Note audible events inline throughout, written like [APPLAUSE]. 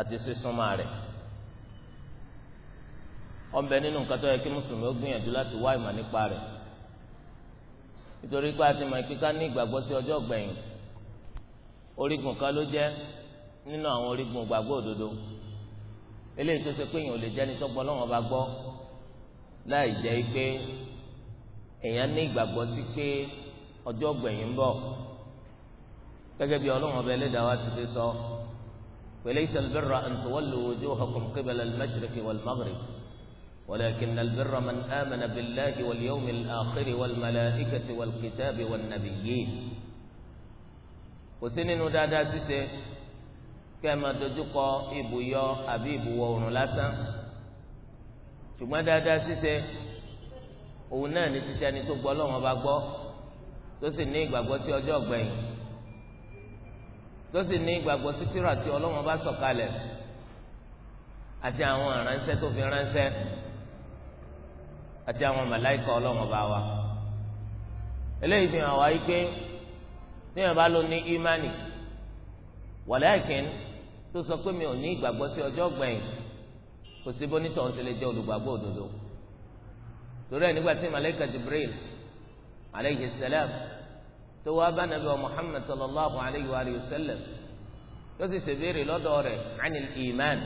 àti sísúnmọ́ rẹ̀ ọ̀nbẹ nínú nǹkan tó yẹ kí mùsùlùmí ó gbìyànjú láti wá ìmọ̀ nípa rẹ̀ nítorí pé a ti mọ̀ kíká ní ìgbàgbọ́ sí ọjọ́ gbẹ̀yìn orígun kan ló jẹ́ nínú àwọn orígun ìgbàgbọ́ òdodo eléyìí tó ṣe pé èèyàn ò lè jẹ́ni tọ́gbọ́ lọ́wọ́n bá gbọ́ láì jẹ́ pé èèyàn ní ìgbàgbọ́ sí pé ọjọ́ gbẹ̀yìn ń bọ̀ gẹ́gẹ́ bí Ọlọ́run ọba ẹlẹ́dàá وليس البر أن تولوا وجوهكم قبل المشرق والمغرب ولكن البر من آمن بالله واليوم الآخر والملائكة والكتاب والنبيين وسن دادا سيسي كما تجقى إبو يا أبيب وونلاسا ثم دادا سيسي òun náà ní títí ẹni tó gbọ́ lọ́wọ́n bá tó sì ní ìgbàgbọ́ sí tírà tí Ọlọ́run bá sọ̀kalẹ̀ àti àwọn aránṣẹ́ tó fi ránṣẹ́ àti àwọn màláìkà Ọlọ́run bá wa eléyìí fi hàn wá yí pé téèyàn bá lò ní ìmánì wàlẹ́kìn tó sọ pé mi ò ní ìgbàgbọ́ sí ọjọ́ gbẹ̀yìn kò sí bonítọ̀ ń tẹ̀lé jẹ́ olùgbàgbọ́ òdodo torí ẹ̀ nígbà tí màláìkà Jibril alayhi salam tó wá bá nàbẹ Muhammad sallallahu alayhi wa sallam tó sì béèrè lọ́dọ̀ rẹ̀ anil iman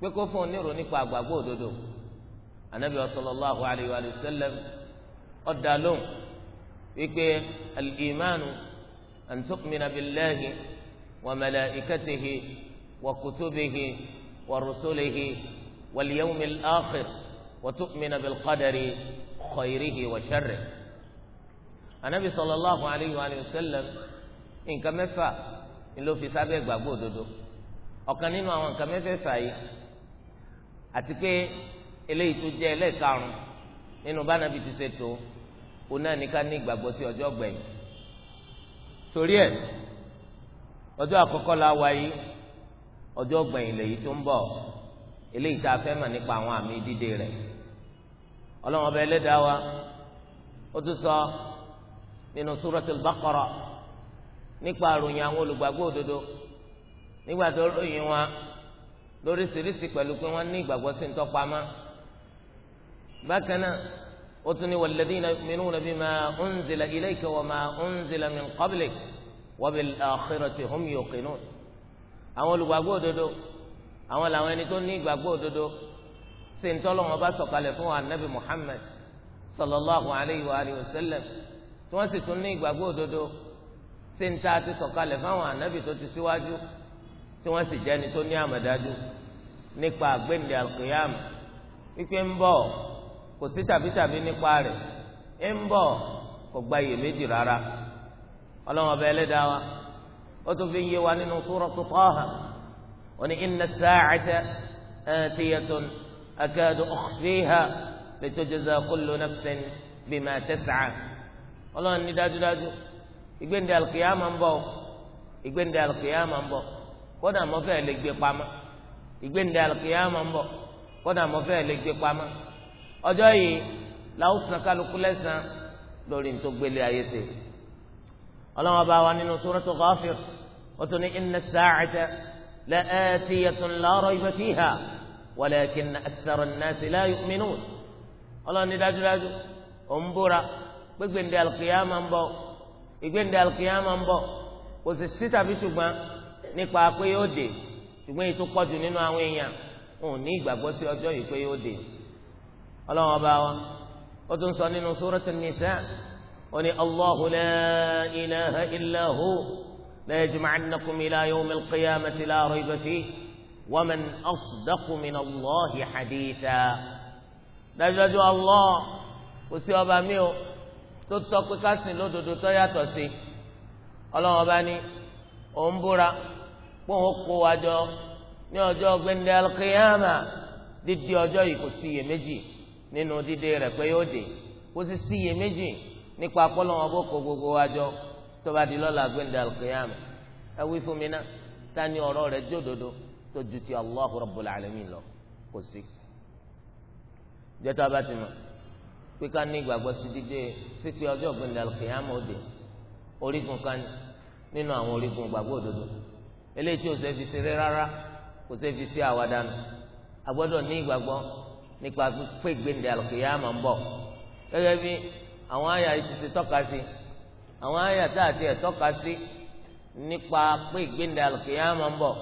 pé kó fún un nírò nípa àgbàgbọ́ òdodo anabi sallallahu alayhi wa sallam ọ̀dà lóhùn wípé al-imanu an tu'mina billahi wa malaikatihi wa kutubihi wa rusulihi wal yawmil akhir wa tu'mina bil qadari khayrihi wa sharrihi. anabi sallallahu alayhi wa sallam nǹkan mẹ́fà ló fi sábẹ́ gbàgbọ́ òdodo ọ̀kan nínú àwọn nǹkan mẹ́fẹ̀ẹ̀fà yìí àti pé eléyìí tó jẹ́ ẹlẹ́ẹ̀karùn nínú bánabi ti ṣe tó òun náà ní ká ní ìgbàgbọ́ sí ọjọ́ gbẹ̀yìn torí ẹ̀ ọjọ́ àkọ́kọ́ la wà ọjọ́ gbẹ̀yìn lèyí tó ń bọ̀ eléyìí tá a fẹ́ mọ̀ nípa àwọn àmì dídé rẹ̀ ọlọ́run ọba ẹlẹ́dàá wa ó tún sọ. So, nínú suratul Baqara nípa àròyìn àwọn olùgbàgbọ́ òdodo nígbà tó ròyìn wọn lóríṣiríṣi pẹ̀lú pé wọ́n ní ìgbàgbọ́ sí ntọ́pamọ́ bákan náà ó tún ní walladhina yu'minuna bima unzila ilayka wa ma unzila min qablik wa bil akhirati hum yuqinun àwọn olùgbàgbọ́ òdodo àwọn làwọn ẹni tó ní ìgbàgbọ́ òdodo sí bá sọ̀kalẹ̀ fún wa tí wọ́n sì tún ní ìgbàgbọ́ òdodo ṣé ń ta ti sọ̀kalẹ̀ fáwọn ànábì tó ti síwájú tí wọ́n sì jẹ́ni tó ní àmọ̀dájú nípa àgbéǹde alqiyam wípé ń bọ̀ kò sí tàbítàbí nípa rẹ̀ ń bọ̀ kò gba iyèméjì rárá ọlọ́wọ́n ọba ẹlẹ́dàá wa ó tún fi ń yé wa nínú suratu Taha ó ní inna as-sa'ata atiyatun akadu ukhfiha litujza kullu nafsin bima tas'a ọlọ́run ní dájúdájú ìgbéǹde alùkìyàmà ń bọ̀ ìgbéǹde alùkìyàmà ń bọ̀ kódà mo fẹ́ lè gbé pamọ́ ìgbéǹde alùkìyàmà ń bọ̀ kódà mo fẹ́ lè gbé pamọ́ ọjọ́ yìí làwọn kálukú lẹ́sàn lórí ní gbélé ayé ṣe ọlọ́run ọba wa nínú suratu Ghafir ó tún ní inna as-sa'ata la'atiyatun la rayba fiha walakinna akthara an-nasi la yu'minun ọlọ́run ní gbégbé ndé alùkìyà máa ń bọ̀ gbégbé ndé alùkìyà máa ń bọ̀ kò sì sí tàbí ṣùgbọ́n nípa pé yóò dé ṣùgbọ́n ètò pọ̀jù nínú àwọn èèyàn ò ní ìgbàgbọ́ sí ọjọ́ yìí pé yóò dé ọlọ́run ọba wa ó tún sọ nínú sórọ́tì nìṣẹ́ ó ní allahu la ilaha illa hu la yajma'annakum la rayba fihi wa man asdaqu min sí ọba mi o tó tọ́ pé ká sìn lódodo tó yàtọ̀ sí ọlọ́run ọba ní òun búra pé òun kó wa jọ ní ọjọ́ gbẹ̀ndẹ̀ alkiyama dídí ọjọ́ yìí kò síye méjì nínú dídé rẹ̀ pé yóò dé kò sì síye méjì nípa ọlọ́run bó kó gbogbo wa tó bá di lọ́la gbẹ̀ndẹ̀ alkiyama ẹ wí fún mi ná ta ni ọ̀rọ̀ rẹ̀ jódodo tó ju ti Allahu Rabbul Alamin lọ kò sí jẹ́tọ́ abá ti mọ̀ pé ká ní ìgbàgbọ́ sí dídé sí pé ọjọ́ ògbìn ìdàlù kìyàmù òde orígun kan nínú àwọn orígun ìgbàgbọ́ òdodo eléyìí tí ò ṣe fi ṣeré rárá kò ṣe fi ṣe àwàdànù a gbọ́dọ̀ ní ìgbàgbọ́ nípa pé gbèǹdé àlùkìyàmù ń bọ̀ gẹ́gẹ́ bí àwọn àyà ti ṣe tọ́ka sí àwọn àyà tá àti ẹ̀ tọ́ka sí nípa pé gbèǹdé àlùkìyàmù ń bọ̀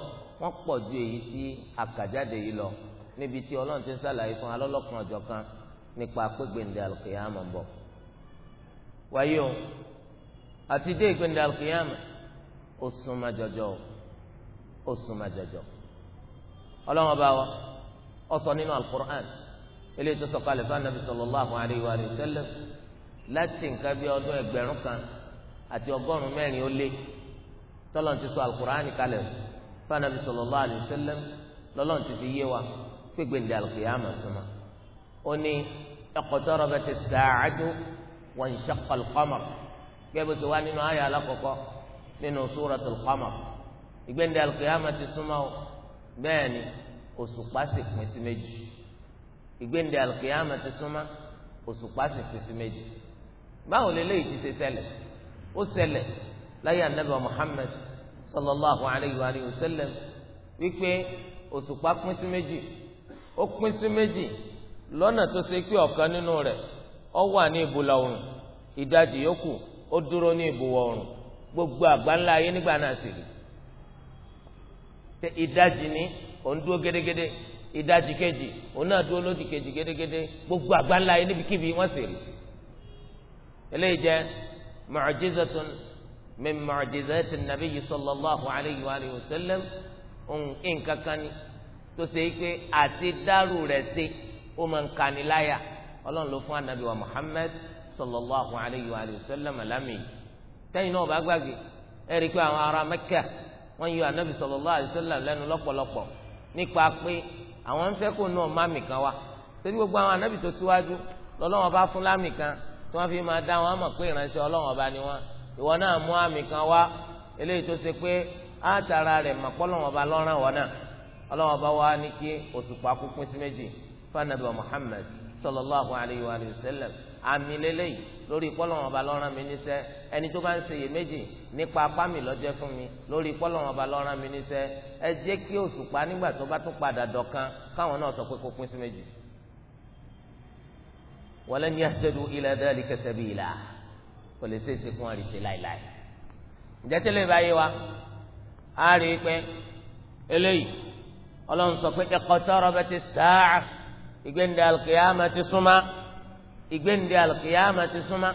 wọ́n pọ̀ ju èyí tí àkàjáde yìí lọ níbi tí Ọlọ́run ti ń ṣàlàyé fún alọ́lọ́kan ọ̀jọ̀kan nípa pẹ́gbẹ̀ndẹ̀ alùkìyàmọ̀ ń bọ̀ wáyé o àti dé ìgbẹ̀ndẹ̀ alùkìyàmọ̀ ó súnmọ́ jọjọ ó súnmọ́ jọjọ ọlọ́wọ́n bá wa ó sọ nínú alukur'an eléyìí tó sọ̀kalẹ̀ fún anabi sallallahu alayhi wa sallam láti nǹkan bí ọdún ẹgbẹ̀rún kan àti ọgọ́rùn-ún mẹ́rin ó lé tọ́lọ́n ti sọ alukur'an kalẹ̀ fún anabi sallallahu alayhi wa sallam lọ́lọ́n ti fi yé wa pé gbẹ̀ndẹ̀ alùkìyàmọ̀ súnmọ́ ó ní. اقتربت الساعة وانشق القمر gẹ́gẹ́ bó ṣe wá nínú ayé alákọ̀ọ́kọ́ nínú suratul Qamar ìgbẹ́ndé alqiyama ti súnmọ́ o bẹ́ẹ̀ ni òṣùpá sì pín sí méjì ìgbẹ́ndé alqiyama ti súnmọ́ òṣùpá sì pín sí méjì báwo leléyìí ti ṣe ṣẹlẹ̀ ó ṣẹlẹ̀ láyé anabi Muhammad sallallahu alayhi wa sallam wípé òṣùpá pín sí méjì ó pín sí méjì. lọ́nà tó ṣe pé ọ̀kan nínú rẹ̀ ó wà ní ìbúlọ oòrùn ìdajì yòókù ó dúró ní ìbúwọ̀ gbogbo àgbáńlá ayé nígbà náà sì rí ìdajì ni òun dúró gédégédé ìdajì kejì òun náà dúró lódì kejì gédégédé gbogbo àgbáńlá ayé níbikíbi wọ́n sì rí eléyìí jẹ́ mu'jizatun min mu'jizati sallallahu wa tó ṣe é pé àti dárú rẹ̀ ó máa ń kani láyà ọlọ́run ló fún anabi wa muhammed sallallahu alayhi wa sallam alami tẹ́yìn náà bá gbàgbé ẹ̀rí pé àwọn ará mẹ́kà wọ́n yọ anabi sallallahu alayhi wa sallam lẹ́nu lọ́pọ̀lọpọ̀ nípa pé àwọn ń fẹ́ kó nù ọ́ mámì kan wá ṣebí gbogbo àwọn anabi tó síwájú lọ́lọ́wọ́n bá fún lámì kan tí wọ́n fi máa dá wọn á pé ìránṣẹ́ ọlọ́wọ́n bá ní wọn ìwọ náà mú àmì kan wá eléyìí tó ṣe pé á rẹ̀ mọ̀ bá lọ́ràn wọn náà ọlọ́wọ́n bá wá ní kí òṣùpá kú sí méjì fanabu muhammed sallallahu alayhi wa sallam àmì lélẹyìí lórí ìpọlọwọn ọba lọrọ mi níṣẹ́ ẹni tó bá ń ṣeyè méjì nípa apá mi lọjẹ fún mi lórí ìpọlọwọn ọba lọrọ mi níṣẹ́ ẹ jẹ́ kí òṣùpá nígbà tó bá tún padà dọ̀kan káwọn náà sọ pé kó pín sí méjì. walan yahtadu ila dhalika sabila kò lè ṣeéṣe fún àrìṣe láìláì. ǹjẹ́ tẹ́lẹ̀ wa a rí i pé eléyìí ọlọ́run sọ pé iqtarabatis sa'a ìgbéǹde alikiyama ti suma ìgbéǹde alikiyama ti suma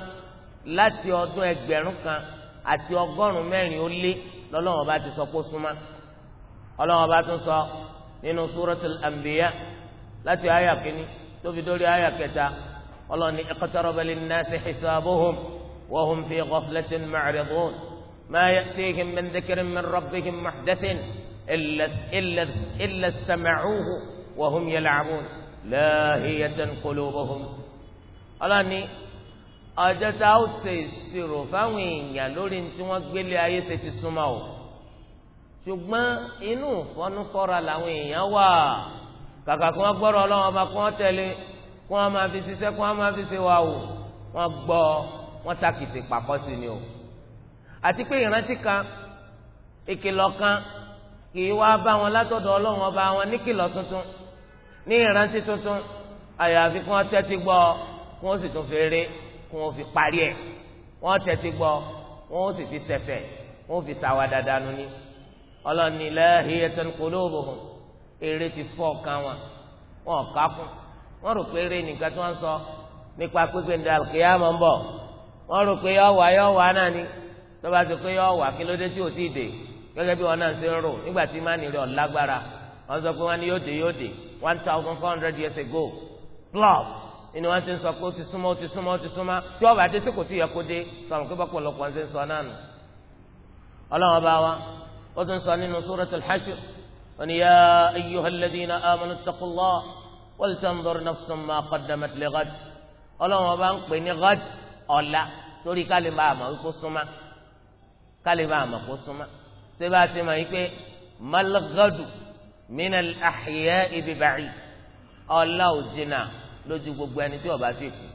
láti ọdún ẹgbẹ̀rún kan àti ọgọ́rùn-ún mẹ́rin ó lé lọ́lọ́wọ́n bá ti sọ kó suma súnmọ́ ọlọ́wọ́n bá tún sọ nínú suratul anbiya láti àyà kínní tóbi dórí àyà kẹta ọlọ́wọ́n ní iqtaraba linnasi hisabuhum wa hum fi ghaflatin mu'ridun ma ya'tihim min dhikrin min rabbihim muhdathin illa illa illa istami'uhu wa hum yal'abun. láhìyẹtẹn kólóbóhùn ọlọ́ni ọjọ́ tá a ó ṣe ìṣirò fáwọn èèyàn lórí tí wọ́n gbélé ayé ṣe ti súnmọ́ o ṣùgbọ́n inú ìfọ́nufọ́ra làwọn èèyàn wà kàkà kí wọ́n gbọ́rọ̀ ọlọ́run ọba kí wọ́n tẹ̀lé kí wọ́n máa fi ṣiṣẹ́ kí wọ́n máa fi ṣe wà o wọ́n gbọ́ wọ́n takìtì pàkọ́ sí ni o àti pé ìrántí kan ìkìlọ̀ kan kì í wá bá wọn látọ̀dọ̀ ọlọ́run ọba wọn níkìlọ̀ tuntun ní ìrántí tuntun àyàfi kí wọ́n tẹ́tí gbọ́ kí wọ́n sì tún fi rí kí fi parí ẹ̀ wọ́n tẹ́tí gbọ́ wọ́n sì fi sẹ̀fẹ̀ fi sàwà dáadáa nu ní ọlọ́ni lahiyatan qulubuhum eré ti fọ́ ọ̀kan wọn wọn rò pé eré nìkan tí sọ nípa pípé ní alùkìyàmọ̀ ń bọ̀ rò pé yọ wà yọ wà náà ni ti pé yọ wà kí tí ò tí ì dé gẹ́gẹ́ bí wọn náà ṣe ń rò wọ́n sọ pé wọ́n ní yóò dé yóò dé one thousand four hundred years ago plus inú wọn ti sọ pé ó ti súnmọ́ ó ti súnmọ́ ó ti súnmọ́ tí ọba àti tí kò tí yẹ kó dé sọ̀rọ̀ pé bọ́pọ̀lọpọ̀ ń ṣe ń sọ náà nù. olowon bá wa ó tún sọ nínú sori suratul hashr ó ní ya ayyuhal ladhina amanu n doro naa nafsun ma qaddamat tilẹ̀ ghad ọlọ́wọ́n bá ń pè ní ghad ọ̀la torí kálí àmọ́ àmọ́ kó súnmọ́ ṣé bá a ti mọ̀ min al-ahya'i bi ba'id Allah ò jìnnà lójú gbogbo ẹni tí ó bá ti kú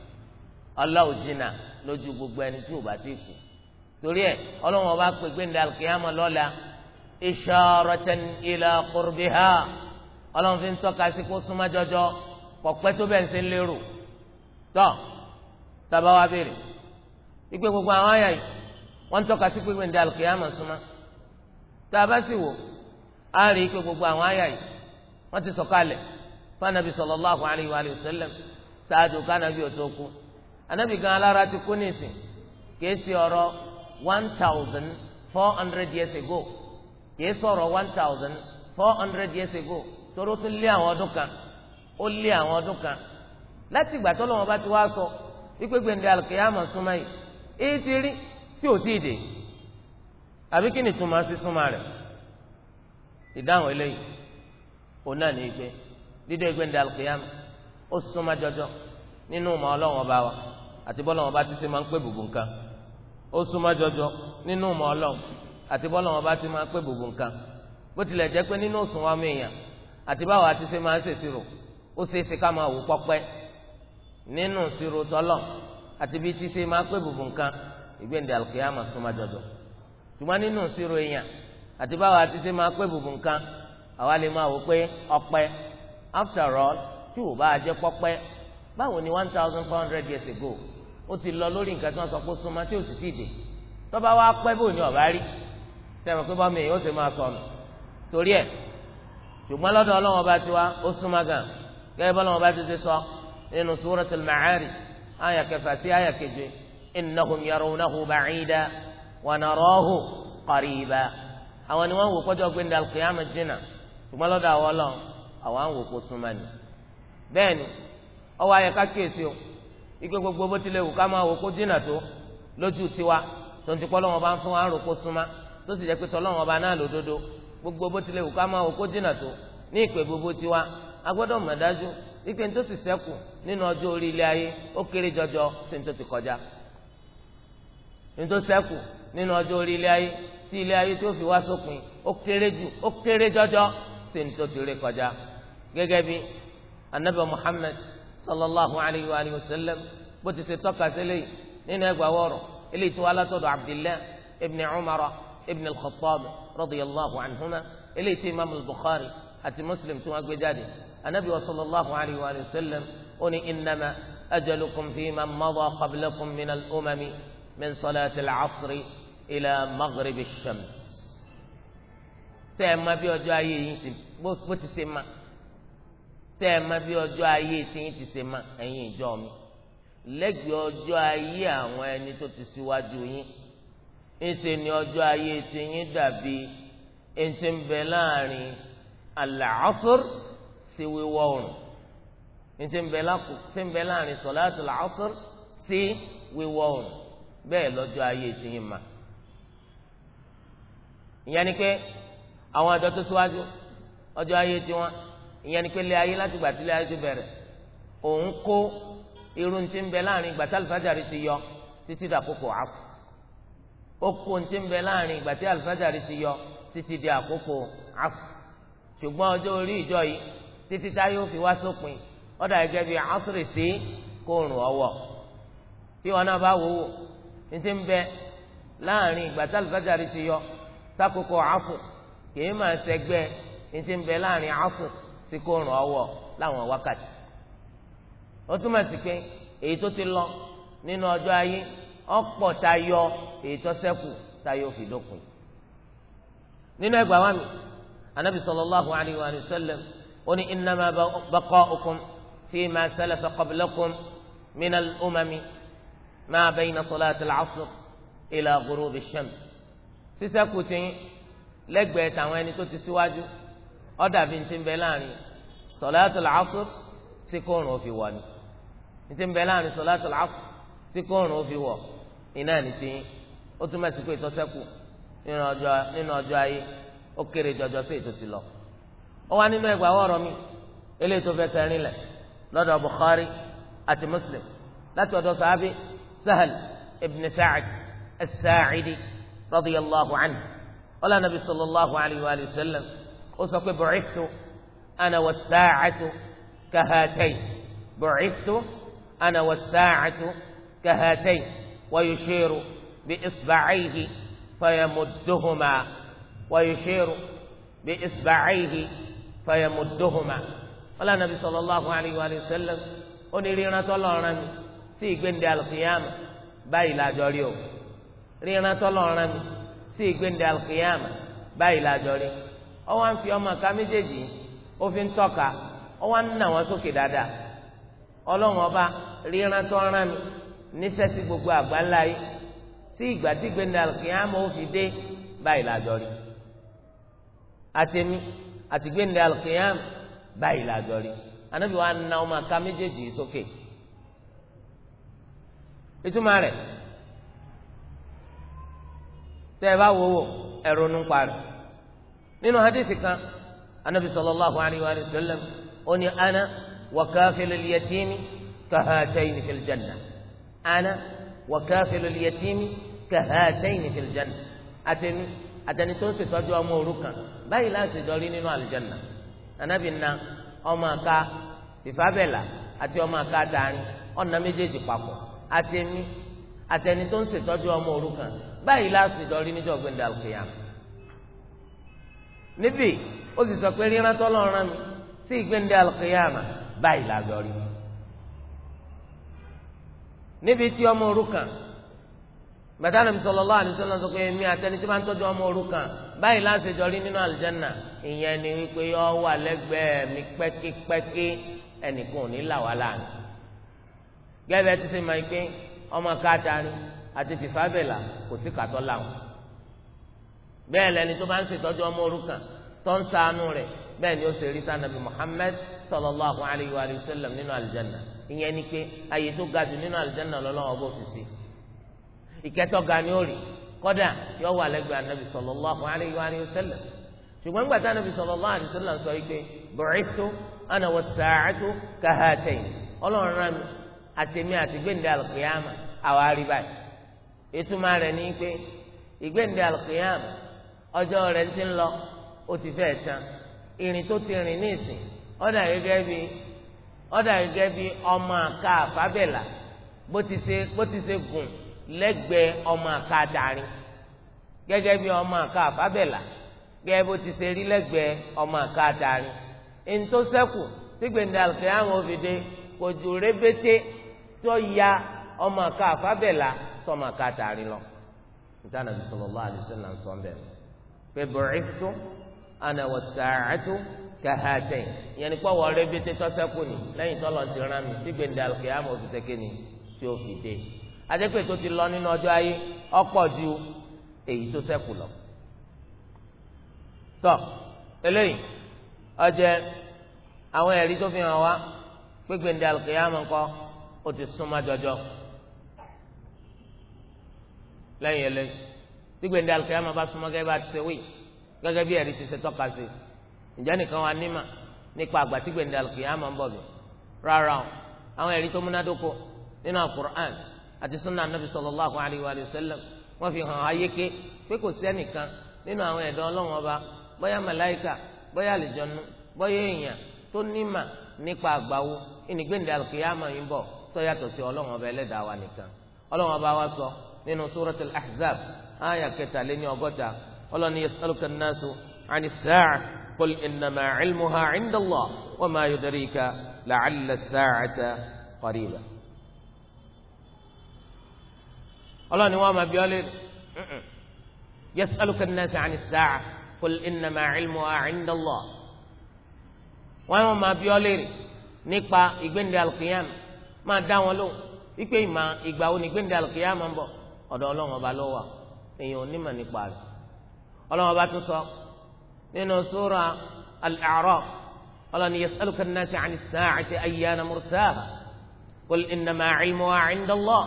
Allah ò jìnnà lójú gbogbo ẹni tí ó bá ti kú torí ẹ Ọlọ́run ọba pè gbẹ̀ndé al-qiyamah lọ́la isharatan ila qurbiha Ọlọ́run fi ń tọ́ka sí kó súnmọ́ jọjọ kọ̀pẹ́ tó bẹ́ẹ̀ ń ṣe ń lérò tọ́ tábà wá béèrè ìpè gbogbo àwọn àyà yìí wọ́n ń tọ́ka sí pé gbẹ̀ndé al-qiyamah súnmọ́ tábà sì wò á rí i pé gbogbo àwọn àyà yìí wọ́n ti sọ̀kalẹ̀ fanabi sallallahu alayhi wa sallam ṣáájú kánabi ò tó kú anabi gan alára ti kú nísìn kìí ṣe ọ̀rọ̀ one thousand four hundred years ago kìí sọ̀rọ̀ one thousand four hundred years ago torí ó tún lé àwọn ọdún kan ó lé àwọn ọdún kan láti ìgbà tó lọ́wọ́ bá ti wá sọ wípé gbèndé alùkìyàmọ̀ súnmọ́ yìí èyí ti rí tí ò sí ìdè àbí kí ni túmọ̀ sí súnmọ́ rẹ̀ ìdáhùn eléyìí òun náà ní ìgbé dídé ìgbé ndé alùpùpù ó súnmọ́ jọjọ nínú ìmọ̀ ọlọ́run ọba wa àti bọ́lọ́run ọba ti ṣe máa ń pè bùbù nǹkan ó súnmọ́ jọjọ nínú ìmọ̀ ọlọ́run àti bọ́lọ́run ọba ti máa ń pè bùbù nǹkan bó tilẹ̀ jẹ́ pé nínú òsùn wa mi èèyàn àti báwa ti ṣe máa ń ṣèṣirò ó ṣe é ṣe ká máa wò pọ́pẹ́ nínú ìṣirò tọ́lọ̀ àti bí ti ṣe máa ń pè bùbù nǹkan ìgbéǹde alùpùpù súnmọ́ jọjọ ṣùgbọ́n nínú ìṣirò èèyàn àti báwa títí máa pé bùbù nǹkan àwa lè máa wò pé ọpẹ́ after all tí ò bá jẹ́ pọ́pẹ́ báwo ni one thousand four hundred years ago ó ti lọ lórí nǹkan tí wọ́n sọ pé súnmọ́ tí ò sì sí ìdè tọ́ba wa pẹ́ bò ní ọ̀bá rí sẹ́wọ̀n pé bọ́mọ èèyàn ó sì máa sọnù torí ẹ̀ ṣùgbọ́n lọ́dọ̀ ọlọ́wọ́n bá ti wá ó súnmọ́ gan gẹ́gẹ́ bọ́lọ́wọ́n bá ti ti sọ nínú suratul ma'arij àyà kẹfà sí àyà keje innahum yarawnahu ba'ida wa narahu qariba àwọn ni wọ́n wò kọjọ gbé ndàlù kìyàmù jìnnà ṣùgbọ́n lọ́dọ̀ àwọn Ọlọ́run àwọn àwọn òkú súnmọ́ ni bẹ́ẹ̀ ni ọwọ́ ayẹ ká kíyèsí o ike gbogbo bó tilẹ̀ wù ká máa wò kó jìnnà tó lójú tiwa tó ń ti pọ́ lọ́wọ́ bá ń fún wa ń rò kó súnmọ́ tó sì jẹ́ pé tọ́lọ́wọ́ bá náà lódodo gbogbo bó tilẹ̀ wù ká máa kó jìnnà tó ní ìpè gbogbo tiwa a mọ̀ dájú ipe tó sì ṣẹ́kù nínú ọjọ́ orí ilé ayé ó kéré jọjọ sí ní tó ti kọjá ní tó ṣẹ́kù nínú ọjọ́ orí ilé ayé tí ilé ayé tó fi wá sópin ó kéré jù ó kéré jọjọ sí ní tó ti ré kọjá gẹ́gẹ́ bí anabi muhammed sallallahu alayhi wa sallam bó ti ṣe tọ́ka sílẹ̀ yìí nínú ẹgbàá wọ̀rọ̀ eléyìí tó wá látọ̀dọ̀ abdillah ibn umar ibn al-khattab radiyallahu anhuma eléyìí tí imaamu bukhari àti muslim tí wọ́n gbé jáde anabi wa sallallahu alayhi wa sallam ó ní innama ajalukum fi man mada qablakum min umami min salati al-casri ila maghribi shams ṣé ẹ mọ̀ bí ọjọ́ ayé yín ti bó ti ṣe ma ṣé ẹ mọ̀ bí ọjọ́ ayé tí yín ti ṣe ma ẹ̀yin ìjọ mi lẹ́gbẹ̀ẹ́ ọjọ́ ayé àwọn ẹni tó ti ṣíwájú yín ńṣe ni ọjọ́ ayé tí yín dàbí ẹnití ń bẹ láàrin al-asr sí wíwọ̀ oòrùn ẹnití ń bẹ láàrin sọláàtù al sí wíwọ̀ oòrùn bẹ́ẹ̀ lọ́jọ́ ayé tí yín ma ìyẹn ni pé àwọn àjọ tó síwájú ọjọ́ ayé tiwọn ìyẹn ni pé ilé ayé láti gbà tí ilé ayé ti bẹ̀rẹ̀ òun kó irun tí ń bẹ láàrin ìgbà tí alifájàre ti yọ títí dàkókò asù ó kó ohun tí ń bẹ láàrin ìgbà tí alifájàre ti yọ títí di àkókò asù ṣùgbọ́n ọjọ́ orí ìjọ yìí títí táyé ó fi wá sópin ọ̀dà gẹ́gẹ́ bíi asùrì sí kóòrùn ọwọ́ tí wọn náà bá wò ó ti ń bẹ láàrin ìgbà tí alifájàre ti yọ sákòókò asr kìí máa ṣẹgbẹ́ ní ti ń bẹ láàrin asr sí kó ràn ọwọ́ láwọn wákàtí ó túmọ̀ sí pé èyí tó ti lọ nínú ọjọ́ ayé ọ̀pọ̀ tayọ èyí tó ṣẹ́kù tayọ fi dópin nínú ẹgbàá wa mi anabi sallallahu alayhi wa sallam ó ní innama baqa'ukum fi ma salafa qablakum min al-umami ma bayna salati al-asr ila ghurubi ash-shams sísẹ́kù ti ń lẹ́gbẹ̀ẹ́ tàwọn ẹni tó ti síwájú ọ̀dà bíi ti ń bẹ láàrin sọ̀láàtùl asr tí kòòrùn ò fi wọ̀ ni ti ń bẹ láàrin sọ̀láàtùl asr tí kòòrùn ò fi wọ̀ iná ni ti ń ó túmọ̀ sí pé ìtọ́sẹ́kù nínú ọjọ́ ayé ó kéré jọjọ sí ètò ti lọ. ó wá nínú ẹgbàá wọ̀rọ̀ mi eléyìí tó fẹ́ kẹrin lẹ̀ lọ́dọ̀ Bukhari àti Muslim láti ọ̀dọ̀ sàábì Sahal ibn Sa'id as-Sa'idi radiyallahu anhu ọlá nàbí sallallahu alayhi wa sallam ó sọ pé bu'ithtu ana was-sa'atu kahatayn bu'ithtu ana was-sa'atu kahatayn wa yushiru bi isba'ayhi fayamudduhuma wa yushiru bi isba'ayhi fayamudduhuma ọlá nàbí sallallahu alayhi wa sallam ó ní ríran tọ́lọ́run sí ìgbéǹde al-qiyama báyìí lájọ rí o. ríran tọ́lọ́run mi sí ìgbéǹde alkiyama báyìí lájọ rí ó wá ń fi ọmọ ká méjèèjì ó fi ń tọ́ka ó wá ń nà wọ́n gbogbo àgbáńlá sí ìgbà tí ìgbéǹde alkiyama ó fi dé báyìí lájọ rí àtẹ̀mí àti ìgbéǹde alkiyama báyìí lájọ rí anábì tẹ́ ẹ bá wò wò ẹ̀rọ nù ń parí nínú hadith kan anabi sallallahu alayhi wa sallam ó ní ana wa kafilul yatimi kahataini fil janna ana wa kafilul yatimi kahataini fil janna àtẹni àtẹni tó ń ṣètọ́jú ọmọ òrukàn báyìí láti dọ́rí nínú àlùjánnà anabi na ọmọ àka fìfábẹ́là àti ọmọ àka dání ọ̀nà méjèèjì papọ̀ àtẹni àtẹni tó ń ṣètọ́jú ọmọ òrukàn báyìí láti dọ̀rí níjọ́ gbẹ̀ndẹ̀ àlùkìyàmù níbí ó sì sọ pé ríran tọ́lọ́run rán mi sí ìgbẹ̀ndẹ̀ àlùkìyàmù báyìí láti dọ̀rí níbi tí ọmọ òrukàn bàtàlẹ̀ sallallahu alaihi wasallam sọ pé èmi àtẹni tí máa tọ́jú ọmọ òrukàn báyìí láti jọrí nínú àlùjánnà ìyẹn ni wípé ọ wà lẹ́gbẹ̀ẹ́ mi pẹ́kípẹ́kí ẹnìkan ò ní àti fìfábẹ́là kò sí kàtọ́ làwọn bẹ́ẹ̀ lẹni tó bá ń ṣètọ́jú ọmọ òrukàn tó ń ṣàánú rẹ̀ bẹ́ẹ̀ ni ó ṣe rí sànàbí Muhammad sallallahu alayhi wa sallam nínú aljanna ìyẹn ni pé àyè tó ga jù nínú aljanna lọ́lọ́wọ́ bó fi sí ìkẹtọ́ ga ni ó rí kọ́dà yóò wà lẹ́gbẹ̀ẹ́ anabi sallallahu alayhi wa sallam ṣùgbọ́n nígbà tí anabi ìtumọ̀ rẹ̀ ni pé ìgbéǹde alqiyam ọjọ́ rẹ̀ ti ń lọ ó ti fẹ́ tán ìrìn tó ti rìn ní ọ̀dà gẹ́gẹ́ bí ọ̀dà gẹ́gẹ́ bí ọmọ àka àfábẹ́là bó ti ṣe bó ti ṣe gùn lẹ́gbẹ̀ẹ́ ọmọ àka gẹ́gẹ́ bí ọmọ àka àfábẹ́là gẹ́gẹ́ bó ti ṣe rí lẹ́gbẹ̀ẹ́ ọmọ àka sígbèǹde òfìdé kò rébété tó ya ọmọ àka àfábẹ́là sọmọ àka àtàrí lọ níta nàbí sallallahu alaihi wasallam ń sọ ń bẹ̀rẹ̀ ana was-sa'atu kahatayn ìyẹn ní pọ́wọ́ rẹ bí tẹ́tọ́ ni lẹ́yìn tọ́lọ́ ti rán mi tí gbèǹdé ni tí o fi dé adékòye ti lọ nínú ọjọ ayé ọ̀pọ̀ ju èyí tó lọ. eléyìí àwọn tó fi hàn jọjọ. lẹ́yìn ẹlẹ́sìn tí gbèndé alikiyama bá súnmọ́ gẹ́gẹ́ bá ti ṣe wí gẹ́gẹ́ bí ẹ̀rí ti ṣe tọka sí ǹjẹ́ nìkan wa nímà nípa àgbà tí gbèndé alikiyama ń bọ̀ bẹ̀ rárá o àwọn ẹ̀rí tó múnádóko nínú alukur'an àti sunna anabi sallallahu alayhi wa fi hàn ayéke pé kò sẹ́nìkan nínú àwọn ẹ̀dọ́ ọba màláìkà àlejòónú èèyàn tó nímà nípa àgbáwo ń bọ̀ tó yàtọ̀ sí nínú sórat ahzab ayà kẹta lé kẹtàléní ọgọ́ta ọlọ́ni yasaluka nasu ani sáà kul innama ilmuha allah wa ma yudarika la'alla sáàta qariba. ọlọ́ni wọn ma bí ọlẹ́ yasaluka nasu ani sáà kul innama ilmuha indallah wọn máa bí ọlẹ́ nípa ìgbéǹde alqiyam máa dá wọn lóhùn wípé ìmọ̀ ìgbà wo ni ìgbéǹde alqiyam máa ń bọ̀. ọ̀dọ̀ ọlọ́run ọba lọwọ èèyàn onímọ̀ nípa rẹ̀ ọlọ́run ọba tún sọ nínú sura al-A'raf ọlọ́run yas'aluka an ti 'ani as-sa'ati ayyana mursaha qul innama 'ilmuha 'inda Allah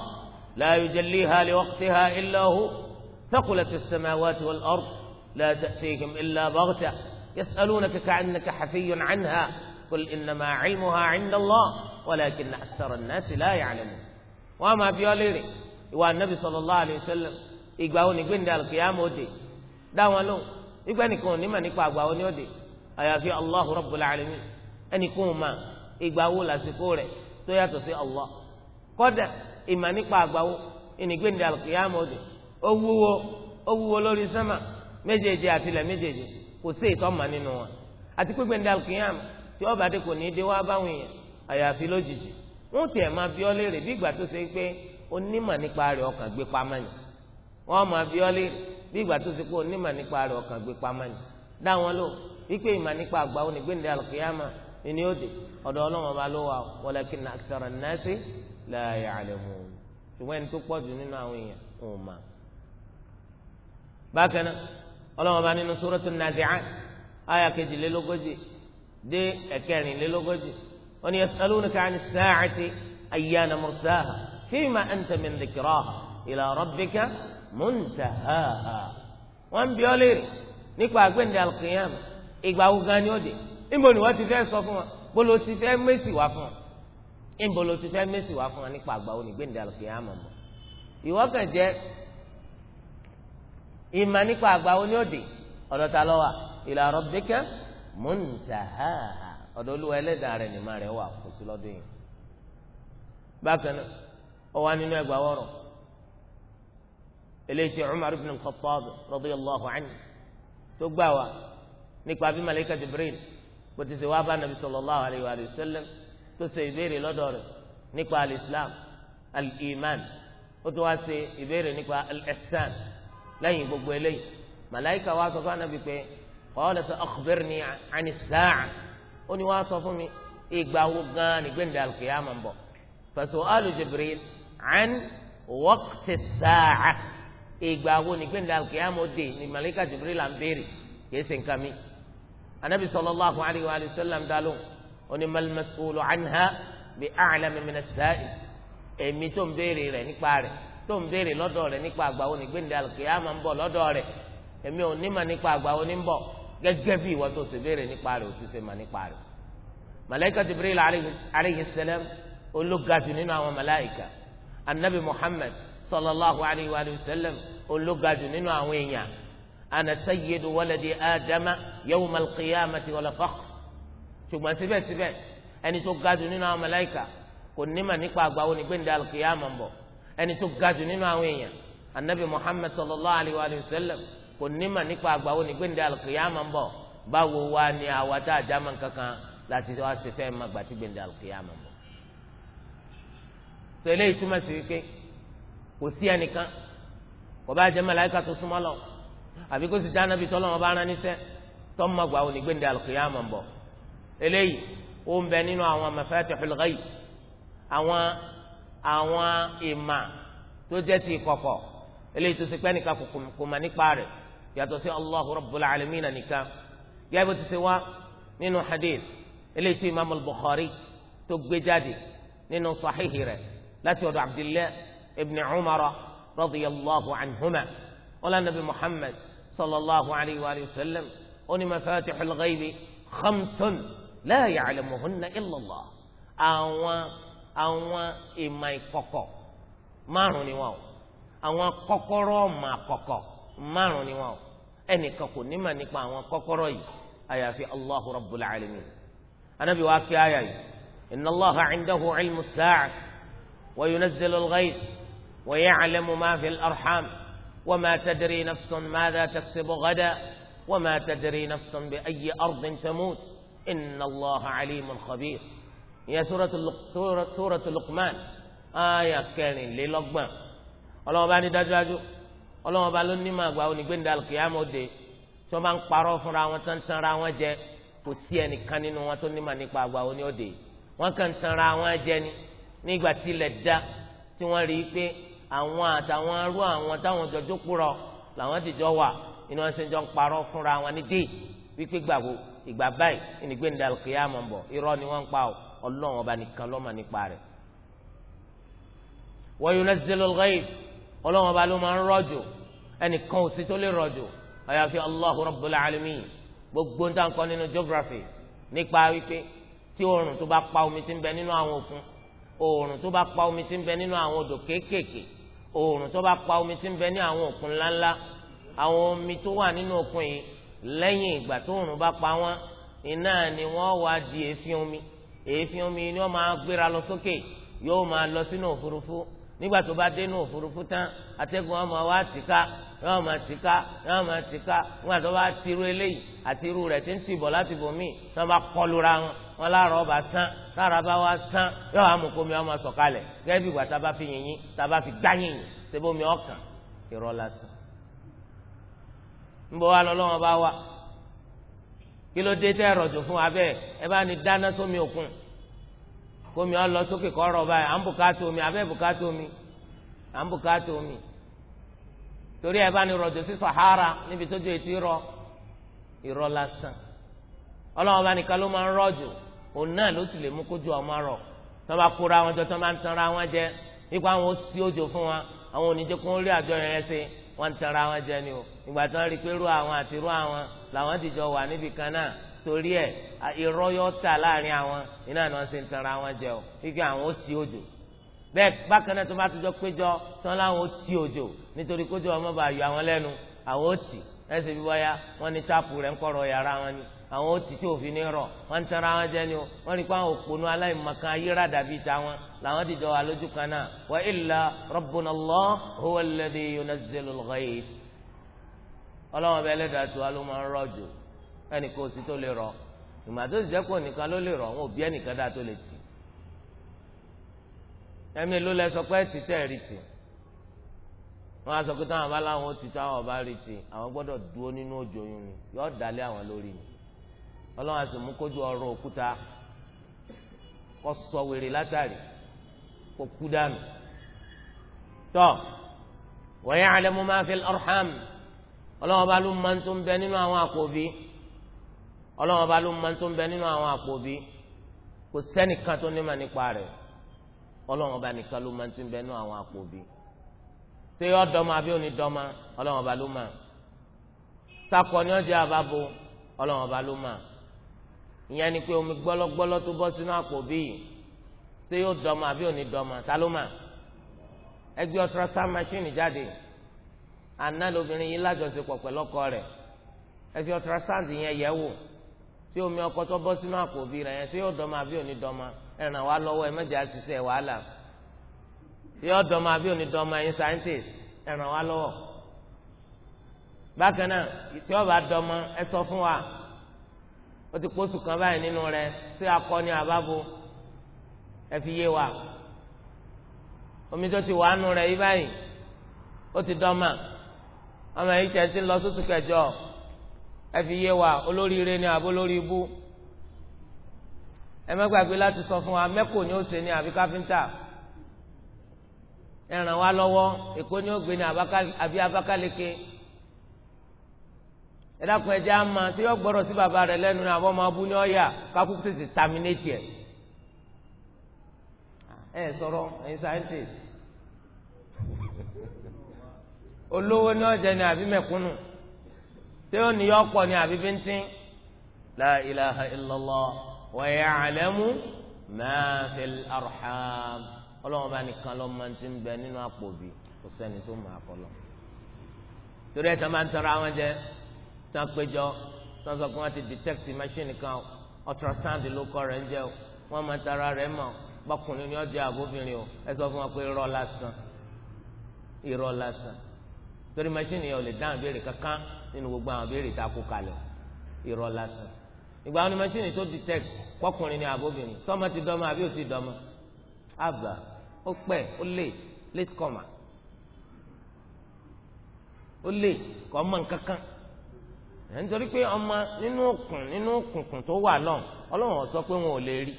la yujalliha liwaqtiha illa hu thaqulat as-samawati wal-ard la ta'tihim illa baghta يسألونك كأنك حفي عنها قل إنما علمها عند الله ولكن أكثر الناس لا يعلمون وما في ليري ìwà anabi sallallahu alayhi wa sallam ìgbà wo ni gbẹ̀ndẹ̀ alùkìyàmù òde dáwọn lóhùn ìgbà nìkan òní mà nípa àgbà wo ni òde àyàfi allahu rabbul alamin ẹnìkan ma mà ìgbà wo lásìkò rẹ̀ tó yàtọ̀ sí allah kọ́dà ìmà nípa àgbà wo ìní gbẹ̀ndẹ̀ alùkìyàmù òde ó wúwo lórí méjèèjì méjèèjì kò sí ìtọ́ nínú àti léèrè bí ìgbà onímọ̀ nípa rẹ̀ ọkàn gbé pamọ́ ni wọ́n mọ abiọ́lé bí ìgbà tó ṣe pé onímọ̀ nípa rẹ̀ ọkàn gbé pamọ́ ni dá wọn lò wípé ìmọ̀ nípa àgbà òní gbé nílẹ̀ alùkìyàmà ni ó dé ọ̀dọ̀ ọlọ́wọ́n bá nasi la ya'lamun ṣùgbọ́n ẹni tó pọ̀ jù nínú àwọn èèyàn bákan náà ọlọ́wọ́n bá nínú àyà kejìlélógójì dé fíìmà ẹ̀ǹtẹ̀ mi nìkìrọ̀ ìlà rọ́bìkà mùntàhàhà. wọ́n ń bi ọ́ léèrè nípa àgbẹ̀ǹdẹ̀ alqiyam ìgbà wo gan ni ó dé níbo ni wọ́n ti fẹ́ sọ fún wa bolo ti fẹ́ mẹ́sì wá fún wa níbo lo ti fẹ́ mẹ́sì wá fún wa nípa àgbà wo ni gbẹ̀ǹdẹ̀ alqiyam mọ̀ ìwọ kàn jẹ́ ìmà nípa àgbà wo ni ó dé ọ̀dọ̀ ta ló wà ìlà rọ́bìkà mùntàhàhà ọ̀dọ̀ olúwa ẹlẹ́dàá rẹ̀ nìmá rẹ̀ wà kò sí lọ́dún yìí bákan náà ọwọ́ nínú ẹgbàá wọ̀rọ̀ eléyìí tí Umar ibn al-Khattab radiyallahu anhu tó gbà wá nípa bí malayika Jibril bó ti ṣe wá bá nabi sallallahu alayhi wa sallam tó ṣe ìbéèrè lọ́dọ̀ rẹ̀ nípa al-islam al-iman ó tó wá ṣe ìbéèrè nípa al-ihsan lẹ́yìn gbogbo eléyìí malayika wá sọ fún anabi pé qala ta akhbirni ani sa'a ó ní wá sọ fún mi ìgbà wo gan-an nígbẹ̀ndẹ̀ al ń bọ̀ fa su'alu Jibril an wọ́kìtì sáà ìgbà wo ni gbẹ̀ndà kìámọ̀ dé ni màlíkà jibril là ń béèrè kìí ṣe nǹkan mi anabi sallallahu alayhi wa sallam dalo oni malmasulu anha bi a'lami min as-sa'i èmi tó ń béèrè rẹ̀ nípa rẹ̀ tó ń béèrè lọ́dọ̀ rẹ̀ nípa àgbà wo ni gbẹ̀ndà kìámọ̀ ń bọ̀ lọ́dọ̀ rẹ̀ èmi ò ní ma nípa àgbà wo ni ń bọ̀ gẹ́gẹ́ bí ìwọ tó ṣe béèrè nípa rẹ̀ ò ṣe ma nípa rẹ̀ màlíkà jibril alayhi salam ológajù nínú àwọn màláìka anabi muhammed sallallahu alayhi wa sallam ológajù nínú àwọn èèyàn ana sayyidu waladi adama yawma alqiyamati wala fakhr ṣùgbọ́n síbẹ̀síbẹ̀ ẹni tó gajù nínú àwọn mẹláìkà kò nímà nípa àgbáwo ní gbẹ̀ndé alqiyama ń bọ̀ ẹni tó gajù nínú àwọn èèyàn anabi muhammed sallallahu alayhi wa sallam kò nímà nípa àgbáwo ní gbẹ̀ndé alqiyama ń bọ̀ báwo wá ni àwa tá a jámà kankan láti wá sí fẹ́ẹ́ gbàtí gbẹ̀ndé alqiyama ń bọ̀ sọ eléyìí túmọ̀ sí wípé kò sí ẹnìkan kò bá jẹ́ màláíkà tó súnmọ́ lọ àbí kó sì dáná bí tọ́lọ́ wọn bá rán níṣẹ́ tọ́mọ gbà wọn nígbèǹde al-qiyāmah ń bọ̀ eléyìí ó ń bẹ nínú àwọn mafātihul ghaib àwọn àwọn ìmà tó jẹ́ ti kọ̀kọ̀ eléyìí tó ti pẹ́ nìkan kò mà nípa rẹ̀ yàtọ̀ sí Allahu Rabbul Alamin nìkan gẹ́gẹ́ bó ti ṣe wá nínú hadith eléyìí tó Imam bukhari tó gbé jáde nínú sahihi rẹ̀ láti ọ̀dọ̀ abdullahi ibn umar radiyallahu anhuma wọn lànà bí muhammad sallallahu alayhi wa sallam ó ní mafatihul ghaibi khamsun la ya'lamuhunna illallah àwọn àwọn ìmọ̀ ìkọ̀kọ̀ márùn ni wọn o àwọn kọ́kọ́rọ́ ọmọ àkọ́kọ́ márùn ni wọn o ẹnìkan kò nímọ̀ nípa àwọn kọ́kọ́rọ́ yìí àyàfi allahu rabbul alamin anabi wa fi àyà yìí inna allaha indahu ilmu sa'a. وينزل الغيث ويعلم ما في الارحام وما تدري نفس ماذا تكسب غدا وما تدري نفس باي ارض تموت ان الله عليم خبير يا سوره سوره سوره لقمان ايه كان للقمان اللهم باني دجاجو اللهم بالون نيما غاو ني غندا القيامه دي تو مان بارو فورا وان تان تان راو جي كو سي كان نينو وان تو نيما نيبا غاو وان كان تان راو جي nígbà tí ilẹ̀ dá tí wọ́n rí i pé àwọn àtàwọn arú àwọn táwọn jọjọ́ kúrọ̀ làwọn ti jọ wà inú wọn ṣe ń jọ ń parọ́ fúnra wọn ní dé wípé gbàgbó ìgbà báyìí ìnìgbẹ́ni dàlùkìyà mọ̀ bọ̀ irọ́ ni wọ́n ń pa ọ́ ọlọ́run ọba nìkan lọ́mọ nípa rẹ̀ wa yunazzilu al-ghayth ọlọ́run ọba ló máa ń rọ̀jò ẹnìkan ò sí tó lè rọ̀jò àyàfi Allahu Rabbul oòrùn tó bá pa omi tí ń bẹ nínú àwọn odò kéékèèké oòrùn tó bá pa omi tí ń bẹ ní àwọn òkun ńláńlá àwọn omi tó wà nínú òkun yìí lẹ́yìn ìgbà tó oòrùn bá pa wọ́n iná ni wọ́n wá di èéfín omi èéfín omi ni wọ́n máa gbéra lọ sókè yóò máa lọ sínú òfurufú nígbà tó bá dé inú òfurufú tán atẹ́gùn wọn máa wá tìka yóò máa tìka yóò máa tìka nígbà tó bá tirú eléyìí àti irú rẹ̀ ti ń tìbọ̀ láti bòmíì tó bá kọlura wọn wọn lára ọba sán tára bá wá sán yóò wá mú kó mi ọmọ bí bá fi yìnyín tá bá fi gbá yìnyín síbò mi ọkàn irọ́ lásán. ń bá kí ló dé tẹ́ fún wa bẹ́ẹ̀ ẹ bá ní dáná sómi òkun kó mi ọ lọ sókè à ń à ń Sahara níbi tójú ètí rọ lásán bá máa òun náà ló sì lè mú kójú ọmọ rọ tí wọn bá kóra wọn jọ tí wọn bá ń tanra wọn jẹ nípa àwọn ó sí òjò fún wọn àwọn oníjẹ kó ń rí àjọ yẹn ṣe wọn ń tanra wọn jẹ ni o ìgbà tí wọn rí i pé rú àwọn àti rú àwọn làwọn ti jọ wà níbi kan náà torí ẹ irọ́ yọ ta láàrin àwọn iná ni wọn ṣe ń tanra wọn jẹ o wípé àwọn ó sí òjò bẹ́ẹ̀ bákan náà tó bá tún jọ péjọ tán láwọn ó òjò nítorí kójú ọmọ bá yọ àwọn lẹ́nu àwọn ó tì àwọn ó ti tí òfin ní rọ wọn ń tẹnra wọn jẹ ni o wọn ní kó àwọn òpònú aláìmọ̀kan ayéra dàbí tàwọn làwọn ti jọ wà lójú kan náà wa illa rabbuna Allah huwa alladhi yunazzilul ghayth ọlọ́wọ́n bẹ́ẹ̀ lẹ́dàá tó wá ló máa ń rọ̀ jù ẹnì kó o sì tó lè rọ ìgbà tó sì jẹ́ kó nìkan ló lè rọ wọn ò bí ẹnìkan dáa tó lè tì ẹ̀mí ló lẹ sọ pé ti tẹ̀ á sọ pé táwọn bá láwọn ó ti ọba rí àwọn gbọ́dọ̀ dúró nínú òjò yín ni yọ dalẹ̀ àwọn lórí ni ọlọ́run àti mú kójú ọrọ̀ òkúta kọ́ sọ wèrè látàrí kó kú dànù tọ́ wa ya'lamu ma fil arham ọlọ́run ọba ló máa ń tó ń bẹ nínú àwọn àkòbí ọlọ́run ọba ló máa ń tó ń bẹ nínú àwọn àkòbí kò sẹ́nìkan tó ní ma nípa rẹ̀ ọlọ́run ọba nìkan ló máa ń tó bẹ nínú àwọn àkòbí ṣé yọ dọ́mọ àbí òní dọ́mọ ọlọ́run ọba ló máa sakọ ni ọjà àbábo ọlọ́run ọba ló máa ìyẹn ni pé omi gbọ́lọ́gbọ́lọ́ tó bọ́ sínú àpò bíi ṣé yóò dọ́mọ àbí òní dọ́mọ ta ló mà ẹgbẹ́ ultrasound machine jáde àná lobìnrin yìí lájọṣepọ̀ pẹ̀lú ọkọ rẹ̀ ẹgbẹ́ ultrasound yẹn yẹ̀ wò ṣé omi ọkọ tó bọ́ sínú àpò bíi rẹ̀ yẹn ṣé yóò dọ́mọ àbí òní dọ́mọ ẹ̀ràn wa lọ́wọ́ ẹ mẹ́jẹ̀ àṣìṣe wàhálà ṣé yóò dọ́mọ àbí òní dọ́mọ ẹ̀yin scientist ẹ̀ràn wa lọ́wọ́ bákan náà tí ó bá dọ́mọ ẹ sọ fún wa ó ti kó oṣù kan báyìí nínú rẹ̀ sí akọni àbábo ẹ fi yé wa omi tó ti wàánu rẹ̀ yí báyìí ó ti dọ́mà ọmọ yìí tẹ̀ ti lọ sóṣù kẹjọ ẹ fi yé wa olóríire ni àbó lórí ibú ẹ má gbàgbé láti sọ fún wa mẹ́kò ni ó ṣe ni àbí káfíńtà ẹ ràn wá lọ́wọ́ èkó ni ó gbé ni àbí Abakaliki ẹ dákun ẹjẹ á máa ṣé yọ gbọ́dọ̀ sí bàbá rẹ lẹ́nu ní àbọ̀ máa bú ní ọ̀yà kákú tètè tàmínétì ẹ̀ ẹ sọ̀rọ̀ ẹ̀yin scientist olówó ní ọ̀jẹ̀ ni àbí mẹ̀kúnnù ṣé ó ní yọ pọ̀ ni àbí bíntín la ilaha illallah wa ya'lamu ma fil arham ọlọ́run bá nìkan lọ́ọ́ máa ti ń bẹ nínú àpò bì kò sẹ́ni tó máa kọ́ lọ torí ẹ̀ tán máa ń tọrọ àwọn jẹ́ tán péjọ tán sọ pé wọ́n ti detect machine kan ultrasound ló kọ́ rẹ̀ ń jẹ́ o wọ́n máa tara rẹ̀ mọ̀ bọ́kùnrin ni ọjọ́ àbóbìnrin o ẹ sọ fún wọn pé irọ́ lásán irọ́ lásán torí machine yẹn ò lè dáhùn béèrè kankan nínú gbogbo àwọn béèrè tá a kó kalẹ̀ irọ́ lásán ìgbà wọn ni machine tó detect kọkùnrin ni àbóbìnrin sọmọ ti dọmọ àbí ò ti dọmọ àbà ó pẹ́ ó late late comer ó late kọ́ mọ̀ nítorí pé ọmọ nínú òkùn nínú òkùnkùn tó wà náà ọlọ́run sọ pé wọn ò lè rí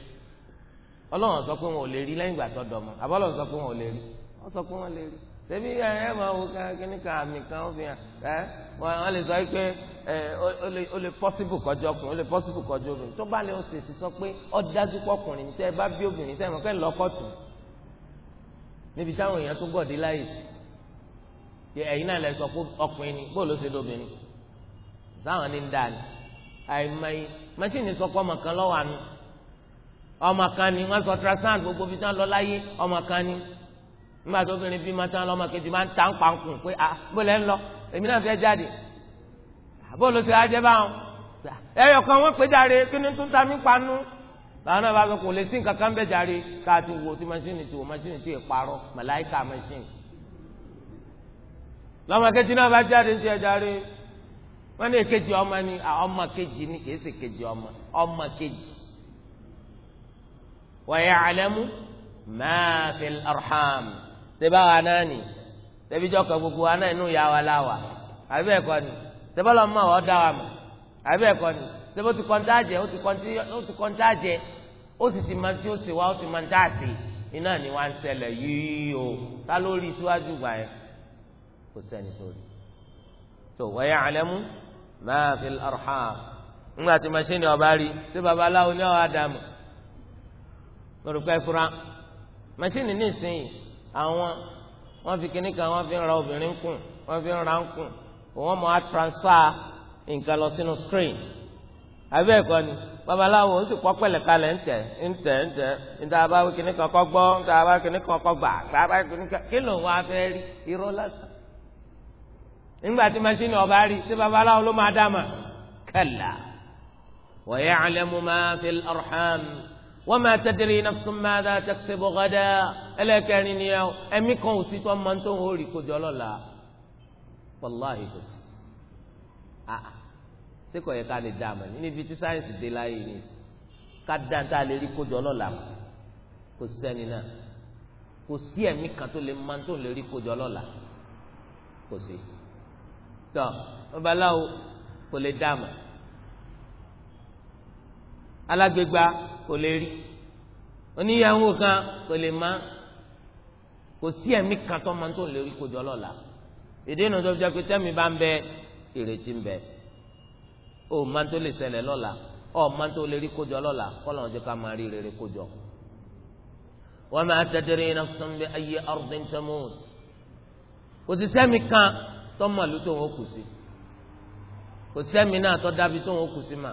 ọlọ́run sọ pé wọn ò lè rí lẹ́yìn ìgbà tó dọ̀mọ́ àbọ̀lọ́run sọ pé wọn ò lè rí wọ́n sọ pé wọ́n lè rí tẹbi ẹ ẹ máa wo kíni kan àmì kan ó fi hàn ẹ wọn lè sọ pé ẹ ó lè pọ́sibù kọjọ ọkùnrin ó lè pọ́sibù kọjọ obìnrin tó bá lè ó sì sọ pé ọ dájú pọkùnrin tẹ ẹ bá bí obìnrin tẹ ẹ mọ̀ pé lọ́kọ̀tù sáwọn ní ń dà ní àìmọye mẹsìnì sọ pé ọmọ kan lọ́wọ́ àánú ọmọ kan ni wọ́n sọ ultrasound gbogbo fi tán lọ láyé ọmọ kan ni nígbà tó obìnrin bí mọ́tán lọ́mọ kejì máa ń ta ń pankùn pé à bó lẹ́ ń lọ èmi náà fẹ́ jáde àbó ló ti rájẹ́ báwọn ẹyọ kan wọ́n pè jáde kí ni tún ta mí panu báwọn náà bá sọ kò lè sí nǹkan kan bẹ́ẹ̀ jáde ká ti wo ti mọ́ṣíìnì ti wo mọ́ṣíìnì ti parọ́ màláìka mọ́ṣíìnì lọ́mọ kejì náà bá jáde ti ẹ̀ jáde wọ́n ní èkejì ọmọ ni ọmọ kejì ni kìí ṣe kejì ọmọ ọmọ kejì wa ya'lamu ma fil arham ṣẹba wa náà ni ṣẹbíjọ kan gbogbo wa náà inú ìyá wa láwà àbí bẹ́ẹ̀ kọ́ ni ṣẹbọ́ lọ́mọ àwọn ọ̀dá wa mọ̀ àbí bẹ́ẹ̀ kọ́ ni ṣẹbọ́ ti kọ́ńtà jẹ ó ti kọ́ńtà jẹ ó sì ti máa tí ó ṣe wá ó ti máa ń dá iná ni wá ṣẹlẹ̀ yìí o ta ló rí síwájú gbà yẹn kò sẹ́ni tó rí tó wa ya'lamu máa fi arham ńgbà tí machine ọba rí ṣé babaláwo ní ọ̀hún àdàmú lórúkọ ẹ̀fúra machine nísìnyí àwọn wọ́n fi kíní kan wọ́n fi ń ra obìnrin kùn wọ́n fi ń ra ń kùn wọ́n mọ̀ á transfer nǹkan lọ sínú screen àbẹ́ ẹ̀kọ́ ni babaláwo ó sì kọ́ pẹ̀lẹ́ kalẹ̀ ń tẹ̀ ń tẹ̀ ń tẹ̀ ń tẹ̀ kíní kan kọ́ gbọ́ ń tẹ̀ kíní kan kọ́ gbà kí ló ń wá fẹ́ rí irọ́ lásán nígbà tí machine ọba rí ṣé babaláwo ló máa dáama kalla wa ya'lamu ma fil arham wa ma tadri nafsun madha taksibu ghadan ẹlẹ́kẹrin ni ẹ̀mí kan ò sí tó máa ń tó ń hórì kójọ lọ́la wàláhi kò sí ah, ṣé kò yẹ ká lè dáama níbi tí sáyẹ́nsì dé láyé ní ká dáńtà lè rí kójọ lọ́la kò sẹ́ni náà kò sí ẹ̀mí kan tó lè máa tó lè rí kójọ lọ́la kò sí tọ babaláwo kò lè dààmú alágbègbà kò lè rí oníyàwó kan kò lè má kò sí ẹ̀mí kan tó máa ń tó lè rí kojọ lọ́la èdè ìnà tó fi jẹ́ pé tẹ́mi bá ń bẹ ìrètí ń bẹ ó máa ń tó lè ṣẹlẹ̀ lọ́la ó máa ń tó lè rí kojọ lọ́la kọ́lọ́n ọjọ́ ká máa rí rere kojọ. wa ma tadri nafsun bi ayyi ardin tamut kò sí sẹ́mi kan tọ́mọ̀lú tó wọn kù sí kò sẹ́mi náà tó dábí tó wọn kù sí mà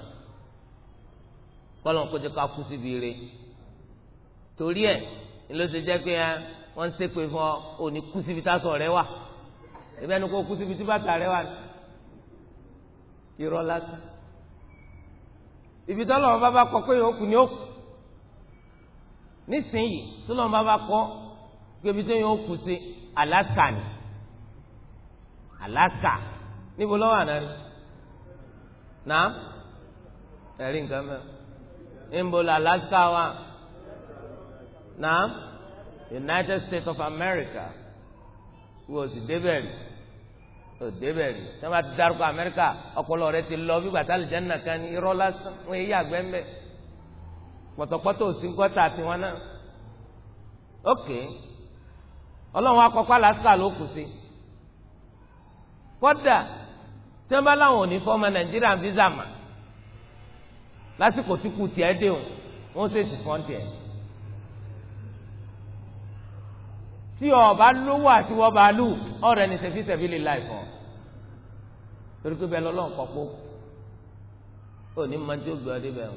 kọ́lọ̀ kó jẹ́ ká kú síbi ire torí ẹ̀ ló ti jẹ́ pé wọ́n ń ṣépè fún ọ ò ní kú síbi tásọ rẹ wà ẹ̀bí ẹni kó kú síbi tí bàtà rẹ wà irọ́ lásán ibi tọ́lọ̀ wọn bá bá kọ pé òkú ni òkú nísìnyí tọ́lọ̀ wọn bá bá kọ pé ibi tó yẹn òkú sí Alaska ni. Alaska níbo lọ́wọ́ àná rí náà ẹ̀rí nǹkan mẹ́rin níbo lọ Alaska wà náà United States of America wò sì débẹ̀ rí ò débẹ̀ rí tí wọ́n bá ti dárúkọ Amẹ́ríkà ọpọlọ rẹ ti lọ bí gbàtà àlùjánnà kan ní irọ́ lásán wọ́n yé yàgbẹ́ mbẹ́ pọ̀tọ̀pọ̀tọ̀ òsín gọ́tà tiwọn náà ok ọlọ́run akọ́kọ́ Alaska ló kù sí kọ́dà tí wọ́n bá láwọn ò ní fọ́ọ̀mù nàìjíríà visa mà lásìkò tí kù tiẹ̀ dé o wọ́n ṣèṣì fọ́ọ̀n tiẹ̀. tí ọba lówó àti wọ́n bá lù ọ̀rẹ́ ní sẹ́físẹ́fí lè láì fọ́ torí pé bẹ́ẹ̀ lọ́lọ́run kọ́ pọ́ ó ní máa tí ó gbé ọdẹ bẹ́ẹ̀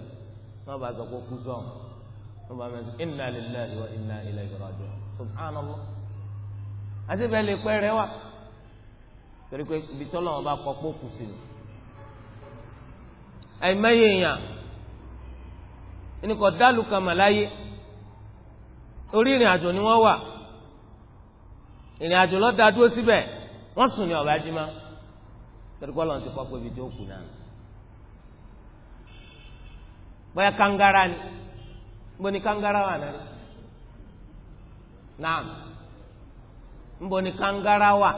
wọ́n bá sọ pé kú sọ́ọ̀ wọ́n bá mẹ́sàn inna lillahi wa inna ilayhi raji'un subhanallah àti bẹ́ẹ̀ lè pẹ́ rẹ torí pé ibi tọ́lọ̀ wọn bá kọ́ pókù sí ni. àìmọye èèyàn ẹnìkan dálù kan orí ni wọ́n wà da dúró síbẹ̀ wọ́n sùn ní ọ̀bá jímá torí pé ọlọ́run ti kọ́ pé ibi tí ó kù náà bóyá kangara ni nbọ ni kangara wà náà ni kangara wà.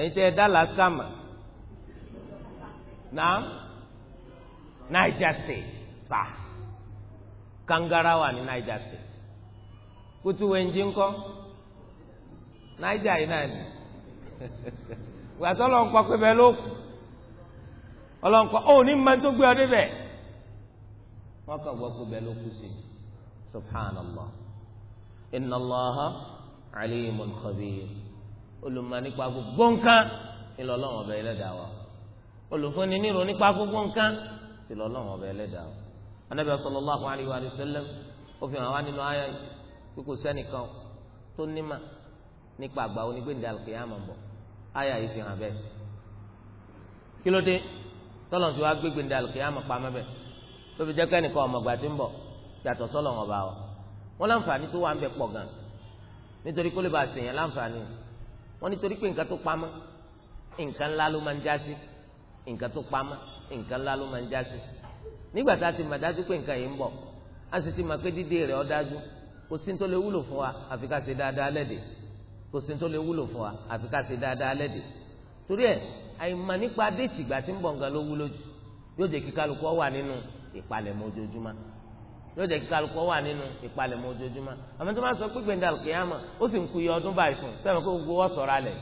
ẹ̀yin tẹ́ ẹ dá alaska mà náà niger state sà kangarawa ní niger state kutuwenji ńkọ́ niger yìí náà ni [LAUGHS] gbàtọ́ ọlọ́nkọ́ pé bẹ́ẹ̀ ló kù ọlọ́nkọ́ ó ní mọ́ tó gbé ọ débẹ̀ wọ́n kàn gbọ́ pé bẹ́ẹ̀ ló kù sí subhanallah inna allaha alimun khabir olùmọ̀ nípa gbogbo nǹkan ìlọ ọlọ́run ọba ẹlẹ́dàá wa olùfúnni nírò nípa gbogbo nǹkan ìlọ ọlọ́run ọba ẹlẹ́dàá wa anabi sallallahu alayhi wa sallam ó fi hàn wá nínú ayé pé kò sẹ́nìkan tó nímà nípa àgbà onígbèǹdà al-qiyamah bọ̀ ayé yìí fi hàn bẹ́ẹ̀ kí ló dé tọ́lọ̀ tí wàá gbé gbèǹdà al-qiyamah pamọ́ bẹ́ẹ̀ tó fi jẹ́ kẹ́nìkan ọmọgbà tí ń bọ̀ yàtọ̀ wọ́n nítorí pé nǹkan tó pamọ nǹkan ńlá ló máa ń jásí nǹkan tó nǹkan ńlá ló máa ń jásí nígbà tá a ti mọ̀ dájú pé nǹkan yìí ń bọ̀ a sì ti mọ̀ pé dídé rẹ̀ ọ́ dájú kò sí tó lè wúlò fún wa àfi ká ṣe dáadáa kò sí tó dáadáa torí ẹ̀ nípa déètì ìgbà tí ń bọ̀ nǹkan ló jù yóò jẹ́ wà nínú ìpalẹ̀mọ́ ojoojúmọ́ yóò jẹ́ kí kálukú wà nínú ìpalẹ̀mọ́ ojoojúmọ́ àmọ́ tó máa sọ pé gbẹ̀ndà kìyàmà ó sì ń ku iye ọdún báyìí fún un sẹ́wọ̀n gbogbo wọ́n sọ̀rọ̀ alẹ̀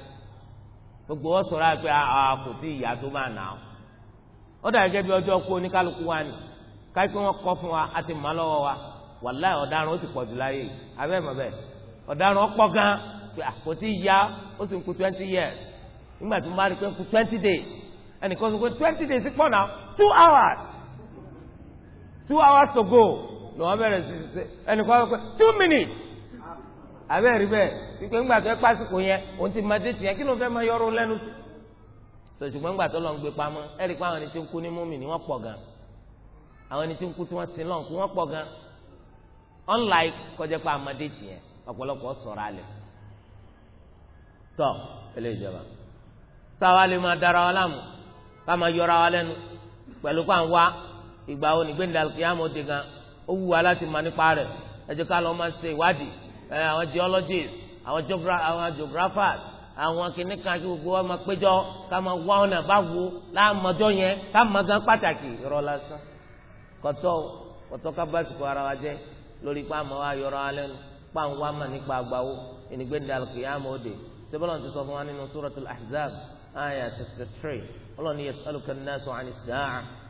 gbogbo wọ́n sọ̀rọ̀ alẹ̀ pé a ah, ah, kò tí ìyá tó máa nà ọ́ ó dà gẹ́gẹ́ bí ọjọ́ kú ni wọ́n kọ́ fún wa a ti mọ̀ lọ́wọ́ wa ọ̀daràn ó ti pọ̀ jù láyé abẹ́ ah, two hours ló ọ bẹrẹ sí ṣe ẹnì kan wọ́n pé two minutes abẹ́rẹ́ bẹ́ẹ̀ pípé ńgbà tó ẹ pásìkò yẹn òun ti máa déètì yẹn kí ló fẹ́ máa yọrọ lẹ́nu sí sọ̀tùgbọ́n ńgbà tó lọ ń gbé pamọ́ ẹ̀rí pé àwọn ẹni tí ń kú ní múmi ni wọ́n pọ̀ gan àwọn ẹni tí ń kú tí wọ́n sin unlike kọjá pé ọ̀pọ̀lọpọ̀ sọ̀rọ̀ alẹ̀ tọ́ ilé ìjọba táwa lè máa wa yọra wa lẹ́nu pẹ̀lú pàǹwá ìgbà wo ó wù wá láti mọ̀ nípa rẹ̀ ẹ jẹ́ ká lọ máa ṣe ìwádìí àwọn geologists àwọn geographers àwọn kìnnì kan kí gbogbo wa máa péjọ ká máa wá ọ̀nà báwo láàmọ́jọ́ yẹn ká máa gan pàtàkì irọ́ lásán kọ́tọ́ kọ́tọ́ ká bá sìkò ara wa jẹ́ lórí pa àmọ́ wa yọrọ alẹ́ nu pa àwọn wa mà nípa àgbáwo ènìgbẹ́ni al-qiyamah òde sẹ́bọ̀lọ́n ti sọ fún wa nínú suratul ahzab ayah sixty three ọlọ́ni yas'aluka an-nasu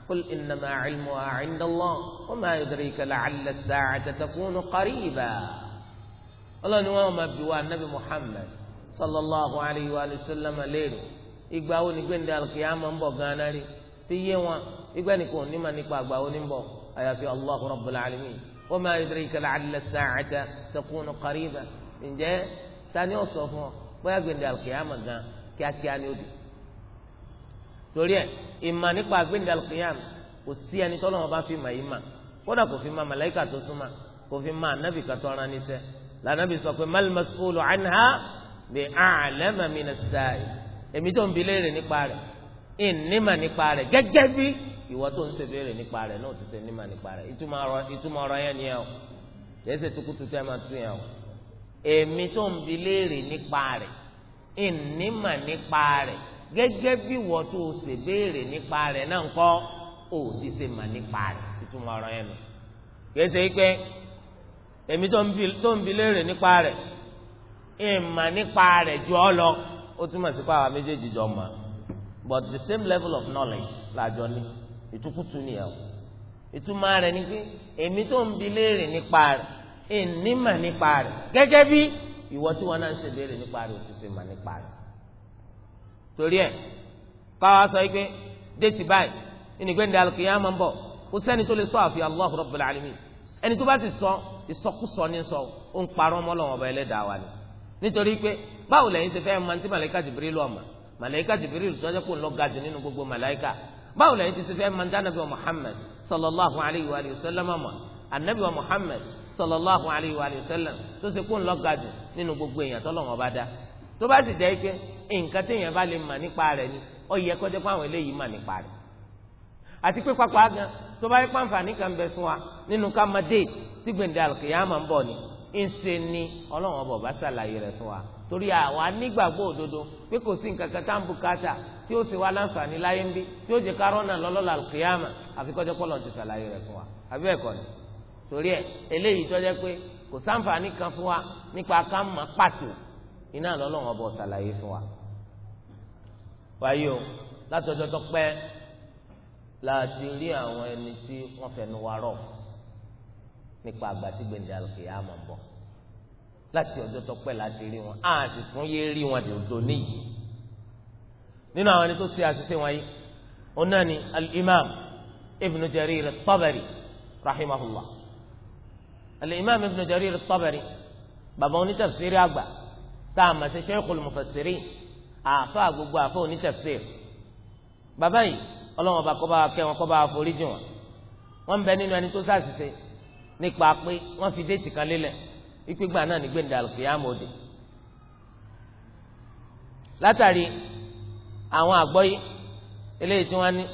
قل إنما علمها عند الله وما يدريك لعل الساعة تكون قريبا الله نوام بوا النبي محمد صلى الله عليه وآله وسلم ليرو ìgbà wo ni gbẹ̀ndé alkiyama ń bọ̀ gánà rí ti yé wọn ìgbà ni kò ní ma nípa àgbà wo ni ń bọ̀ àyàfi allahu rabbul alamin wa ma yudrika la'alla sa'ata takunu qariba ǹjẹ́ ta ni ó sọ fún ọ bóyá gbẹ̀ndé alkiyama gan kíákíá ni ó di torí ẹ ìmà nípa àgbéǹdà kìyàm kò sí ẹni tọ́lọ́ wọn bá fi mà yìí mà kódà kò fi mà màláìkà tó súnmà kò fi mà ànábì kan tó ara níṣẹ́ lànàbì sọ pé mal mas'ulu anha bi a'lama min as-sa'il èmi tó ń bi léèrè nípa rẹ̀ ìn nímà nípa rẹ̀ gẹ́gẹ́ bí ìwọ tó ń ṣe béèrè nípa rẹ̀ náà ti ṣe nímà nípa rẹ̀ ìtumọ̀ ọ̀rọ̀ yẹn ni ẹ o kìí ṣe tukutu tẹ́ máa tún yẹn o èmi tó ń bi léèrè nípa rẹ̀ ìn gẹ́gẹ́ bí wọ́n tó o ṣe béèrè nípa rẹ̀ náà ń kọ́ ò ti ṣe mà nípa rẹ̀ ìtumọ̀ ọ̀rọ̀ yẹn nù. kìí ṣe pé èmi tó ń bi léèrè nípa rẹ̀ ìmà nípa rẹ̀ ju ọ lọ ó túmọ̀ sí pé àwa méjèèjì jọ mọ̀ but the same level of knowledge làjọ ní ìtukùtù nìyẹn o ìtumọ̀ rẹ̀ ni pé èmi tó ń bi léèrè nípa rẹ̀ ìnímà nípa rẹ̀ gẹ́gẹ́ bí ìwọ tí wọn náà ń ṣe béèrè nípa rẹ̀ ò ti ṣe mà nípa rẹ̀ torí ẹ káwa sọ yìí pé déètì báyìí ìnìgbẹ́ ní alùkìyà máa ń bọ̀ kò sẹ́ni tó lè sọ àfi Allah Rabbul Alamin ẹni tó bá ti sọ ìsọkúsọ ní sọ ó ń parọ́ mọ́lọ́wọ́n ọba ẹlẹ́dàá wa ni nítorí pé báwo lẹ́yìn ti fẹ́ máa ń tí màlẹ́kà Jibril lọ́ọ̀mà màlẹ́kà Jibril sọ́jọ́ kò ń lọ ga jù nínú gbogbo màlẹ́kà báwo lẹ́yìn ti ti fẹ́ máa ń wa Muhammad sallallahu alayhi wa sallam ama anabi wa Muhammad sallallahu alayhi wa sallam tó ṣe kó ń lọ ga nínú gbogbo èèyàn tọ́lọ́wọ́n ọba dá tó bá sì jẹ́ pé nǹkan téèyàn bá lè mà nípa rẹ̀ ni ó yẹ kó jẹ́ pé àwọn eléyìí mà nípa rẹ̀ àti pé pápá gan tó bá yẹ pé àǹfààní bẹ fún wa nínú ká máa déètì tí gbèǹde àlùkìyámà ń bọ̀ ni ńṣe ni ọlọ́run ọba ọba ṣàlàyé rẹ̀ fún wa torí àwa nígbàgbọ́ òdodo pé kò sí nǹkan kan tá à ń bùkátà tí ó ṣe wá láǹfààní láyé ń bí tí ó jẹ́ kárọ́nà lọ́lọ́lá àlùkìyámà àfi kó jẹ́ pé ti ṣàlàyé rẹ̀ fún wa àbí ẹ̀kọ́ ni torí ẹ̀ eléyìí tó pé kò sáǹfààní kan fún wa nípa ká mọ̀ pàtó iná lọ́lọ́run ọbọ̀ ṣàlàyé fún wa. wáyé o látọjọ́ tó pẹ́ la ti rí àwọn ẹni tí wọ́n fẹnu wa rọ̀ nípa àgbà tí gbẹ̀ndẹ̀ àlùkìyà máa ń bọ̀ láti ọjọ́ tó pẹ́ la ti rí wọn a sì tún yé rí wọn dòdò níyì nínú àwọn ẹni tó ṣe àṣìṣe wọn yìí òun náà ni al-imam ibn jarir at rahimahullah al-imam ibn jarir at-tabari bàbá onítafsiri àgbà tá a mọ̀ sí sheikhul mufassirin àfa gbogbo àfa onítafsir bàbá yìí ọlọ́wọ́n bá kọ́ bá wa kẹ́ wọn kọ́ bá wa forí jù wọn wọ́n ń bẹ nínú ẹni tó sàṣìṣe nípa pé wọ́n fi déètì kan lélẹ̀ wípé gbà náà ní gbẹ̀ndà àlùkìyàmù òde látàrí àwọn àgbọ́yé eléyìí tí wọ́n ní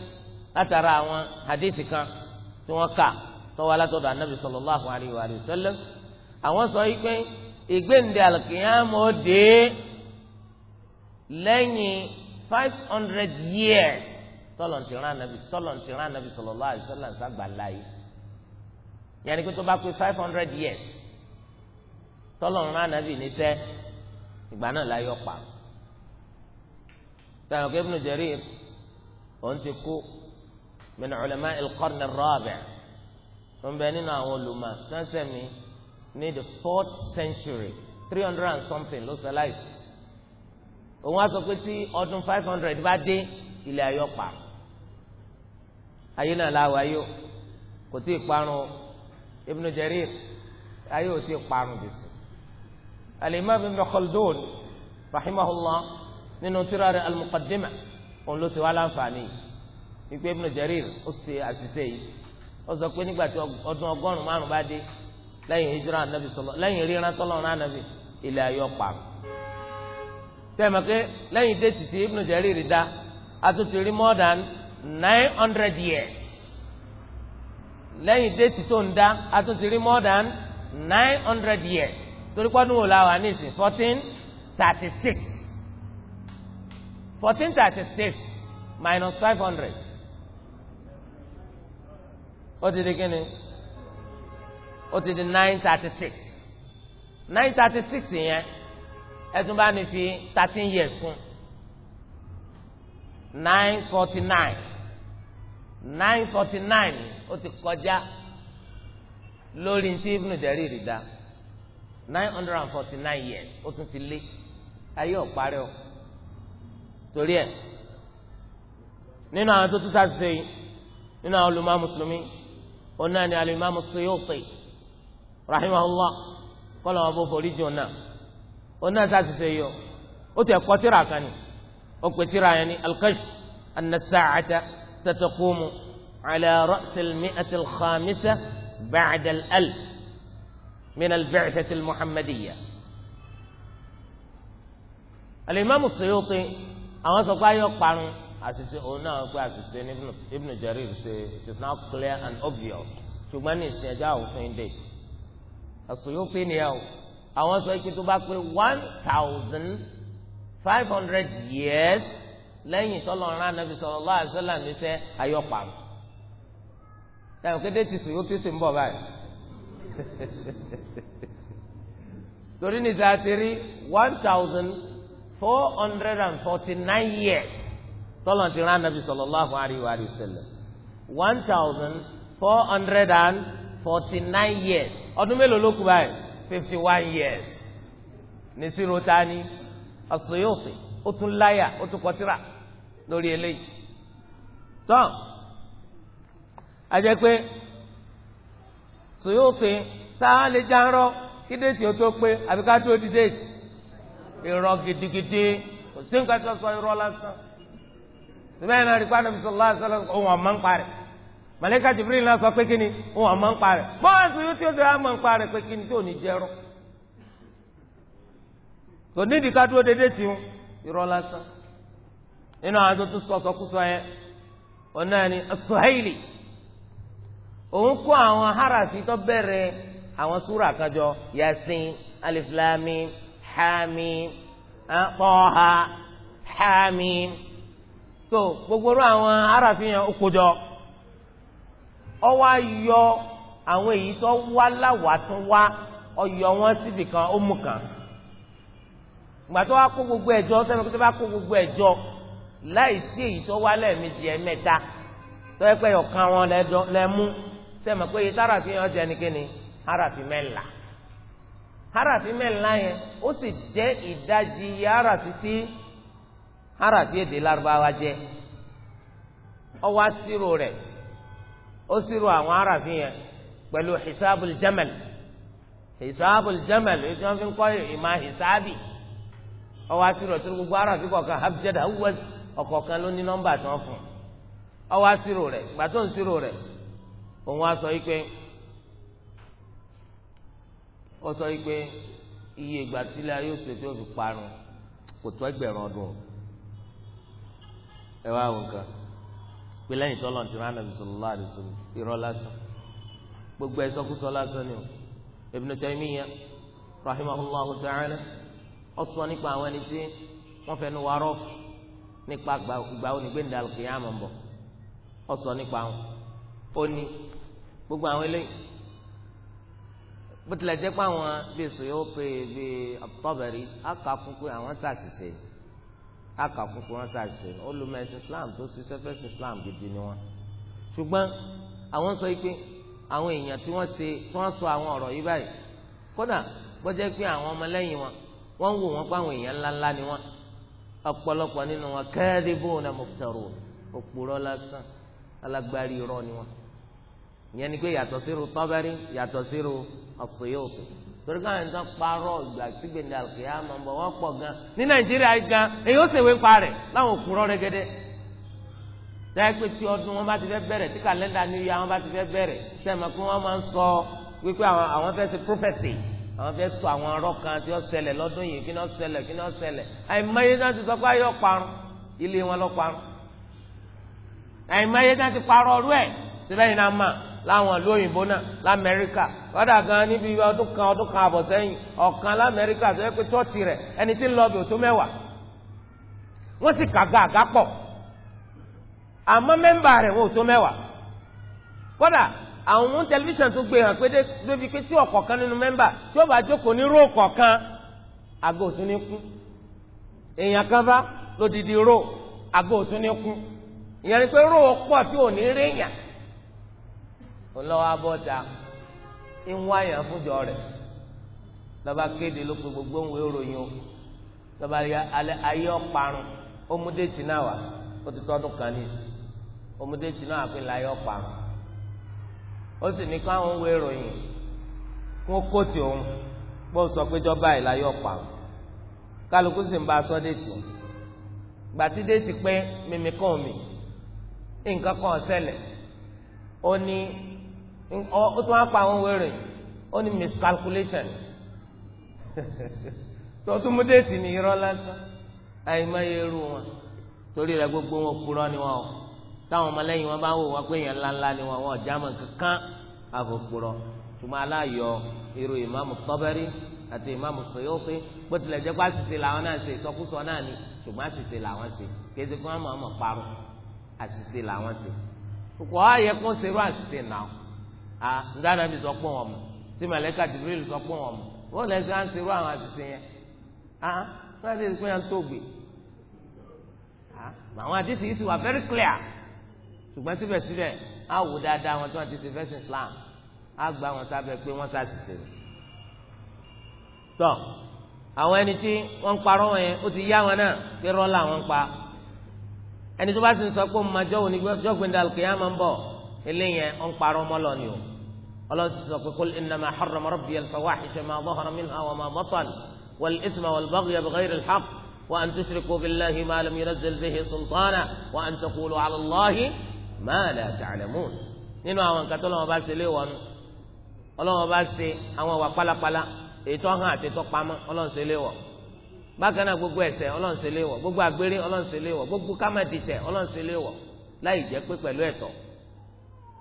látara àwọn hadithi kan tí wọ́n kà tọ́wọ́ alátọ́dọ̀ anabi sallallahu alayhi wa sallam àwọn sọ yìí pé ìgbéǹde àlùkìyàmọ́ dé lẹ́yìn five hundred years tọ́lọ̀ ti rán anabi tọ́lọ̀ ti rán anabi sallallahu alaihi wasallam sàgbà láàyè yẹnni pé tó bá pé five hundred years tọ́lọ̀ rán anabi níṣẹ́ ìgbà náà láyé ọ̀pá sàrùkú ibn Jarir òun ti kú min ulama al-qarn ar tó ń bẹ nínú àwọn olùmọ̀ sánsẹ́mi ní the fourth century three hundred and something ló ṣaláìsí òun á sọ pé tí ọdún five hundred bá dé ilẹ̀ ayọ́ pa ayé náà láwọ ayé kò tí ì parun o Ibn Jarir ayé ò tí ì parun bìsì al-Imam Ibn Khaldun rahimahullah nínú tírà rẹ̀ al-Muqaddima òun ló ṣe wá láǹfààní ìgbé Ibn Jarir ó ṣe àṣìṣe yìí ó sọ pé nígbà tí ọdún ọgọ́rùn-ún márùn bá dé lẹ́yìn hijira anabi sọlọ lẹ́yìn ríran tọlọrun anabi ilẹ̀ ayọ pààrọ̀ sẹmọ pé lẹ́yìn déètì tí Ibn Jarir dá àtúntò rí more than nine hundred years lẹ́yìn déètì tó ń dá àtúntò rí more than nine hundred years torí pọ́dún wò la wà ní ìsìn fourteen thirty six fourteen thirty six minus five hundred ó ti di kí ni ó ti di nine thirty six nine thirty six yẹn ẹtún bá mi fi thirteen years kún nine forty nine nine forty nine ó ti kọjá lórí tí ibùdó dẹ̀rí rí da nine hundred and forty nine years ó tún ti lé ayé ọ̀parí o torí ẹ̀ nínú àwọn tó tún sáà ṣe yìí nínú àwọn olùmọ̀ mùsùlùmí onáni alimami Suyuti. rahimahullah kọ́lọ́ wọn bó forí jù náà òun náà sáà ti ṣe yìí o ó ti ẹ̀kọ́ tíra kan ni ó pè tíra yẹn ni alkash anasacata satakumu ala ra'sil ati lxamisa ba'da al min albacati almuhammadiya. alimami suyuti àwọn sọ pé ayọ parun àṣìṣe òun náà pé àṣìṣe ní ibnu jarir ṣe it is now clear and obvious ṣùgbọ́n ní ìsìn ẹja òfin date. As-Suyuti ni ẹ o àwọn sọ pé tó bá pé one thousand five hundred years lẹ́yìn tọ́lọ́run anabi sallallahu alaihi wasallam níṣẹ́ ayọ́pàmù táwọn kéde ti Suyuti sì ń bọ̀ báyìí [LAUGHS] torí ní sàtìrí one thousand four hundred and forty nine years tọ́lọ́run ti rán anabi sallallahu alaihi wasallam one thousand four hundred and forty nine years ọdún mélòó ló kù báyìí fifty one years ní sírò tani As-Suyuti ó tún láyà ó tún kọtíra lórí eléyìí tán àjẹ pé Suyuti sáà lè já rọ kí déètì ó tó pé àbí ká tó di déètì gidigidi kò sí nǹkan tó sọ lásán bẹ́ẹ̀ náà rí pàdé ń màlẹ́kà jibril náà sọ pé kí ni ó hàn máa ń pa rẹ̀ bọ́ọ̀sì yóò tí ó ti hàn ń pa pé kí ni tí ò ní jẹ́rọ. kò nídìí ká dúró déédéé tiwọn irọ́ lásán nínú àwọn tó tún sọ̀sọ̀kúsọ yẹn harafi tó bẹ̀rẹ̀ àwọn súrà yasin alif lam mim hamim gbogbo àwọn yẹn ó ọwọ́ ayọ àwọn èyí tó wá láwàá tó wá ọyọ wọn síbi kan ó mú kan gbà tó wá kó gbogbo ẹjọ sẹni kó tó bá kó gbogbo ẹjọ láì sí èyí tó wá lẹ́ẹ̀mejì ẹ̀mẹ́ta tó yẹ pé ọ̀kan wọn lẹ́mú sẹ́mi pé iye tára fi hàn jẹ́ nìkéni harafi mẹ́la harafi mẹ́la yẹn ó sì jẹ́ ìdajì iye harafi tí harafi èdè lárúbáwá jẹ́ ọwọ́ àṣírò rẹ̀ ó sì ro àwọn aráàfin yẹn pẹ̀lú hisabul jamal hisabul jamal èyí tí wọ́n fi ń kọ́ ìmọ̀ hisabi ọwọ́ àtúrọ̀ tó gbogbo aráàfin kọ̀ọ̀kan habjada awwaz ọ̀kọ̀ọ̀kan ló ní nọ́mbà tí wọ́n fún ọwọ́ àṣírò rẹ̀ gbà tó ń ṣírò rẹ̀ òun á sọ yìí pé sọ yìí pé iye ìgbà sílẹ̀ yóò ṣe tí ó fi parun kò tó ẹgbẹ̀rún ọdún ẹ wá wọn pé lẹ́yìn tọ́lọ̀ tí wọn ànábì sallallahu alaihi wasallam irọ́ lásán gbogbo ẹ̀sọ́ kú sọ lásán ni o Ibn Taymiyyah rahimahullahu ta'ala ó sọ nípa àwọn ẹni tí wọ́n fẹ́ nu warọ́ nípa ìgbà òní gbẹ̀ndà al-qiyamah bọ̀ ó nípa àwọn ó gbogbo àwọn eléyìí bó tilẹ̀ jẹ́ pé àwọn bíi sòyó pé bíi Tabari á pé àwọn sàṣìṣe yìí káka kúkú wọn ṣàṣe olùmọ̀ẹ́sì islam tó ṣiṣẹ́ fẹ́sì islam gidi ni wọn. ṣùgbọ́n àwọn sọ pé àwọn èèyàn tí wọ́n ṣe tí wọ́n sọ àwọn ọ̀rọ̀ yìí báyìí kódà gbọ́jẹ́ pé àwọn ọmọlẹ́yìn wọn wọ́n wò wọ́n pé àwọn èèyàn ńláńlá ni wọ́n ọ̀pọ̀lọpọ̀ nínú wọn kadhibuna muftarun òpùrọ̀ lásán alágbárí irọ́ ni wọ́n ìyẹn ni pé yàtọ̀ síru Tabari yàtọ̀ síru As-Suyuti torí káwọn ẹni tán parọ́ ìgbà sígbèndé àlùkìyà máa ń bọ̀ wọ́n pọ̀ gan ní nàìjíríà gan èyí ó ṣèwé pa rẹ̀ láwọn òkúrọ́ rẹ́gẹ́dẹ́ táyà pé tí ọdún wọn bá ti fẹ́ bẹ̀rẹ̀ tí kàlẹ́ndà ní ìyá wọn bá ti fẹ́ bẹ̀rẹ̀ sẹ́mi pé wọ́n máa ń sọ wípé àwọn fẹ́ ṣe prophecy àwọn fẹ́ sọ àwọn ọ̀rọ̀ kan tí wọ́n ṣẹlẹ̀ lọ́dún yìí kí ni wọ́n ṣẹlẹ̀ kí ni wọ́n ṣẹlẹ̀ àìmọye náà ti sọ pé ayọ̀ parun ilé wọn lọ parun àìmọye náà ti parọ́ ọdún ẹ̀ síbẹ̀ yìí náà máa láwọn ìlú òyìnbó náà lamẹ́ríkà kọ́dà gan níbi ọdún kan ọdún kan àbọ̀ sẹ́yìn ọ̀kan lamẹ́ríkà tó yẹ pé chọ́ọ̀chì rẹ̀ ẹni tí ń lọ bìí ò tó mẹ́wàá wọ́n sì kàga àga pọ̀ àmọ́ mẹ́mbà rẹ̀ wọn ò tó mẹ́wàá kọ́dà àwọn tẹlifíṣàn tó gbé hàn pé débi pé tí ọ̀kọ̀ọ̀kan nínú mẹ́mbà tí ó bá jókòó ní róò kọ̀ọ̀kan àgọ́ òtún ní kú èèyàn kan bá lódìdí róò àgọ́ òtún ní kú ìyẹn ni pé róò pọ̀ tí ò ní rí èèyàn ńlọ́wọ́ abọ́ta ń wáyàn fúnjọ rẹ̀ lọ́ba kéde ló pe gbogbo òun ìròyìn o lọ́ba ayé ọ̀parun ọmọdé tì náà wá ó ti tọ́dún kan ní ìsìn ọmọdé tì náà àpè láyé ọ̀parun ó sì ní káwọn wo ìròyìn kó kóòtù òun bó sọ pé jọba yìí láyé ọ̀parun kálukú sì ń bá aṣọ déètì gbàtí déètì pé mímí kan mi nǹkan kan ṣẹlẹ̀ ó ní ó tún wá pa àwọn wẹrẹ ó ní miscalculation [LAUGHS] tọ́tún mú déètì ní irọ́ lásán àìmọye irú wọn torí rẹ̀ gbogbo wọn kúrò ni wọn o táwọn ọmọlẹ́yìn wọn bá wò wọn pé èèyàn ńláńlá ni wọn wọn ọ̀já mọ̀ kankan àfòkúrọ̀ ṣùgbọ́n aláyọ̀ irú ìmáàmù tọ́bẹ́rí àti ìmáàmù sọ̀yọ́pẹ́ bó tilẹ̀ jẹ́ pé àṣìṣe làwọn náà ṣe ìsọkúsọ náà ni ṣùgbọ́n àṣìṣe làwọn ṣe kéde kí wọ́n mọ̀ ọ́n mọ̀ parun àṣìṣe làwọn ṣe kò wá yẹ kó ṣerú àṣìṣe náà à ńdáná bí sọ pé wọn mọ tí màlẹ́kà Jibril sọ pé wọn mọ wọn lè ṣe à ń ṣerú àwọn àṣìṣe yẹn à wọn lè ṣe pé wọn tó gbè à àwọn àdìsí yìí ti wà very clear ṣùgbọ́n síbẹ̀síbẹ̀ á wò dáadáa wọn tí wọ́n ti ṣe fẹ́sìn Islam á gba wọn sábẹ́ pé wọ́n ṣàṣìṣe tọ́ àwọn ẹni tí wọ́n ń parọ́ wọn yẹn ó ti yá wọn náà pé rọ́lá wọn ń pa ẹni tó bá ti ń sọ pé ọmọ ọjọ́ òní jọ́gbìn dàlùkì yá máa ń bọ̀ eléyẹn ó ń parọ́ mọ́lọ ni o ọlọ́run ti sọ pé kul innama harrama rabbi al-fawahisha ma zahara minha wa ma batan wal ithma wal baghya bighayri al-haqq wa an tushriku billahi ma lam yunzil bihi sultana wa an taqulu ala allahi ma la ta'lamun nínú àwọn nǹkan tó lọ́wọ́ bá ṣe léwọ́nu ọlọ́wọ́ bá ṣe àwọn ìwà pálapàla èyí tó hàn àti tó pamọ́ ọlọ́run ṣe léwọ́ bákan gbogbo ẹ̀ṣẹ̀ ọlọ́run ṣe léwọ́ gbogbo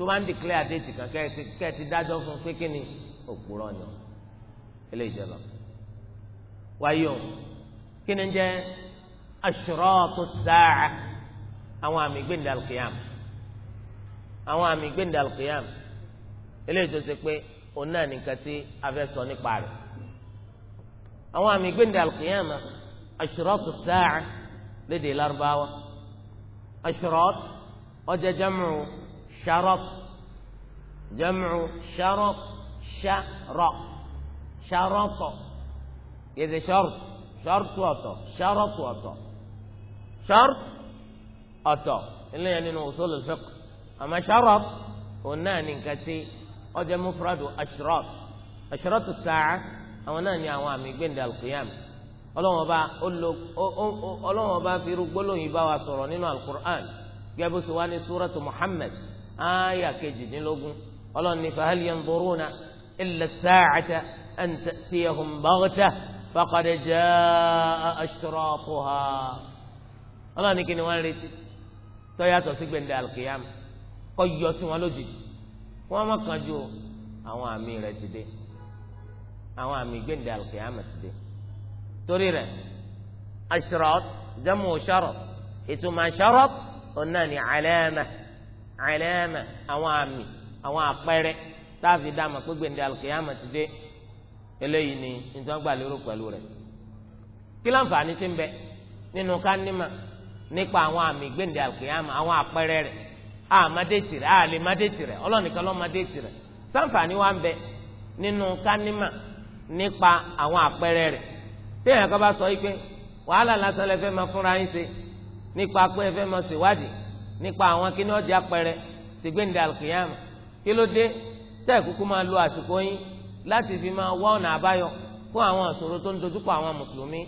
tó bá ń declare déètì kan kẹ́ ẹ ti dájọ́ fún pé kí ni òpùrọ̀ ni eléyìí jẹ́ lọ. wáyé o kí ni jẹ́ ashratu sáà àwọn àmì gbẹ̀ndà alqiyam àwọn àmì gbẹ̀ndà alqiyam eléyìí tó ṣe pé òun náà nìkan tí a fẹ́ sọ nípa rẹ̀ àwọn àmì gbẹ̀ndà alqiyam ashratu sáà lárúbáwá ọjà شرط جمع شرط شرط شرط إذا شرط شرط وطا شرط وطا شرط أطا إلا يعني وصول الفقه أما شرط قلنا ننكتي قد مفرد أشراط أشراط الساعة أو نان يا بين القيامة ọlọ́wọ́n bá ọlọ́wọ́n اللهم fi في gbólóhùn yìí bá wa sọ̀rọ̀ nínú alukur'an gẹ́gẹ́ áyà kejìdínlógún ọlọ́run ní fahal yanzuruna illa as-sa'ata an ta'tiyahum baghtah faqad jaa ashratuha ọlọ́run ní kí ni wọ́n retí tó yàtọ̀ sí gbẹ̀ndẹ̀ alkiyam kó yọ sí wọn lójijì wọ́n má kánjú àwọn àmì rẹ̀ ti dé àwọn àmì gbẹ̀ndẹ̀ alkiyam ti dé torí rẹ̀ ashrat jamu sharat ìtumọ̀ sharat ọ̀nà ni alama. àìlẹ́ẹ̀mẹ̀ àwọn àmì àwọn àpẹẹrẹ táàfi dá àmọ̀ pé gbèǹde ti dé eléyìí ni nítorí wọn gbà lérò pẹ̀lú rẹ̀ kí láǹfààní ti ń bẹ nínú kánímà nípa àwọn àmì gbèǹde alùkìyàmọ̀ àwọn àpẹẹrẹ rẹ̀ àmàdétì rẹ̀ ọlọ́nìkan lọ́màdétì sáǹfààní wa ń bẹ nínú kánímà nípa àwọn àpẹẹrẹ rẹ̀ kan bá sọ yìí pé wàhálà lásán lẹ máa fúnra yín nípa pé ẹ fẹ́ máa nípa àwọn kíní ọjà pẹrẹ tìgbéǹde alkiyama kí ló dé tẹ́ kúkú máa lo àsìkò yín láti fi máa wá ọ̀nà àbáyọ fún àwọn àṣòro tó ń dojúkọ àwọn mùsùlùmí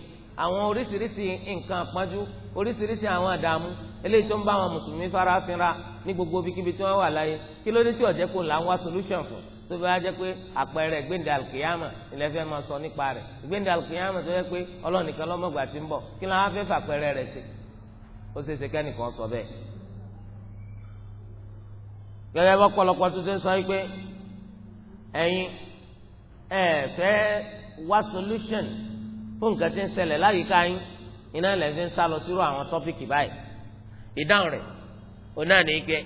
àwọn oríṣiríṣi nǹkan àpọ́njú oríṣiríṣi àwọn àdààmú eléyìí tó ń bá àwọn mùsùlùmí fara fínra ní gbogbo ibikíbi tí wọ́n wà láyé kí ló dé tí ọ̀jẹ̀ kò là ń wá solution fún tó bá jẹ́ pé àpẹẹrẹ gbẹ̀ndé alkiyama ilẹ̀ fẹ́ máa sọ nípa rẹ̀ gbẹ̀ndé alkiyama tó yẹ pé ọlọ́nìkan lọ́mọ̀gbà ti ń bọ̀ kí ló wá fẹ́ fàpẹẹrẹ rẹ̀ ṣe ó gẹ́gẹ́ bá pọ̀lọpọ̀ tó ṣe sọ pé ẹ̀yin ẹ fẹ́ wá solution fún nǹkan tí ń ṣẹlẹ̀ láyìíká yín iná ilẹ̀ ti ń sá lọ sírò àwọn tọ́pìkì báyìí ìdáhùn rẹ̀ òun náà ní pé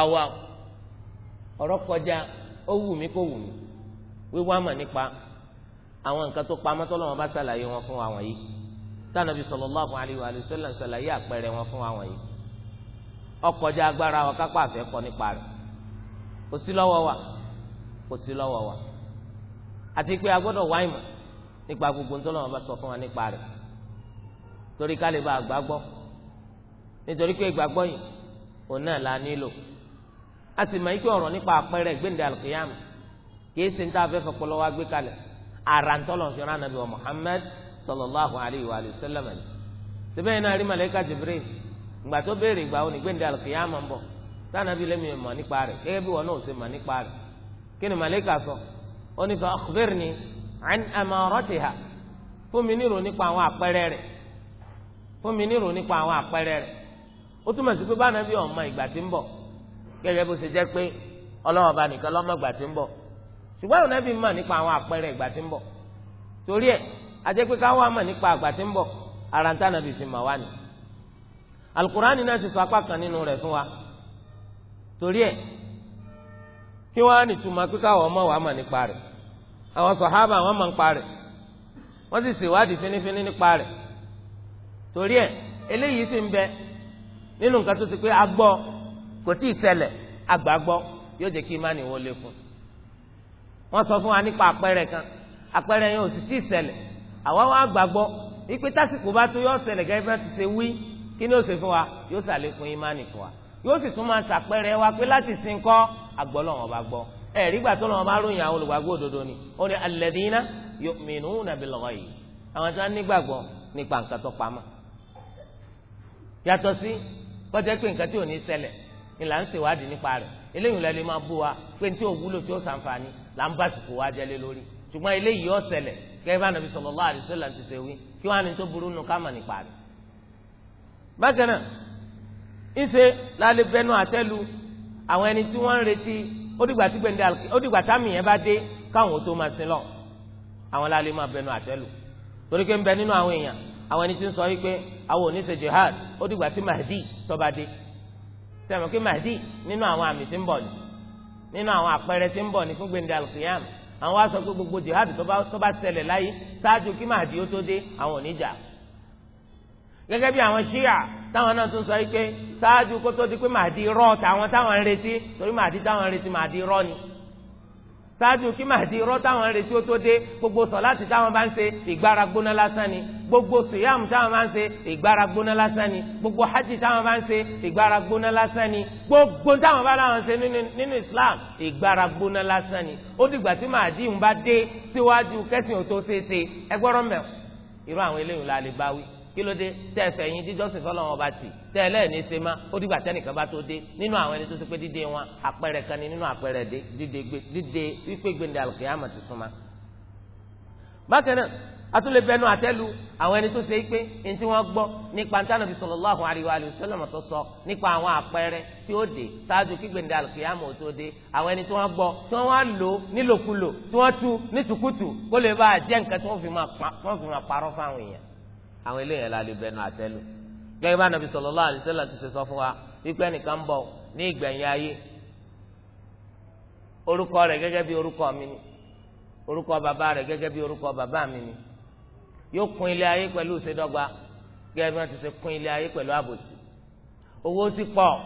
àwa ọ̀rọ̀ kọjá ó wù mí kó wù mí wíwá mà nípa àwọn nǹkan tó pamọ́ tọ́lọ́wọ́n bá ṣàlàyé wọn fún wa wọ̀nyí tánàbí sallallahu alayhi wa sallam ṣàlàyé àpẹẹrẹ wọn fún wa wọ̀nyí ọkọjá agbára wa kápá àfẹ́ kọ nípa rẹ̀ kò sí lọ́wọ́ wa kò sí lọ́wọ́ wa àti pé a gbọ́dọ̀ wá ìmọ̀ nípa gbogbo ń tọ́lọ́wọ́ bá sọ fún wa nípa rẹ̀ torí ká lè ba àgbà nítorí pé ìgbàgbọ́ yìí òun náà la nílò a sì mọ̀ ikú ọ̀rọ̀ nípa àpẹẹrẹ gbẹ̀ndẹ̀ alùkìyàmù kìí ṣe ń tá a fẹ́ fọpọlọ wa gbé kalẹ̀ ara ń tọ́lọ̀ fi rán anabi wa Muhammad sallallahu alayhi wa sallam ṣe bẹ́ẹ̀ náà rí màlẹ́kà Jibril ìgbà tó béèrè ìgbà wo nígbèǹde àlùkìyàmọ̀ ń bọ̀ tánàbí lẹ́mi mọ̀ nípa rẹ̀ gẹ́gẹ́ bí wọn náà ṣe mọ̀ nípa rẹ̀ kí ni màlẹ́kà sọ ó ní fa akhbirni an amaratiha fún mi nírò nípa àwọn àpẹẹrẹ rẹ̀ fún mi nírò nípa àwọn àpẹẹrẹ rẹ̀ ó túmọ̀ sí pé bánàbí ọ̀mọ ìgbà tí ń bọ̀ gẹ́gẹ́ bó ṣe jẹ́ pé alukurani náà ti sọ apá kan nínú rẹ̀ fún wa torí ẹ̀ kí wọ́n á nìtumọ̀ pé káwọn ọmọ wa mọ̀ nípa rẹ̀ àwọn sọ̀hábà wọn mọ̀ nípa rẹ̀ wọ́n sì ṣèwádìí fínífíní nípa rẹ̀ torí ẹ̀ eléyìí sì ń bẹ nínú nǹkan tó ti pé agbọ́ kò tí ì ṣẹlẹ̀ agbàgbọ́ yóò jẹ́ kí imáni wọn lékún wọ́n sọ fún wa nípa àpẹẹrẹ kan àpẹẹrẹ yẹn ò sì tí ì ṣẹlẹ̀ àwa wọn agbàgbọ́ tásìkò bá tó yọ ọ̀sẹ̀lẹ̀ gẹ́gẹ́ bá ti ṣe wí kí ni ó ṣe fún wa yóò ṣàlékún ìmánì fún wa yóò sì tún máa ṣàpẹrẹ wa pé láti sin kọ́ agbọ́lọ́wọ́n bá gbọ́ ẹ̀ rígbà tó lọ́wọ́ bá ròyìn àwọn olùgbàgbọ́ òdodo ni ó ní alladhina yu'minuna bil ghaib àwọn tí wọ́n nígbàgbọ́ nípa nǹkan tó pamọ́ yàtọ̀ sí kọjá pé nǹkan tí ò ní ṣẹlẹ̀ ni là ń ṣèwádìí nípa rẹ̀ eléyìí lẹ́lẹ́ máa bú wa pé tí ò wúlò tí ó ṣàǹfààní là ń bá sùkú wa jẹ́ lé lórí ṣùgbọ́n eléyìí ó ṣẹlẹ̀ kẹ́ẹ́ bá nàbí sallallahu alaihi wasallam ti ṣe wí kí wọ́n á ní tó burú nu ká mọ̀ nípa rẹ̀ bákan náà ńṣe lálẹ́ bẹnu àtẹ́lu àwọn ẹni tí wọ́n ń retí ó dìgbà tí gbẹ̀ndé ó dìgbà támì yẹn bá dé káwọn ò tó máa sin lọ àwọn lálẹ́ máa bẹnu àtẹ́lu torí pé ń bẹ nínú àwọn èèyàn àwọn ẹni tí ń sọ yìí pé àwọn ò ní ṣe jihad ó dìgbà tí mahdi tó bá dé sẹ́mi pé mahdi nínú àwọn àmì tí ń bọ̀ ni nínú àwọn àpẹẹrẹ tí ń bọ̀ ni fún gbẹ̀ndé alkiyam àwọn wá sọ pé gbogbo jihad tó bá ṣẹlẹ̀ láyé ṣáájú kí mahdi ó tó dé àwọn ò ní jà gẹ́gẹ́ bí àwọn ṣíà táwọn náà tún sọ yìí pé ṣáájú kó tó di pé màdí rọ tàwọn táwọn ń retí torí màdí táwọn ń retí màdí rọ ni ṣáájú kí màdí rọ táwọn ń retí ó tó dé gbogbo sọláàtì táwọn bá ń ṣe ìgbára gbóná lásán ni gbogbo síyàmù táwọn bá ń ṣe ìgbára gbóná lásán ni gbogbo hajj táwọn bá ń ṣe ìgbára gbóná lásán ni gbogbo táwọn bá láwọn ṣe nínú islam ìgbára gbóná lásán ni ó dìgbà tí màdí ń bá dé síwájú kẹsìn ò tó ṣeé ṣe ẹgbọ́rọ̀ mẹ́wọ̀ irú àwọn eléyìí la lè báwí kí ló dé tẹ ẹ fẹ̀yìn jíjọ́sìn fọlọ́wọn ọba tì tẹ ẹ lẹ́ẹ̀ni ṣe má ó dìgbà tẹnìkan bá tó dé nínú àwọn ẹni tó ṣe pé dídé wọn àpẹẹrẹ kan ní nínú àpẹẹrẹ dídé dídé wípé gbẹndẹ àlùkìyàmọ ti súnmọ́. bákan náà atúlẹ̀ bẹnu àtẹ́lu àwọn ẹni tó ṣe é pé ní tí wọ́n gbọ́ nípa ntánàbí sallallahu alaihi wa sallam tó sọ nípa àwọn àpẹẹrẹ tí ó dé ṣáájú kí gbèǹde àlùkìyàmù tó dé àwọn ẹni tí wọ́n gbọ́ tí wọ́n wá lò nílòkulò tí wọ́n tú nítùkùtù kó lè bá a jẹ́ nǹkan tí wọ́n fi máa parọ́ fáwọn èèyàn. àwọn eléyàn la lè bẹnu àtẹ́lù gẹ́gẹ́ bá nàbí sallallahu alaihi wasallam ti ṣe sọ fún wa wípé ẹnìkan ń bọ̀ ní ìgbẹ̀yìn ayé orúkọ rẹ̀ oruko bí orúkọ mi ni orúkọ bàbá bí orúkọ bàbá mi ni yóò kún ilé ayé pẹ̀lú ìṣèdọ́gba gẹ́gẹ́ bí ti ṣe kún ilé ayé pẹ̀lú àbòsí owó sì pọ̀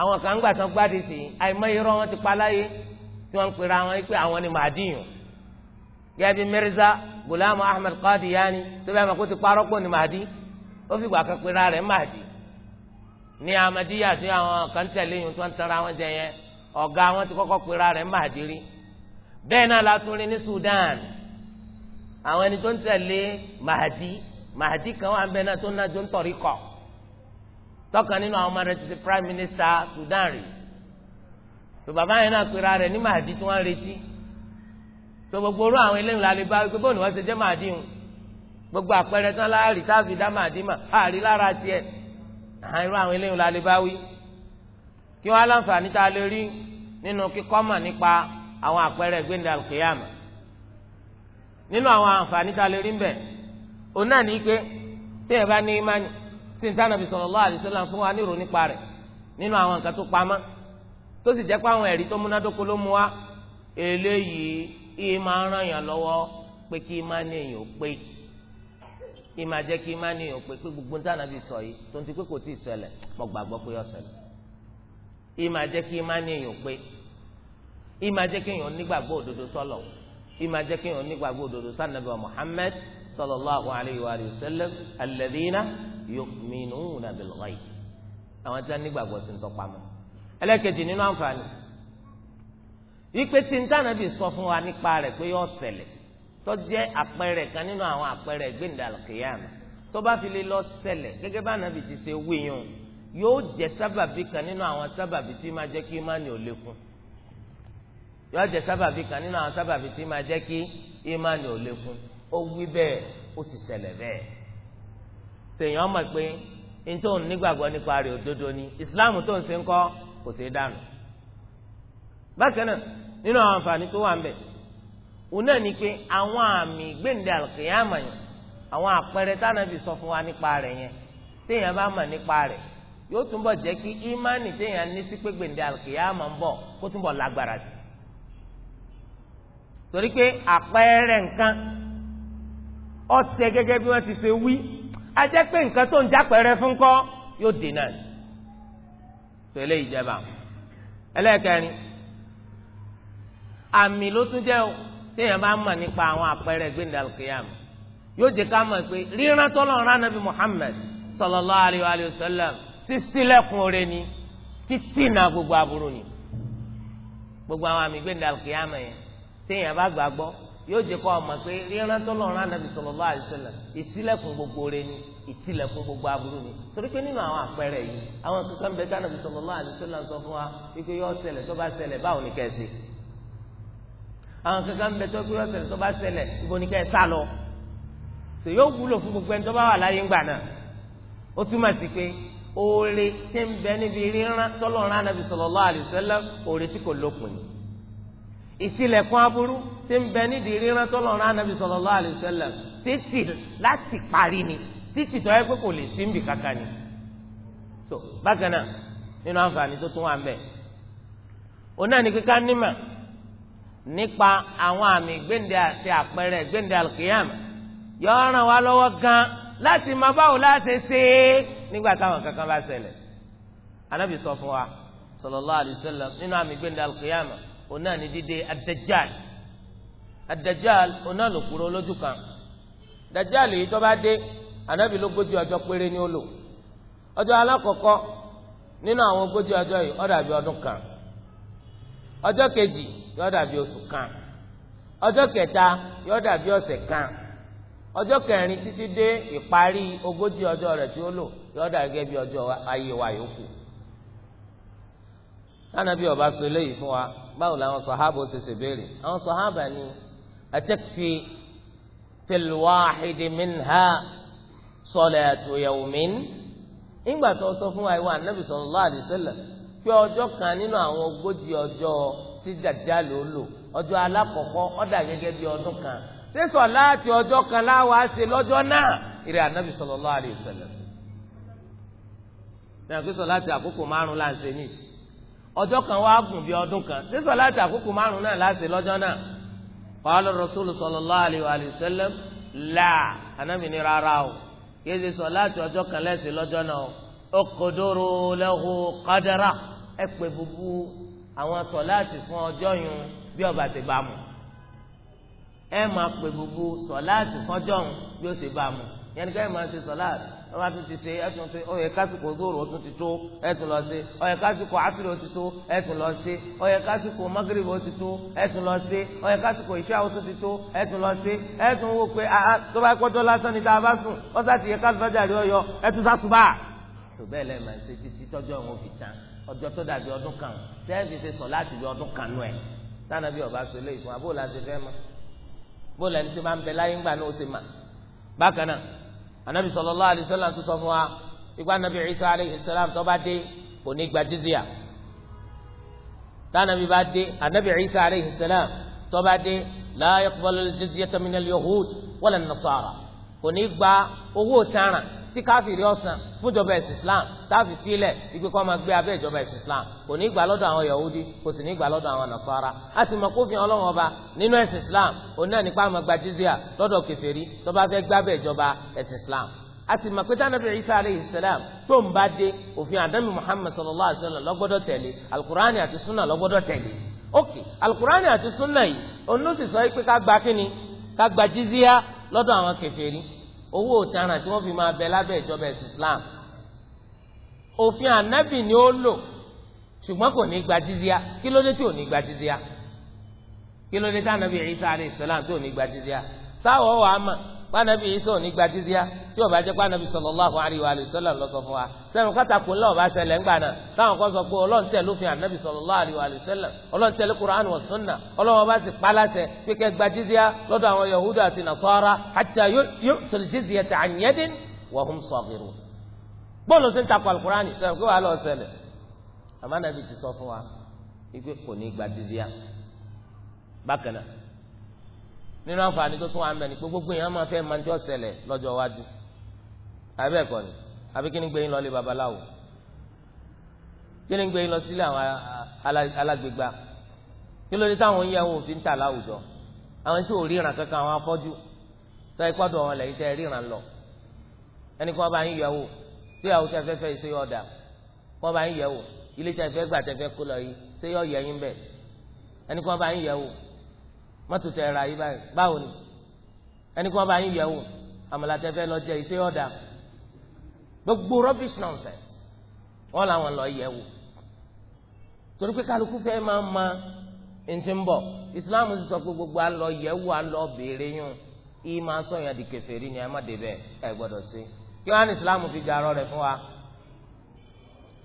àwọn kan gbà tán gbádìí sí i àìmọye irọ́ wọn ti pa láyé tí wọ́n ń pera wọn pé àwọn ni màdíyàn gẹ́gẹ́ bí Mirza Ghulam Ahmad Qadiani tó bẹ́ẹ̀ mọ̀ kó ti parọ́ pọ̀ ní màdí ó fi gbà kan pera rẹ̀ màdí ní amadiya tí àwọn kan tẹ̀lé yìí tó ń tara wọn jẹ yẹn ọ̀gá wọn ti kọ́kọ́ pera rẹ̀ màdí rí bẹ́ẹ̀ náà la rí ní Sudan àwọn ẹni tó ń tẹ̀lé màdí màdí kan wà ń bẹ náà tó ń náà tọkàn nínú àwọn ọmọ rẹ ti ṣe prime minister Sudan rí tó bàbá yẹn náà pera rẹ ní màdí tí wọn retí tó gbogbo orú àwọn eléyìí lálẹ́ bá gbogbo òní wọn ṣe jẹ màdí gbogbo àpẹẹrẹ tán láàrí táàfin dá màdí mà àárí lára tiẹ̀ àwọn irú àwọn eléyìí lálẹ́ bá wí kí tá a lè rí nínú kíkọ́ mà nípa àwọn àpẹẹrẹ gbẹ̀ndẹ̀ alùkìyàmà nínú àwọn àǹfààní tá a lè rí ń òun náà ní sí ní tánàbí sallallahu alaihi wasallam fún wa nírò nípa rẹ̀ nínú àwọn nǹkan tó pamọ́ tó sì jẹ́ pé àwọn ẹ̀rí tó múnádóko ló mú wa eléyìí ìmọ̀ ràn yàn lọ́wọ́ pé kí ìmọ̀ ní èèyàn gbogbo ní sọ yìí tó ń ti pé kò tí ì pé kí ní èèyàn kí èèyàn òdodo صلى الله عليه وآله وسلم الذين يؤمنون بالغيب. àwọn tí wọ́n nígbàgbọ́ sí ń tọpamọ́ ẹlẹ́kẹ̀jì nínú àǹfààní wípé tí ń tànàbì sọ fún wa nípa rẹ̀ pé yóò ṣẹlẹ̀ tó jẹ́ àpẹẹrẹ kan nínú àwọn àpẹẹrẹ gbẹ̀ndàlùkìyàmù tó bá fi lè lọ ṣẹlẹ̀ gẹ́gẹ́ bá nàbì ti ṣe wíyùn yóò jẹ́ sábàbí kan nínú àwọn sábàbí tí máa jẹ́ kí ìmánì ò lékún yóò jẹ́ sábàbí kan nínú àwọn sábàbí tí máa jẹ́ kí ìmánì ò lékún ó wí bẹ́ẹ̀ ó sì ṣẹlẹ̀ bẹ́ẹ̀ tèèyàn mọ̀ pé n tó ń nígbàgbọ́ ni islam tó ń ṣe ń kọ́ kò ṣeé dànù bákan náà nínú àwọn àǹfààní tó wà ń òun náà ni pé àwọn àmì gbẹ̀ǹdà àlùkìyàmà yẹn àwọn àpẹẹrẹ tánàbì sọ fún wa nípa rẹ̀ yẹn téèyàn bá mọ̀ nípa rẹ̀ yóò túnbọ̀ jẹ́ kí ímánì téèyàn ní sí pé gbèǹde àlùkìyàmọ̀ ń bọ̀ kó ọsẹ gẹgẹ bí wọ́n ti ṣe wí ajẹ́ pé nǹkan tó ń jápẹ̀rẹ̀ fún kọ́ yóò dènà tó eléyìí jẹba ẹlẹ́ẹ̀kẹrin àmì ló tún jẹ́ o téèyàn bá mọ̀ nípa àwọn àpẹẹrẹ yóò ká pé ríran Muhammad sallallahu alayhi wa ni títí gbogbo aburú ni gbogbo àwọn àmì yẹn téèyàn bá yóò jẹ kó ọmọ pé ríran tó lọ́rùn anabi sallallahu alaihi wasallam ìṣílẹ̀kùn gbogbo rẹ ni ìtìlẹ̀kùn gbogbo aburú ni torí pé nínú àwọn àpẹẹrẹ yìí àwọn kankan bẹ tí anabi sallallahu alaihi wasallam sọ fún wa wípé yóò ṣẹlẹ̀ tó bá ṣẹlẹ̀ báwo ni kẹsì àwọn kankan bẹ tó pé yóò ṣẹlẹ̀ tó bá ṣẹlẹ̀ ibo ni kẹsà lọ tó yóò wúlò fún gbogbo ẹni tó bá wà láyé ńgbà náà ó túmọ̀ sí pé oore tí ń bẹ níbi ríran tó lọ́rùn anabi sallallahu alaihi wasallam oore tí kò lópin ìtìlẹ̀kùn aburú ti ń bẹ nídìí ríran tó lọ́rùn ànábì sallallahu alaihi wasallam títì láti parí ni títì tó yẹ pé kò lè sí kankan ni. so bákan náà nínú àǹfààní tó tún wà ń bẹ òun náà ní kíkà nímà nípa àwọn àmì gbéǹde àti àpẹẹrẹ gbéǹde alkiyama yọ ọ́ ràn wá lọ́wọ́ gan-an láti máa báwo láti ṣe é nígbà táwọn kankan bá ṣẹlẹ̀ anábì sọ fún wa sallallahu alaihi wasallam Ona ni dide adajal adajal ona lo kúrò lójú kan dajal yìí tó bá dé anabi lógójì ọjọ́ péré ni ó lò ọjọ́ alákọ̀ọ́kọ́ nínú àwọn ogójì ọjọ́ yìí ó dàbí ọdún kan ọjọ́ kejì yóò dàbí oṣù kan ọjọ́ kẹta yóò dàbí ọ̀sẹ̀ kan ọjọ́ kẹrin títí dé ìparí ogójì ọjọ́ rẹ̀ tí ó lò yóò dà gẹ́gẹ́ bí ọjọ́ ayé wa yòókù. lánàá bí ọba sọ eléyìí fún wa báwo làwọn sọ̀hábà ó ṣe ṣe béèrè àwọn sọ̀hábà ni atakfi fil wahidi minha salatu yawmin nígbà tó sọ fún wa ìwà anabi sallallahu alaihi wasallam pé ọjọ́ kan nínú àwọn ogójì ọjọ́ tí dàjà ló lò ọjọ́ alákọ̀ọ́kọ́ ọ̀dà gẹ́gẹ́ bí ọdún kan ṣé sọ̀láàtì ọjọ́ kan láwa ṣe lọ́jọ́ náà ìrẹ̀ ànábì sallallahu alaihi ní àgbésọ̀ láti àkókò márùn-ún láǹṣẹ́ nìyí ọjọ́ kan wá gùn bí ọdún kan ṣé sọláàtì àkókò márùn náà láṣẹ lọ́jọ́ náà qala rasulu sallallahu alayhi wa sallam là anábì ní rárá o kìí ṣe sọláàtì ọjọ́ kan lẹ́sẹ̀ lọ́jọ́ náà o uqduru lahu qadara ẹ pè bubu àwọn sọláàtì fún ọjọ́ yun bí ọba ti bá mu ẹ máa pè bubu sọláàtì fọjọ́ yun bí ó ti bá mu yẹn nìkan ẹ máa ṣe sọláàt ẹ máa tún ti ṣe ẹ tún ti ó yẹ kásìkò zoro ó tún ti tó ẹ tún lọ ṣe ó yẹ kásìkò asiri ó ti tó ẹ tún lọ ṣe ó yẹ kásìkò magrib ó ti tó ẹ tún lọ ṣe ó yẹ kásìkò ìṣá ó tún ti tó ẹ tún lọ ṣe ẹ tún wò pé àá tó bá pọ́jọ́ lásán ni tá a bá sùn ó sá ti yẹ kásìkò rí ọyọ ẹ tún sásùbà. tó bẹ́ẹ̀ lẹ́ẹ̀ máa ṣe títí tọ́jọ́ òun fi tán ọjọ́ tó dàbí ọdún kan tẹ́ẹ̀fì ṣe sọ láti bí ọdún kan nù ẹ̀ tánàbí ọba ṣe lé ìfún abóòlà ṣe fẹ́ mọ́ bóòlà ẹni tó máa ń bẹ láyé ńgbà náà ó ṣe mà bákan náà anabi sallallahu alayhi wa sallam tó sọ fún wa ikú anabi isa alayhi salam tó bá dé kò ní gba jizya tànàbí bá dé anabi isa alayhi salam tó bá dé la yaqbalu al-jizyata yahud wala nasara kò ní gba owó tààràn tí káfíìrì ọ̀sán fúnjọba ẹ̀sìn islam táàfì sílẹ̀ ìgbé kọ́ máa gbé abẹ́ ìjọba ẹ̀sìn islam kò ní gbà lọ́dọ̀ àwọn yahudi kò sì ní gbà lọ́dọ̀ àwọn nasara a sì mọ̀ kófin ọlọ́wọ́n ọba nínú ẹ̀sìn islam òun náà nípa máa gba jizya lọ́dọ̀ kèfèrí tó bá fẹ́ gbábẹ́ ìjọba ẹ̀sìn islam a sì mọ̀ pé tánàbí isa aleyhi salam tó ń bá dé òfin àdámì Muhammad, sallallahu alayhi wa sallam lọ́gbọ́dọ̀ tẹ̀lé alukur'ani àti sunna lọ́gbọ́dọ̀ tẹ̀lé ok alukur'ani àti sunna yìí òun ló sì sọ pé ká gba kíni ká gba jizya lọ́dọ̀ àwọn kèfèrí owó òtaràn tí wọ́n fi máa bẹ lábẹ́ ìjọba ẹ̀sìn Islam òfin ànábì ni ó lò ṣùgbọ́n kò ní gba jizíà kí ló dé tí ò ní gba jizíà kí ló dé tí ànábì Ìsá alayhi salam tí ò ní gba jizíà sáwọ́ wàá mọ̀ pànàbí yìí sọ̀rọ̀ nígbà dísíá tí ó bá jẹ́ pànàbí sallallahu alaihi wa sallam lọ́sọ̀ fún wa sẹ́nu kátàkù ńlá ọba ṣẹlẹ̀ ńgbà náà táwọn kan sọ pé ọlọ́run tẹ̀ lófin ànábì sallallahu alaihi wa sallam ọlọ́run tẹ̀ lé Qur'an wa ọlọ́run ọba sì pálásẹ̀ pípẹ́ gba dísíá lọ́dọ̀ àwọn yahudu àti nasara hatta yu'tul jizyata an yadin nínú àǹfààní tó tún wà ń bẹ ni pé gbogbo èèyàn máa fẹ́ máa ń jọ ṣẹlẹ̀ lọ́jọ́ iwájú àbẹ́ ẹ̀kọ́ ni àbí kí ni gbé yín lọ lé babaláwo kí ni gbé lọ sílé àwọn alágbègbà kí ló dé táwọn tà láwùjọ àwọn tí ò lọ ẹni kí bá tí ìyàwó fẹ́ fẹ́ yọ ọ̀dà kí bá ilé fẹ́ gbà fẹ́ kó mọ́tò tẹ ra yìí báyìí báwo ni ẹni kí wọ́n bá yín yẹ̀wò àmàlà tẹ fẹ́ lọ jẹ iṣẹ́ ọ̀dà gbogbo rubbish nonsense wọ́n làwọn lọ yẹ̀wò torí pé kálukú fẹ́ máa ma ntí ń bọ̀ Islam ti sọ pé gbogbo alọ yẹ̀wò alọ béèrè yún ìyí máa sọ yẹn di kèfèrí ni ẹ má débẹ̀ ẹ gbọ́dọ̀ sí kí wọ́n á ní Islam fi garọ́ rẹ̀ fún wa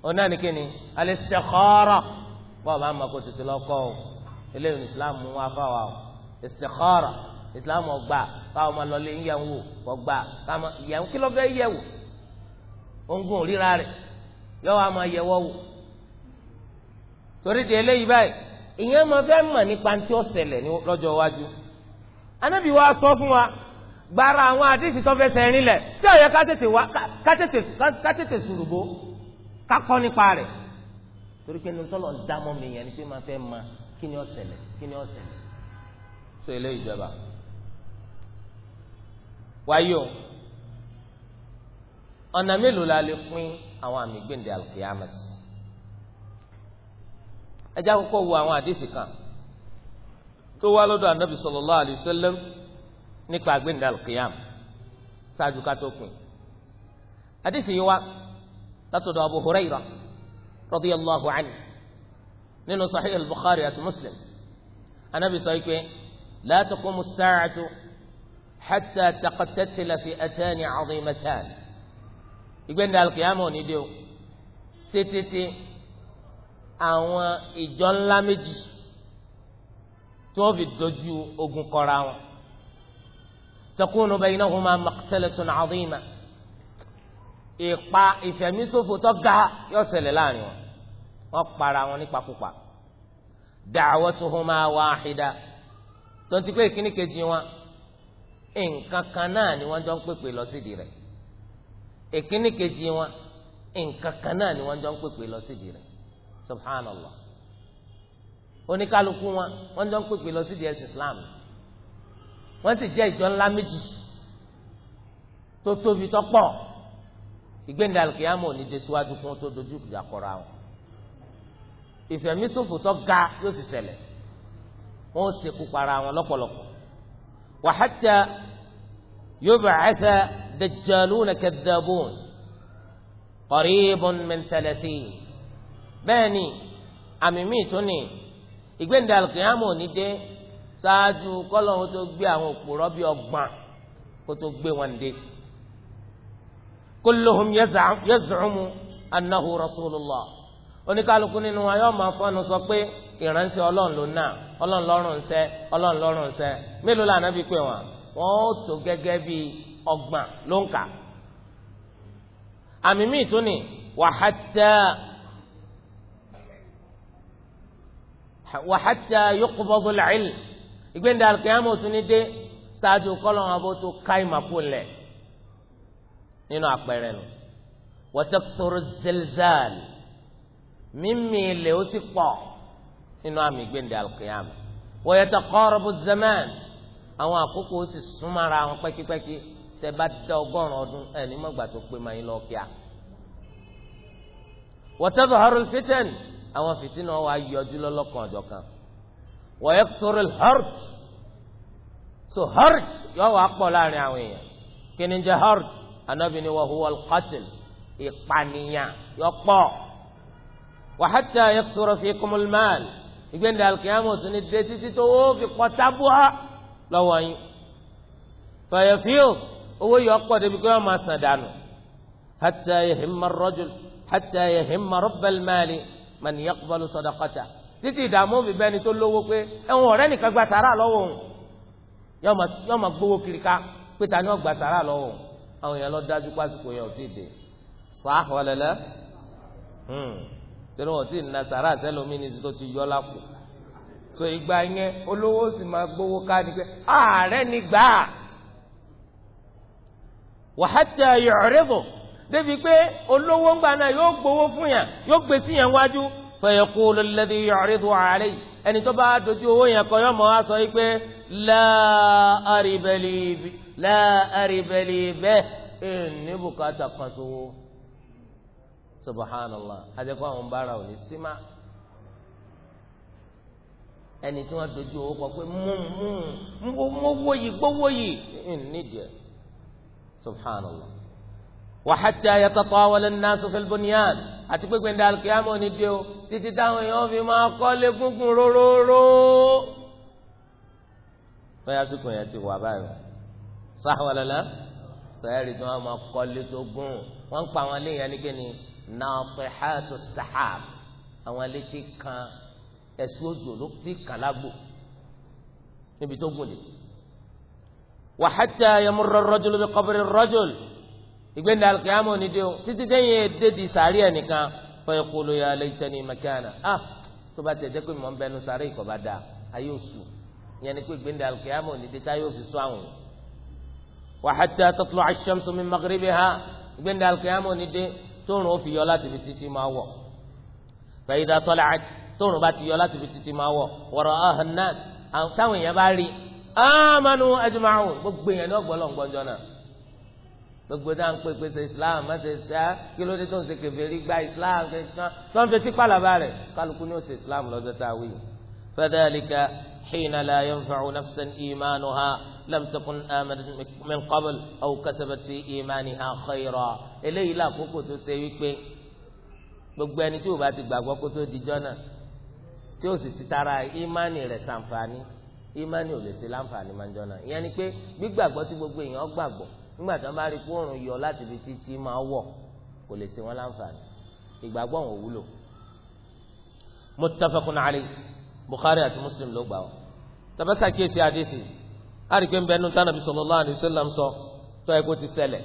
ọ̀nà nìkíni al-istikhara bọ́ọ̀ bá ń mọ kó tètè lọ́kọ́ o eléyìí Islam mú wa fáwa istikhara islam ọgbà káwọn máa lọlé ń yẹn wò ọgbà káwọn yẹn kí ló fẹ́ yẹ wò ongun ríra rẹ̀ yọ wá máa yẹwọ́ wò torí di eléyìí báyìí ìyẹn máa fẹ́ mọ̀ nípa tí ó ṣẹlẹ̀ lọ́jọ́ iwájú anábì wa sọ fún wa gbara àwọn àdìsí tó fẹ́ sẹ́rin lẹ̀ tí ó yẹ ká tètè nípa rẹ̀ torí pé nínú tọ́lọ̀ ń mi yẹn ni pé máa fẹ́ ma kí ni ó ṣẹlẹ̀ kí ni ó ṣẹlẹ̀ sọ eléyìí jọba wáyé o ọ̀nà mélòó la lè pín àwọn àmì gbèǹde àlùkìyàmà sí ẹjẹ àkókò wo àwọn àdìsí kan tó wá lọ́dọ̀ anabi sallallahu alaihi wasallam nípa gbèǹde àlùkìyàmà ṣáájú ká tó pín àdìsí yìí wá látọ̀dọ̀ Abu Hurairah radiyallahu anhu nínú sahih al-Bukhari àti Muslim anabi sọ yìí لا تقوم الساعة حتى تقتتل فئتان عظيمتان ìgbẹ́ni alkiyama ò ní dé o títí àwọn ìjọ ńlá méjì tí wọ́n fi dojú ogun kọra wọn takunu baynahuma maqtalatun azima ìpa ìfẹ̀míṣòfò tó ga yóò ṣẹlẹ̀ láàrin wọn wọ́n para wọn nípakúpa da'watuhuma wahida tonti pé kíní kejì wọn nǹkan kan náà ni wọ́n jọ ń pèpè lọ sídìí rẹ̀ ìkíní kejì wọn nǹkan kan náà ni wọ́n jọ ń pèpè lọ sídìí rẹ̀ subhanallah oníkálukú wọn wọ́n jọ ń pèpè lọ sídìí ẹ̀sìn islam wọ́n sì jẹ́ ìjọ ńlá méjì tó tóbi tó pọ̀ ìgbéǹda alùkìyàmọ̀ òní dé síwájú kún tó dojú ìjà kọra wọn ìfẹ̀míṣòfò tó ga yóò sì ṣẹlẹ̀ wọn ó ṣekú para wọn lọ́pọ̀lọpọ̀ wa hatta yub'atha dajjaluna kadhabun qaribun min thalathin bẹ́ẹ̀ ni àmì míì tún ni ìgbéǹde alùkìyàmù ò ní dé ṣáájú kọ́lọ́hún tó gbé àwọn òpùrọ́ bíi ọgbọ̀n kó tó gbé wọn dé kulluhum yaz'umu annahu rasulullah oníkálukú nínú wa yóò máa fọnù sọ pé ìránṣẹ́ ọlọ́run ló náà ọlọ́run lọ́rùn ń sẹ́ ọlọ́run lọ́rùn ń sẹ́ mélòó la ànábì pè wọ́n wọ́n ó tó gẹ́gẹ́ bí ọgbọ̀n ló ń kà àmì míì tún ni wàhátà wàhátà yuqbadu al-ilm ìgbéǹde al-qiyamah ní dé ṣáájú kọ́lọ́run abó tó ká ìmàkú lẹ̀ nínú àpẹẹrẹ nù wa takthuru az ilẹ̀ ó sì pọ̀ nínú àmì gbẹ̀ndẹ̀ alqiyama wa yataqarabu zaman àwọn àkókò ó sì súnmọ́ra àwọn pẹ́kípẹ́kí tẹ bá dá ọgọ́rùn ọdún ẹ̀ ní mọ́gbà tó pé máa ń lọ kíá. wa tadharul fitan àwọn fìtínà wa yọjú lọ́lọ́kan ọ̀jọ̀kan wa yakthurul hurt so hurt yọ wà pọ̀ láàrin àwọn èèyàn kí jẹ́ hurt anabi ni wa huwal qatl ìpànìyàn yọ pọ̀ wa hatta yakthura fikumul mal ìgbẹ́ni alkiyama tún ní dé títí tó ó fi pọ̀ tábúà lọ́wọ́ yín fàyẹ̀fíò owó yìí ọ̀pọ̀ débi kí wọ́n máa sàn dànù hàtà yahimma ar-rajul hàtà yahimma rabbal mali man yaqbalu títí ìdààmú fi bẹ́ni tó lówó pé ẹ̀wọ̀n ọ̀rẹ́ nìkan gba sàrà lọ́wọ́ òun yọ́ọ́ máa gbowó kiri ká pé ta ni wọ́n gba sàrà lọ́wọ́ òun àwọn èèyàn lọ dájú pásítọ̀ yẹn ò tí dé sàá wàlẹ́lẹ́. Hmm torí wọn ti na sàrà sẹlómi ní ti tó ti yọ lápò so ìgbà yẹn olówó sì máa gbowó ká pé ààrẹ ni gbà á wàhátì ayọ̀rẹ́bù débi pé olówó ńgbà náà yóò gbowó fún yàn yóò gbé sí yàn wájú fẹ̀yẹ̀kú lọ́lẹ́dí yọ̀rẹ́bù ààrẹ yìí ẹni tó bá dojú owó yẹn kọ yọmọ wa sọ yìí pé láàrìbẹ̀lì bẹ́ẹ̀ ẹ̀ ní bùkátà kan sówó subhanallah adekun àwọn bára ò ní símá ẹni tí wọn dojú owó kọ pé mú mú mú wòyí gbówó yìí nídìí subhanallah wa hatta yatatawala an-nasu fil bunyan àti pípín dàl kíámọ nídìí o títí táwọn èèyàn fi máa kọ́lé gúngùn róróró bóyá sùkùn yẹn ti wà báyìí sáwọn lọlá sọ ẹ́ rí tí wọ́n máa kọ́lé tó gùn wọ́n ń pa àwọn léèyàn ní nàpẹ̀hátù sahab àwọn ilé tí kan ẹ̀sùn òjò ló ti kàn lágbo níbi tó gùn lè. wàhátà yamurra rọ́jòló bí kọ́bìrì rọ́jòló ìgbéǹda alùkìyàmù nídìí o títí déyìn èdè di sàárì ẹnìkan fọyín kúló ya laytani makana a ah, tó bá tẹ̀ jẹ́ pé mọ̀ ń bẹnu sàárì ìkọ̀ bá dáa ayé oṣù yẹn ni pé ìgbéǹda nídìí táyé òfin sọ àwọn wàhátà tatlu'a ash-shamsu min maghribiha ìgbéǹda alùkìyàmù nídìí tóòrùn ó fi yọ láti ibi títí máa wọ̀ fẹ̀yìdà tọ́lá àti tóòrùn bá ti yọ láti ibi títí máa wọ̀ wọ̀rọ̀ ọ̀hún nọ́ọ̀sì táwọn èèyàn bá rí ámánu ajumáhùn gbogbo èèyàn ní ọgbọ́n lọ́ngbọ́njọ́ náà gbogbo dáhùn pé pèsè islam mẹ́tẹ̀ sá kí ló dé tó ń ṣe kèfèrí gba islam kankan tó ń fetí pàlàbà rẹ̀ kálukú ni ó ṣe islam lọ́jọ́ tá fẹ́dẹ́ẹ̀lì ká حين لا ينفع نفسا إيمانها لم تكن آمنت من قبل أو كسبت في إيمانها خيرا eléyìí la kókó tó ṣe wípé gbogbo ẹni tí ó bá ti gbàgbọ́ kó tó di jọ́nà tí ó sì ti tara ìmánì rẹ̀ ṣàǹfààní ìmánì ò lè ṣe láǹfààní máa ń jọ́nà ìyẹn ni pé gbígbàgbọ́ tí gbogbo èèyàn gbàgbọ́ nígbà tí wọ́n bá rí kóòrùn yọ láti fi títí máa wọ̀ kò lè ṣe wọ́n láǹfààní ìgbàgbọ́ wọn ò wúlò. muttafaqun alayhi Bukhari àti Muslim ló gbà wọ́n tabasa kíyèsí àdéhì àrígbé nbẹ́nu tánàbí sallallahu alaihi wasallam sọ tó ẹ̀kọ́ ti ṣẹlẹ̀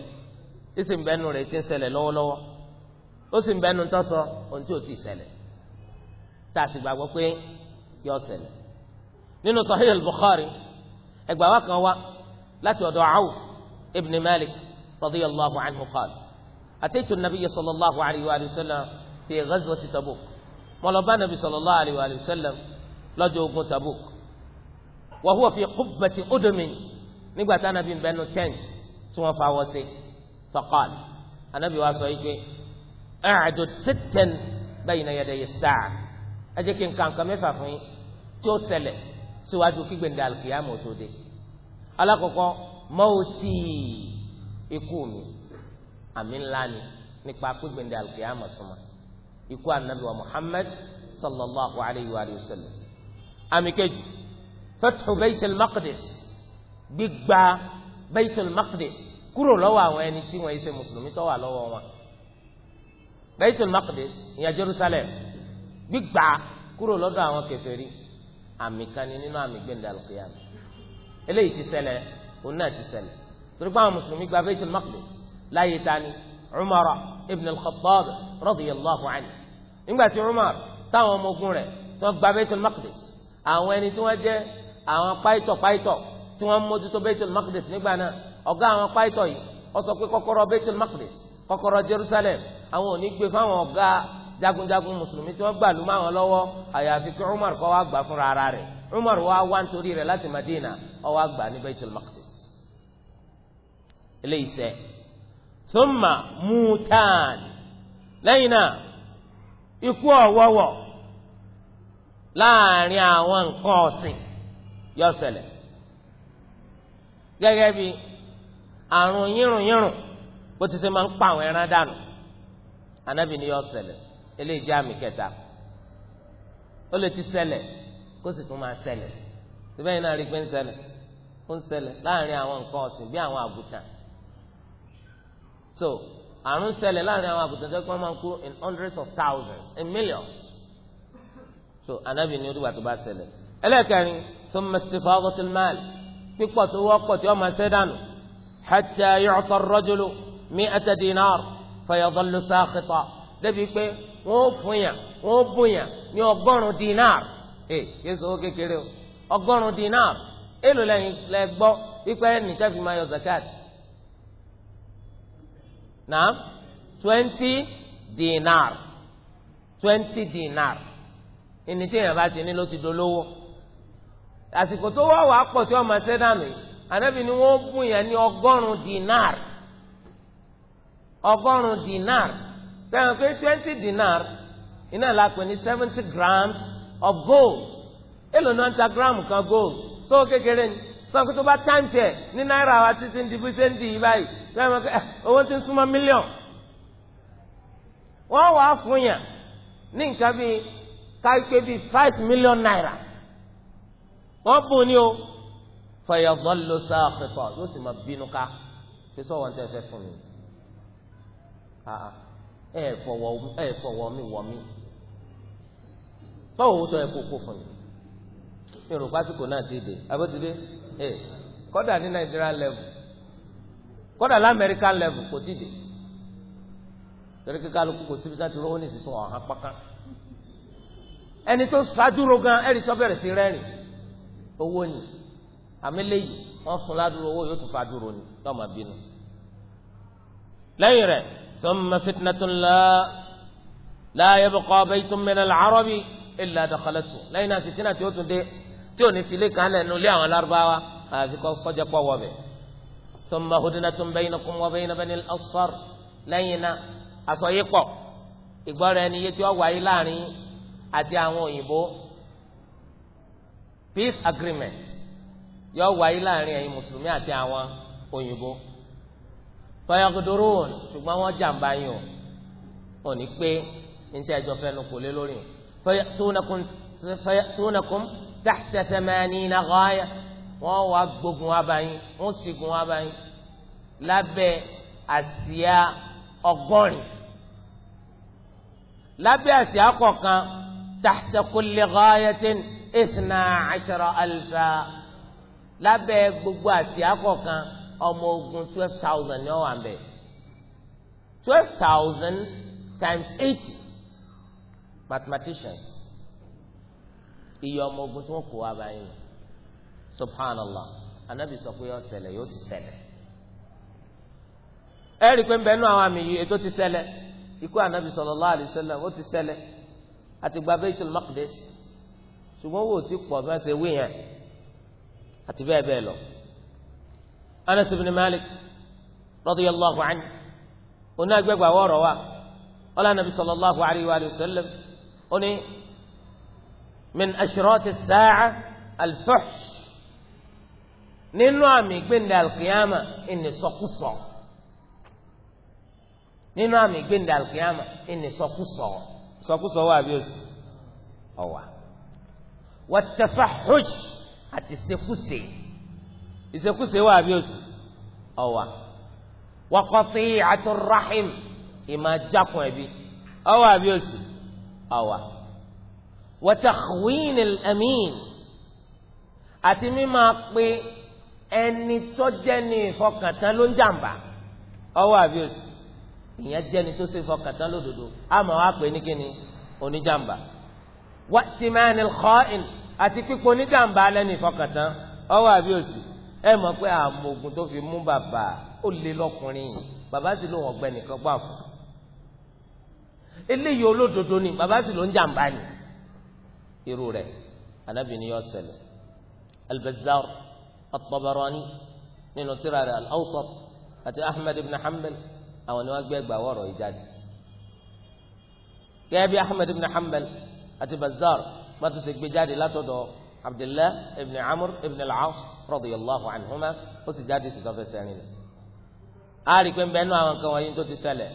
ìsì nbẹ́nu rẹ̀ ti ń ṣẹlẹ̀ lọ́wọ́lọ́wọ́ ó sì nbẹ́nu tọ́sọ ohun tí ò ti ṣẹlẹ̀ tá a sì gbàgbọ́ pé yọ ṣẹlẹ̀ nínú Sahih al-Bukhari ẹgbàá wa kan wá láti ọ̀dọ̀ Awf ibn Malik radiyallahu anhu qala ataitu nabiyya sallallahu alaihi wa sallam fi ghazwati Tabuk mo lọ bá nàbí wa sallam lọ́jọ́ ogun Tabuk wa huwa fi qubbati udumin nígbà tá anabi bẹnu tent tí wọ́n fa wọ́n sí faqal anabi wa sọ yìí pé a'dud sittan bayna yadayi as-sa'a ẹ jẹ́ kí n kà nǹkan mẹ́fà fún yín tí ó ṣẹlẹ̀ síwájú kígbèǹde alkiyama ó tó dé alákọ̀ọ́kọ́ mọ́ọ̀tì ikú mi àmì ńlá ni nípa kígbèǹde alkiyama súnmọ́ ikú anabi wa muhammad sallallahu alayhi wa sallam àmì kejì fathu baitul maqdis gbígba baitul maqdis kúrò lọ́wọ́ àwọn ẹni tí wọ́n yìí ṣe mùsùlùmí tó wà lọ́wọ́ wọn baitul maqdis ìyẹn jerusalem gbígba kúrò lọ́dọ̀ àwọn kèfèrí àmì kan ni nínú àmì gbẹ̀ndà al-qiyamah eléyìí ti ṣẹlẹ̀ òun náà ti ṣẹlẹ̀ torí pé àwọn mùsùlùmí gba baitul maqdis láyé tani umar ibn al-khattab radiyallahu anhu nígbà tí umar táwọn ọmọ ogun rẹ̀ tó gba baitul maqdis àwọn ẹni tí wọ́n jẹ́ àwọn páìtọ̀ páìtọ̀ tí wọ́n mójútó Baitul Maqdis nígbà náà ọ̀gá àwọn páìtọ̀ yìí ó sọ pé kọ́kọ́rọ́ Baitul Maqdis kọ́kọ́rọ́ Jerusalem àwọn ò ní gbé fáwọn ọ̀gá jagunjagun mùsùlùmí tí wọ́n gbà lù máwọn lọ́wọ́ àyàfi kí Umar kọ́ wá gbà fúnra ara rẹ̀ Umar wá wá nítorí rẹ̀ láti Madina ó wá gbà ní Baitul Maqdis eléyìí sẹ́ thumma mutan lẹ́yìn náà ikú ọ̀wọ́wọ́ láàrin àwọn nǹkan ọ̀sìn yọ ṣẹlẹ̀ gẹ́gẹ́ bí àrùn yírùnyírùn bó ti ṣe máa ń pa àwọn ẹran dànù anabi ni yọ ṣẹlẹ̀ eléyìí jẹ́ àmì kẹta ó lè ti ṣẹlẹ̀ kó sì tún máa ṣẹlẹ̀ síbẹ̀ yìí náà rí i pé ń ṣẹlẹ̀ ó ń ṣẹlẹ̀ láàrin àwọn nǹkan ọ̀sìn bí àwọn àgùntàn so àrùn ṣẹlẹ̀ láàrin àwọn àgùntàn tó kọ́ máa ń kú in hundreds of thousands in millions so anabi ni ó dìgbà tó bá ṣẹlẹ̀ ẹlẹ́ẹ̀kẹrin. ثم استفاضة المال pípọ̀ tó wọ́pọ̀ tí wọ́n máa ṣe dànù حتى يعطى الرجل مئة دينار فيظل ساخطا débi pé wọ́n ó fún yàn wọ́n ó bùn yàn ní ọgọ́rùn-ún dinar ẹ yéé sọ owó kékeré o ọgọ́rùn-ún dinar èlò lẹ́yìn lẹ gbọ́ wípé nìkan fi máa yọ zakat náà twenty dinar twenty dinar ìní tí èèyàn bá ti ní ló ti dolówó àsìkò tó wá wàá pọ̀ tí wọ́n máa ṣẹ́ dànù yìí ànábì ni wọ́n bùn yẹn ní ọgọ́rùn-ún dinar ọgọ́rùn-ún dinar sẹ́yìn pé twenty dinar iná la pè ní seventy grams of gold èlò náà ń ta gram kan gold so kékeré ni sọ́kù tó bá táǹtì ẹ̀ ní náírà wa títí ń di bí ṣe ń di yìí báyìí sẹ́yìn pé eh, owó ti ń súnmọ́ mílíọ̀n wọ́n wàá fún yàn ní nǹkan bíi ká pé bíi five million naira wọ́n bùn ní o fẹ̀yọ̀gbọ́n ló sá àpẹ̀pọ̀ yóò sì máa bínú ká fi sọ̀wọ́n tẹ́ fẹ́ fún mi ẹ fọwọ́ mi wọ̀ mí fọwọ́ tó ẹ kókó fún mi mi rò pásítọ̀ náà ti dé abótidé ẹ kọ́dà ní nàìjíríà level kọ́dà lamẹ́ríkà level kò ti dé torí kíkà lóko kò síbi láti rówó ní ìsìtún ọ̀hán pákán ẹni tó ṣáájú rogan ẹni tó bẹ̀rẹ̀ sí rẹ́rìn owó ni àmẹlẹyìí wọn fún ládùúró owó yóò tún fa dúró ni yóò máa bínú. lẹ́yìn rẹ̀ summa fitnatun la la yabqa baytun min al-arabi illa dakhalatu lẹ́yìn náà fìtínà tí ó tún dé tí ò ní filé kan lẹ́nu lé àwọn lárúbáwá àfi kọjá pọ̀ wọ̀ bẹ̀. summa hudnatun baynakum wa bayna bani al-asfar lẹ́yìn náà àsọyípọ̀ ìgbọ́ra ẹni peace agreement yóò wáyé láàrin ẹ̀yin mùsùlùmí àti àwọn òyìnbó fayagudurun ṣùgbọ́n wọ́n jàǹbá yín o òní pé ní tí ẹjọ́ fẹ́ nu kò lé lórí fayatunakum tahta thamanina ghaya wọ́n wá gbógun wá báyìí wọ́n sì gun wá báyìí lábẹ́ àsíá ọgọ́rin lábẹ́ àsíá kọ̀ọ̀kan ìtìna àṣàrà àlùfà lábẹ́ gbogbo àti àkọ̀kan ọmọ ogun twelve thousand ní ọ̀wà mbẹ́ twelve thousand times eighty mathematicians iye ọmọ ogun tí wọ́n kó wa báyìí subhanallah anabi sọ pé yóò ṣẹlẹ̀ yóò sì ṣẹlẹ̀ ẹ rí i pé nbẹ́nu àwọn àmì yìí ètò ti ṣẹlẹ̀ ikú anabi sallallahu alaihi wasallam ó ti ṣẹlẹ̀ àti gba Baitul ṣùgbọ́n owó tí pọ̀ bá ṣe wí yẹn àti bẹ́ẹ̀ bẹ́ẹ̀ lọ. Anas ibn Malik radiyallahu anhu oní agbẹ́gbà wọ̀rọ̀ wa ọlá nàbí sallallahu alayhi wa sallam oní min ashrati as-sa'a al-fuhsh nínú àmì gbẹ̀ndẹ̀ al-qiyama ìní sọkúsọ nínú àmì gbẹ̀ndẹ̀ al ìní sọkúsọ sọkúsọ wà bí ó sì ọ̀wà wàtẹfàhùj àti ìṣekúṣe ìṣekúṣe wà bí òsì ọwà wàkọtì àti rahim ìmàjákun ẹbí ọwà bí òsì ọwà wàtẹkùwìn ẹmín àti mímọ pé ẹni tó jẹni ìfọkàntán ló ń jàǹbá ọwà bí òsì ìyẹn jẹni tó ṣe ìfọkàntán lódodo àmọ́ wàá pè ní kíni oníjàǹbá wàtìmánì xọ́ìn àti pípọ̀ onídàmbà alẹ́ ní ìfọkàntán ọwọ́ àbí òsì ẹ mọ̀ pé àmọ̀gùn tó fi mú bàbá ó lé lọ́kùnrin yìí bàbá sì ló wọ̀n gbẹ nìkan gbà fún eléyìí olódodo ni bàbá sì ló ń jàǹbá ni irú rẹ̀ anabi ni yọ ṣẹlẹ̀ albazar at nínú tírà rẹ̀ al àti ahmed ibn hanbal àwọn ni wọ́n gbé ẹgbàá ìjáde gẹ́gẹ́ ahmed ibn hanbal àti Bazzar pàtó ṣe gbé jáde látọ̀dọ̀ Abdullah ibn Amr ibn al-As radiyallahu anhuma ó sì jáde tó tọ́fẹ́ sẹ́rin ni. a rí i pé nbẹ nínú àwọn kan wọ̀nyí tó ti ṣẹlẹ̀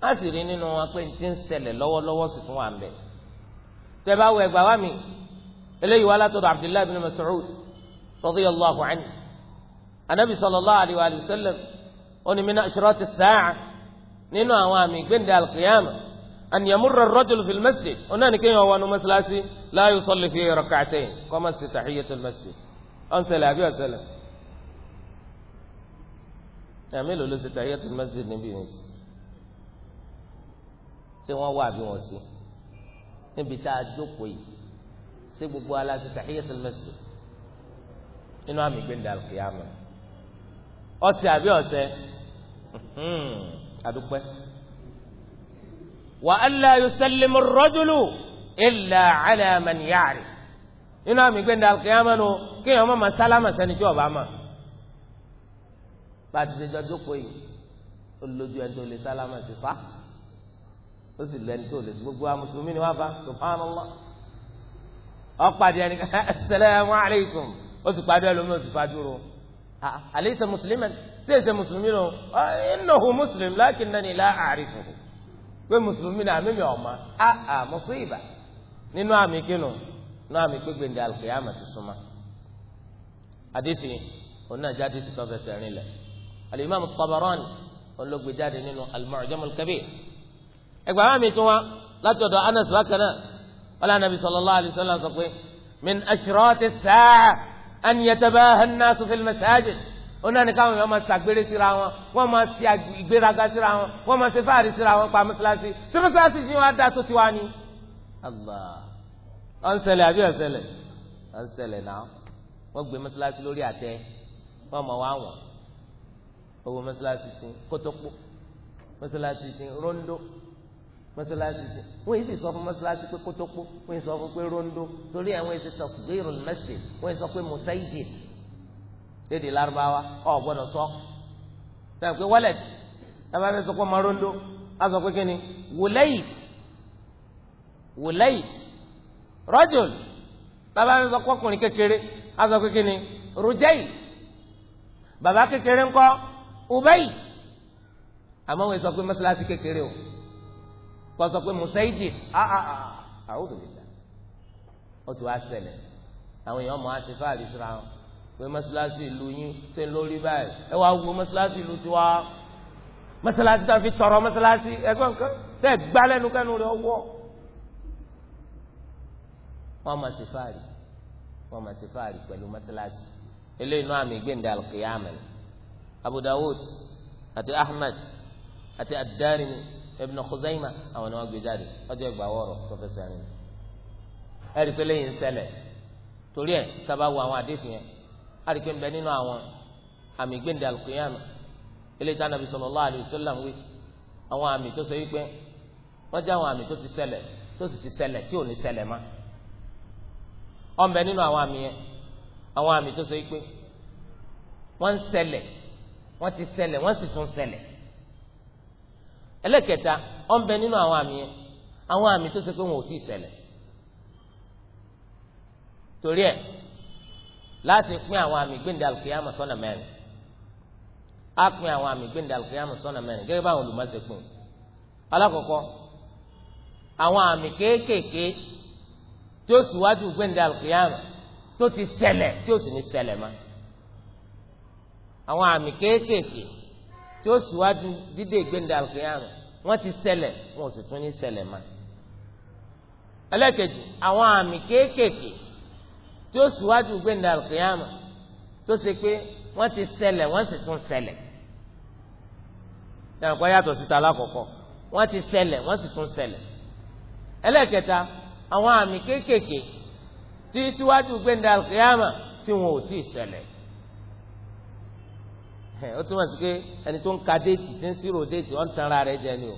a sì rí nínú wọn pé ti ń ṣẹlẹ̀ lọ́wọ́lọ́wọ́ sì tún wà ń bẹ̀. tẹ́ bá wọ ẹgbàá wa mi eléyìí wá látọ̀dọ̀ Abdullah ibn Mas'ud radiyallahu anhu anabi sallallahu alayhi wa sallam ó ní min ashrati nínú àwọn àmì gbẹ̀ndẹ̀ al-qiyamah an yamurra ar-rajulu fil masjid ọ̀nà ni kéèyàn wọnú mọ́sálásí la yusalli fi rak'atayn kọ́ máa ṣe tahiyyatul masjid ọ̀nsẹ̀lẹ̀ àbí ọ̀sẹ̀lẹ̀ àmì ló ló ṣe tahiyyatul masjid níbi yìí sí ṣé wọ́n wà àbí wọ́n sí níbi tá a jókòó yìí ṣé gbogbo aláṣẹ tahiyyatul masjid nínú àmì gbẹ̀ndà al-qiyamah ọ̀sẹ̀ àbí ọ̀sẹ̀ àdúpẹ́. Hmm, wa alla yusallimu ar-rajulu illa ala man ya'rif nínú àmì gbẹ̀ndà kìyàmá nu kéèyàn má máa sálámà sẹ́ni tí ọba mà bá a ti ṣe jọ jókòó yìí ó lójú ẹni tó lè sálámà sí sá ó sì lẹ́ni tó lè gbogbo àwọn mùsùlùmí ni wọ́n bá subhanallah ọ̀pàdé ẹni eh, assalamu alaykum ó sì pàdé ẹlòmíì ó sì fàdúró ah, alaysa musliman sí èsè mùsùlùmí nù ah, innahu muslim lakinnani la a'rifuhu pé mùsùlùmí náà mímì ọ̀ma áà mùsíbà nínú àmì kínú nínú àmì pé gbèndé alùkìyàmà ti súnmọ́. àdìsí onájà àdìsí tó fẹsẹ̀ rìn lẹ̀ alimami Tabarani olóògbé jáde nínú al-Mu'jam al-Kabir. ẹgbẹ́ àwọn mi tún wá láti ọ̀dọ̀ Anas bákan náà wọ́n lánàá bí sallallahu sọ pé min ashrati as-sa'a an yatabaha an-nasu fil masajid ó náà ní káwọn èèyàn máa ṣàgbére síra wọn wọ́n máa ṣe ìgbéraga síra wọn wọ́n máa ṣe fáàrí síra wọn pa mọ́ṣáláṣí ṣé mọ́ṣáláṣí ti wá dá tó ti wá ni. allah ọ̀ ń ṣẹlẹ̀ àbí ọ̀ ṣẹlẹ̀ ọ̀ ń ṣẹlẹ̀ náà wọ́n gbé mọ́ṣáláṣí lórí àtẹ wọ́n mọ̀ wá wọ̀n owó mọ́ṣáláṣí ti kótópó mọ́ṣáláṣí ti róńdó mọ́ṣáláṣí ti wọ́n yìí sì sọ fún mọ́ṣáláṣí pé kótópó wọ́n yìí sọ fún pé róńdó torí àwọn èsì tasghirul masjid wọ́n yìí sọ pé musajid lédè lárúbáwá ọ gbọ́dọ̀ sọ sọ pé wọlẹt tábà fẹẹ sọ pé marondo á sọ pé kíni wùlẹyìt wùlẹyìt rọjòl tábà fẹẹ sọ pé ọkùnrin kékeré á sọ pé kíni rújẹyì bàbá kékeré ńkọ́ ubẹyì àmọ́ wọ́n sọ pé mọ́sálásí kékeré o kò sọ pé musaiji ah, àhàhà ah, ah, àwùjọ bìtà ó ti wá ṣẹlẹ̀ àwọn èèyàn mọ̀ á ṣe fáàlì síra wọn pé mọ́ṣáláṣí ìlú yín ṣe ń lórí báyìí ẹ wá wo mọ́ṣáláṣí ìlú tiwa mọ́ṣáláṣí tó fi tọrọ mọ́ṣáláṣí ẹgbẹ́ nǹkan tẹ́ gbá lẹ́nu kẹ́nu rẹ̀ ọwọ́ wọ́n máa ṣe fáàrí wọ́n máa ṣe fáàrí pẹ̀lú mọ́ṣáláṣí eléyìí náà àmì gbẹ̀ǹdà alqiyamah Abu Dawud àti Ahmad àti ad-Darimi ibn Khuzaimah àwọn ni wọ́n gbé jáde ọjọ́ ìgbà wọ́ọ̀rọ̀ pọfẹsọ ẹni ẹ̀rí pé lẹ́yìn ń ṣẹlẹ̀ torí ẹ̀ sábà wo àwọn àdéhùn yẹn àdìpé ń bẹ nínú àwọn àmì gbẹ̀ndé alukóyàmù eléyìí tánàbí sallallahu alaihi wasallam wí àwọn àmì tó sọ wípé wọ́n jẹ́ àwọn àmì tó ti ṣẹlẹ̀ tó sì ti ṣẹlẹ̀ tí ò ní ṣẹlẹ̀ má ó ń bẹ nínú àwọn àmì yẹn àwọn àmì tó sọ wípé wọ́n ń ṣẹlẹ̀ wọ́n ti ṣẹlẹ̀ wọ́n sì tún ṣẹlẹ̀ ẹlẹ́kẹta ó ń bẹ nínú àwọn àmì yẹn àwọn àmì tó sọ pé wọn ò tí ì ṣẹlẹ̀ torí ẹ̀ láti pín àwọn àmì gbẹ̀ndẹ̀ alùkìyàmù sọ́nà mẹ́rin á pín àwọn àmì gbẹ̀ndẹ̀ alùkìyàmù sọ́nà mẹ́rin gẹ́gẹ́ olùmọ̀ọ́sẹ̀ pín alákọ̀ọ́kọ́ àwọn àmì kéékèèké tí ó ṣíwájú gbẹ̀ndẹ̀ alùkìyàmù tó ti ṣẹlẹ̀ tí ó sì ní ṣẹlẹ̀ mọ́ àwọn àmì kéékèèké tí ó ṣíwájú dídé gbẹ̀ndẹ̀ wọ́n ti wọn ò sì tún ní ẹlẹ́kẹ̀jì àwọn àmì kéékèèké tí ó síwájú gbẹ̀ndà àlùkìyàmà tó ṣe pé wọ́n ti ṣẹlẹ̀ wọ́n sì tún ṣẹlẹ̀ yàrá yàtọ̀ síta alákọ̀ọ́kọ́ wọ́n ti ṣẹlẹ̀ wọ́n sì tún ṣẹlẹ̀ ẹlẹ́kẹta àwọn àmì kéékèèké tí síwájú gbẹ̀ndà àlùkìyàmà tí wọn ò tí ì ṣẹlẹ̀ ó túmọ̀ sí pé ẹni tó ń ka déètì tí ń sírò déètì ó ń tan ara rẹ̀ jẹ ni o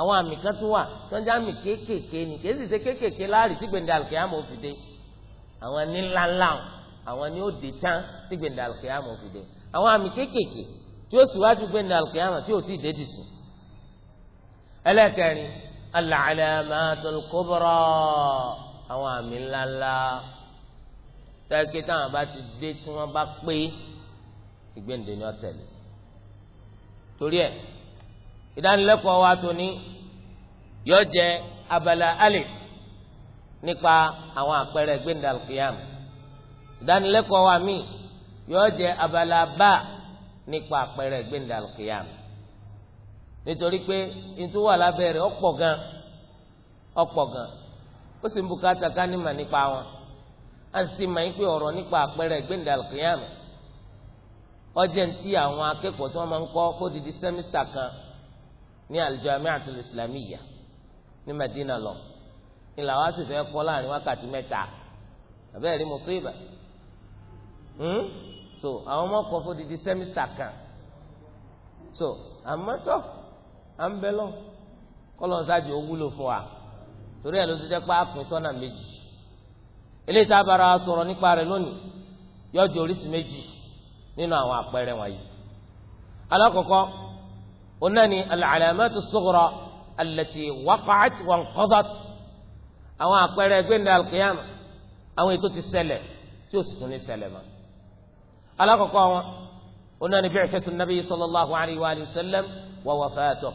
àwọn àmì kan tún wà tó ń jẹ́ àmì kéékèèké ni kèésì ṣe àwọn ní ńláńlá àwọn ni ó dé tán tí gbẹ̀ndà alùkìyàmù fi dé àwọn àmì kéékèèké tí ó síwájú gbẹ̀ndà alùkìyàmù tí ò tí ì dé dì sí. ẹlẹ́kẹ̀rin al-alamatul kubra àwọn àmì ńláńlá tẹ́kí táwọn bá ti dé tí wọ́n bá pé ìgbẹ́ǹde ni wọ́n tẹ̀lé torí ẹ̀ ìdánilẹ́kọ̀ọ́ wa tó ní yọ jẹ́ abala alif nípa àwọn àpẹẹrẹ gbẹndàl kìyàm ìdánilẹ́kọ̀ọ́ wa mi yóò jẹ abala bá nípa àpẹẹrẹ gbẹndàl kìyàm nítorí pé ntú wà lábẹ́ rẹ̀ ọ̀pọ̀ gan ọ̀pọ̀ gan ó sì ń bùkátà ká ní mà nípa wọn a sì mà ń pè ọ̀rọ̀ nípa àpẹẹrẹ gbẹndàl kìyàm ọjẹ́ àwọn akẹ́kọ̀ọ́ tí wọ́n máa ń kọ́ kó didi sẹ́mísítà kan ní al-Jami'atul Islamiyya ní Madina lọ́wọ́ ni làwọn sì fẹ́ kọ́ láàrin wákàtí mẹ́ta àbẹ́ẹ̀ rí mùsíbà hmm? so àwọn ọmọ kọ́ fún didi sẹ́mísítà kan so àmọ́tọ́ à ń bẹ lọ kọ́lọ́ nsájì ó wúlò fún wa torí ẹ̀ ló ti jẹ́ pé a pín sọ́nà méjì eléyìí tá sọ̀rọ̀ nípa rẹ̀ lónìí yóò oríṣi méjì nínú àwọn àpẹẹrẹ wọ̀nyí alákọ̀ọ́kọ́ onáni al-alamatu as-sughra allati waqa'at wa inqadat àwọn àpẹẹrẹ gbẹ̀ndé alkiyama àwọn ètò ti ṣẹlẹ̀ tí ó sì tún ní ṣẹlẹ̀ mọ́. alákọ̀ọ́kọ́ wọn oná ni bi'thatu nabi sallallahu alayhi wa sallam wa wafatuh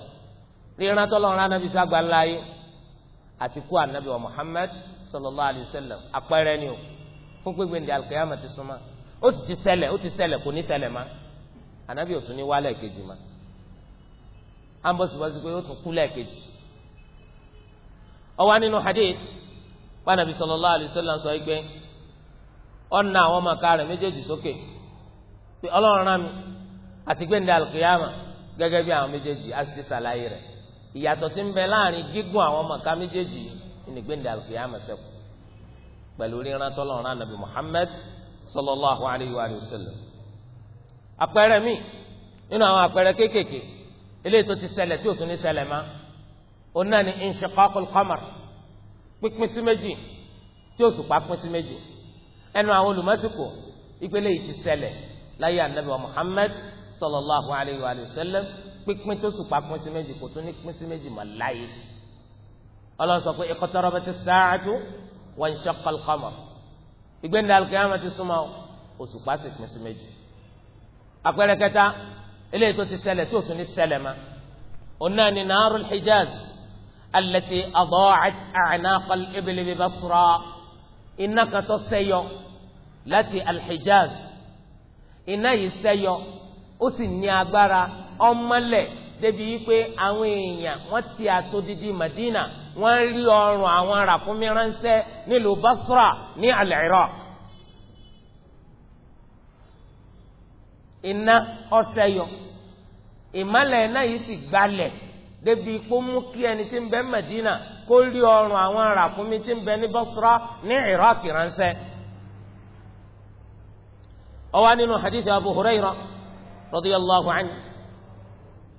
ríran tọ́lọ́run anabi sàgbà ńlá yìí àti kú anabi wa muhammad sallallahu alayhi wa sallam àpẹẹrẹ ni o fún pé gbẹ̀ndé alkiyama ti súnmọ́ ó sì ti ṣẹlẹ̀ ó ti ṣẹlẹ̀ kò ní ṣẹlẹ̀ mọ́ anabi ò tún ní wálẹ̀ kejì mọ́ ambosibosi pé ó tún kú lẹ́ẹ̀kejì ọwọ́ nínú hadith pànàbí sallallahu alaihi wasallam sọ pé ọ̀nà àwọn ọmọ ká rẹ̀ méjèèjì sókè pé ọlọ́run rán mi àti gbẹ̀ndé alkiyama gẹ́gẹ́ bí àwọn méjèèjì á sì ti ṣàlàyé rẹ̀ ìyàtọ̀ tí ń bẹ láàrin gígùn àwọn ọmọ ká méjèèjì ní gbẹ̀ndé alkiyama sẹ́kù pẹ̀lú ríran tọ́lọ́run rán nàbí Muhammad sallallahu alayhi wa onáà ní inshiqaqul qamar pínpín sí méjì tí òṣùpá pín sí méjì ẹnu àwọn olùmọ́sìkò ìpele yìí ti ṣẹlẹ̀ láyé anabi muhammed sallallahu alayhi wa sallam pínpín tó sùpá pín sí méjì kò tún ní pín sí méjì mọ́ láyé ọlọ́run sọ pé iqtarabati sa'atu wa inshaqqal qamar ìgbéǹda alukiyama ti súnmọ́ òṣùpá sì pín sí méjì. àpẹẹrẹ kẹta eléyìí tó ti ṣẹlẹ̀ tí ò tún ní ṣẹlẹ̀ ma òun náà hijaz alẹ́tì adọ́ọ̀cẹ́t ànáfàl ebelebe basra iná kan tó ṣẹ́yọ láti alhijaz iná yìí ṣẹ́yọ ó sì ní agbára ọmọlẹ̀ débi wípé àwọn èèyàn wọ́n ti àtòdìdì madina wọ́n rí ọrùn àwọn ràkúnmí ránṣẹ́ nílùú basra ní al-Iraq. iná ó ṣẹ́yọ ìmọ̀lẹ̀ náà yìí sì gbalẹ̀. débi ipò mú kí ẹni tí ń bẹ Mẹdínà kó rí ọrùn àwọn ràkúnmí tí ń bẹ ní Bọ́sra ní Iraq ránṣẹ́. ó wà nínú hadithi Abu hurayra Hurairah radiyallahu anhu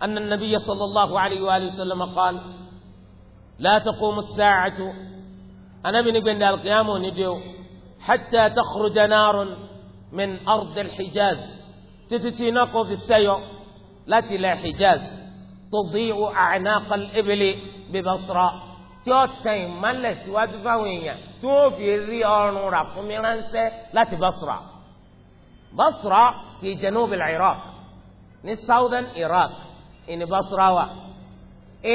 anna nabiyya sallallahu alayhi wa sallam qaal la taqumu as-sa'atu anabi ní gbẹndẹ alqiyamu ní dé o hatta takhruja naarun min ardi xijaaz titi ti kofi sayo fi seyo lati ile hijaz tadhi'u a'naqa al-ibli bi Basra tí ó tẹ ìmọ́lẹ̀ síwájú fáwọn èèyàn tí wọ́n fi rí ọrùn ràkúnmí ránṣẹ́ láti Basra Basra fi janub al-Iraq ní southern Iraq ìní Basra wà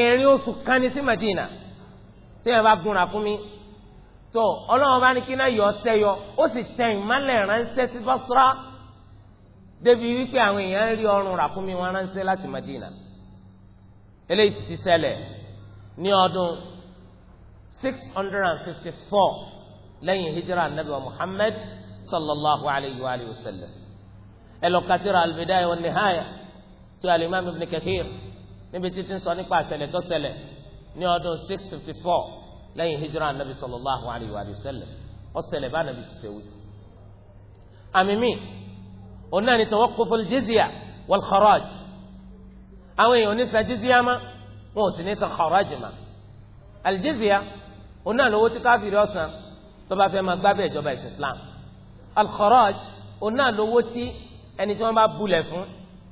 èrè oṣù kan ní sí Madina tí wọ́n bá gun ràkúnmí tó ọlọ́run bá ní kí náà yọ ọsẹ yọ ó sì tẹ ìmọ́lẹ̀ ránṣẹ́ sí Basra débi wípé àwọn èèyàn rí ọrùn ràkúnmí wọn ránṣẹ́ láti Madina eléyìí sì ti ṣẹlẹ̀ ní ọdún six hundred and fifty four lẹ́yìn hijira anabi wa muhammed sallallahu alayhi wa alayhi wa sallam ẹlọkatira albidaya wa nihaya tí alimami ibn kathir níbi títí ń sọ nípa àṣẹlẹ̀ tó ṣẹlẹ̀ ní ọdún six fifty four lẹ́yìn hijira anabi sallallahu alayhi wa alayhi wa sallam ó ṣẹlẹ̀ bá anabi ti ṣèwé àmì mi òun náà ni tawaqquful jizya wal kharaj àwọn èèyàn ní san jizya má wọn ò sì ní san kharaj má aljizya òun náà lówó tí káfíìrì ọ̀sán tó bá fẹ́ máa gbábẹ́ ìjọba ìsìn islam alkharaj òun náà lówó tí ẹni tí wọ́n bá bulẹ̀ fún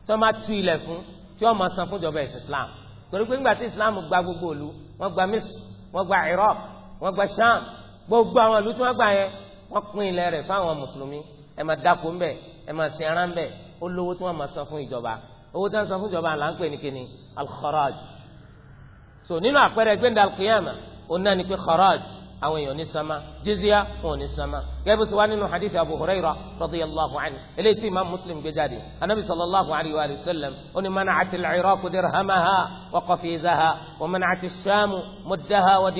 tí wọ́n bá tu ilẹ̀ fún tí wọ́n máa san fún ìjọba ìsìn islam torí pé ńgbà tí islam gba gbogbo òlu wọ́n gba misr wọ́n gba iraq wọ́n gba sham gbogbo àwọn ìlú tí wọ́n gbà yẹn wọ́n pín ilẹ̀ rẹ̀ fáwọn mùsùlùmí ẹ máa dáko ńbẹ ẹ máa sin ara ńbẹ ó lówó tí wọ́n máa san fún ìjọba owó tí wọ́n san fún ìjọba là ń pè ní kíni alkharaj so nínú àpẹẹrẹ gbẹ̀ndà alkiyama òun náà ni pé kharaj àwọn èèyàn ní sama jizya wọn ò ní sama gẹ́gẹ́ sọ wá nínú hadith abu huraira radiyallahu anhu eléyìí tí imaamu muslim gbé jáde anabi sallallahu alayhi wa sallam ó ní mana manacati al-iraq ha wa qafizaha wa mana manacati shaamu muddaha wa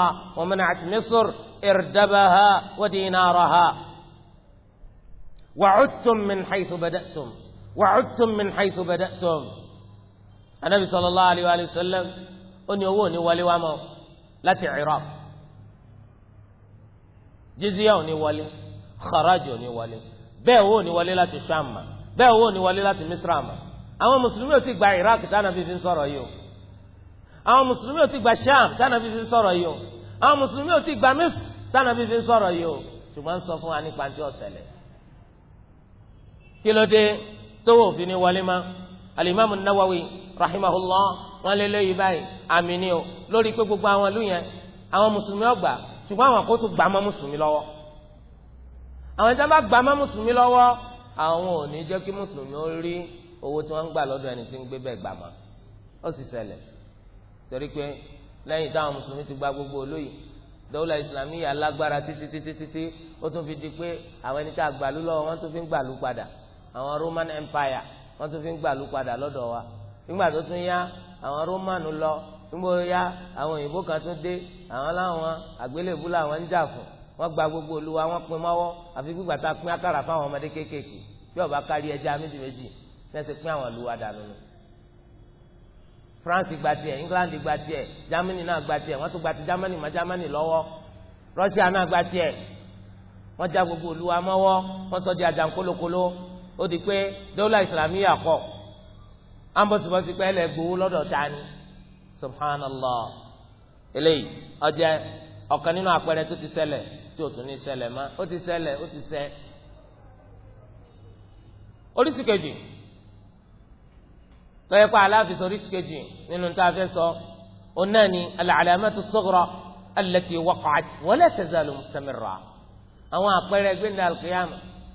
ha wa mana ati misr irdabaha wa ha wa cudtum min xaytu badatum wa'udtum min haythu bada'tum anabi sallallahu alayhi wa sallam ó ní owó ò ní wọlé wá mọ́ láti Iraq jizya ò ní wọlé kharaj ò ní wọlé bẹ́ẹ̀ owó ò ní wọlé láti Sham ma bẹ́ẹ̀ owó ò ní wọlé láti Misra ma àwọn mùsùlùmí ò ti gba Iraq tánà fífi ń sọ̀rọ̀ yìí o àwọn mùsùlùmí ò ti gba Sham tánà fífi ń sọ̀rọ̀ yìí o àwọn mùsùlùmí ò ti gba Misr tánà fífi ń sọ̀rọ̀ yìí o ṣùgbọ́n sọ fún wa nípa tí ó ṣẹlẹ̀ kí ló dé tówó òfin ní wọlé ma alimami nawawi rahimahullah wọn lé léyìí báyìí àmì ni o lórí pé gbogbo àwọn ìlú yẹn àwọn mùsùlùmí ọgbà ṣùgbọ́n àwọn àkótó gbà má mùsùlùmí lọ́wọ́ àwọn ìjọba bá gbà má mùsùlùmí lọ́wọ́ àwọn ò ní jẹ́ kí mùsùlùmí ó rí owó tí wọ́n ń gbà lọ́dọ̀ ẹni tí ń gbé bẹ́ẹ̀ gbà má ó sì ṣẹlẹ̀ torí pé lẹ́yìn táwọn mùsùlùmí ti gba gbogbo olóyè dọ́wọ́lá ìsìlámù yà lágbára títí títí títí ó tún fi di pé àwọn ẹni tá a gbàlú lọ́wọ́ wọ́n tún fi ń gbàlú padà àwọn Roman Empire wọ́n tún fi ń gbàlú padà lọ́dọ̀ wa nígbà tó tún yá àwọn Roman lọ nígbà tó yá àwọn òyìnbó kan tún dé àwọn láwọn àgbélébú làwọn ń jà fún wọ́n gba gbogbo olúwa wọ́n pin mọ́wọ́ àfi gbígbà tá a pín àkàrà fáwọn ọmọdé kéékèèké bí ọba kárí ẹja méjì méjì fẹsẹ̀ pín àwọn olúwa dànù nù France gba tiẹ̀ England gba tiẹ̀ Germany náà gba tiẹ̀ wọ́n tún gba ti Germany mọ́ Germany lọ́wọ́ Russia náà gba tiẹ̀ wọ́n já gbogbo olúwa mọ́wọ́ wọ́n sọ di àjàǹkólókóló ó di pé dọ́là ìsìlámíyà kọ̀ ambọ̀sibọ̀sí pé ẹlẹ́ gbowó lọ́dọ̀ tani subhanallah eléyìí ọjẹ́ ọ̀kan nínú àpẹẹrẹ tó ti ṣẹlẹ̀ tí ò tún ní ṣẹlẹ̀ mọ́ ó ti ṣẹlẹ̀ ó ti ṣẹ. oríṣi kejì tọ́yẹ pa aláàfin oríṣi kejì nínú tá a fẹ́ sọ ọ náà ni al-alamatu as-sughra allati waqa'at wa la àwọn àpẹẹrẹ gbẹ̀ndà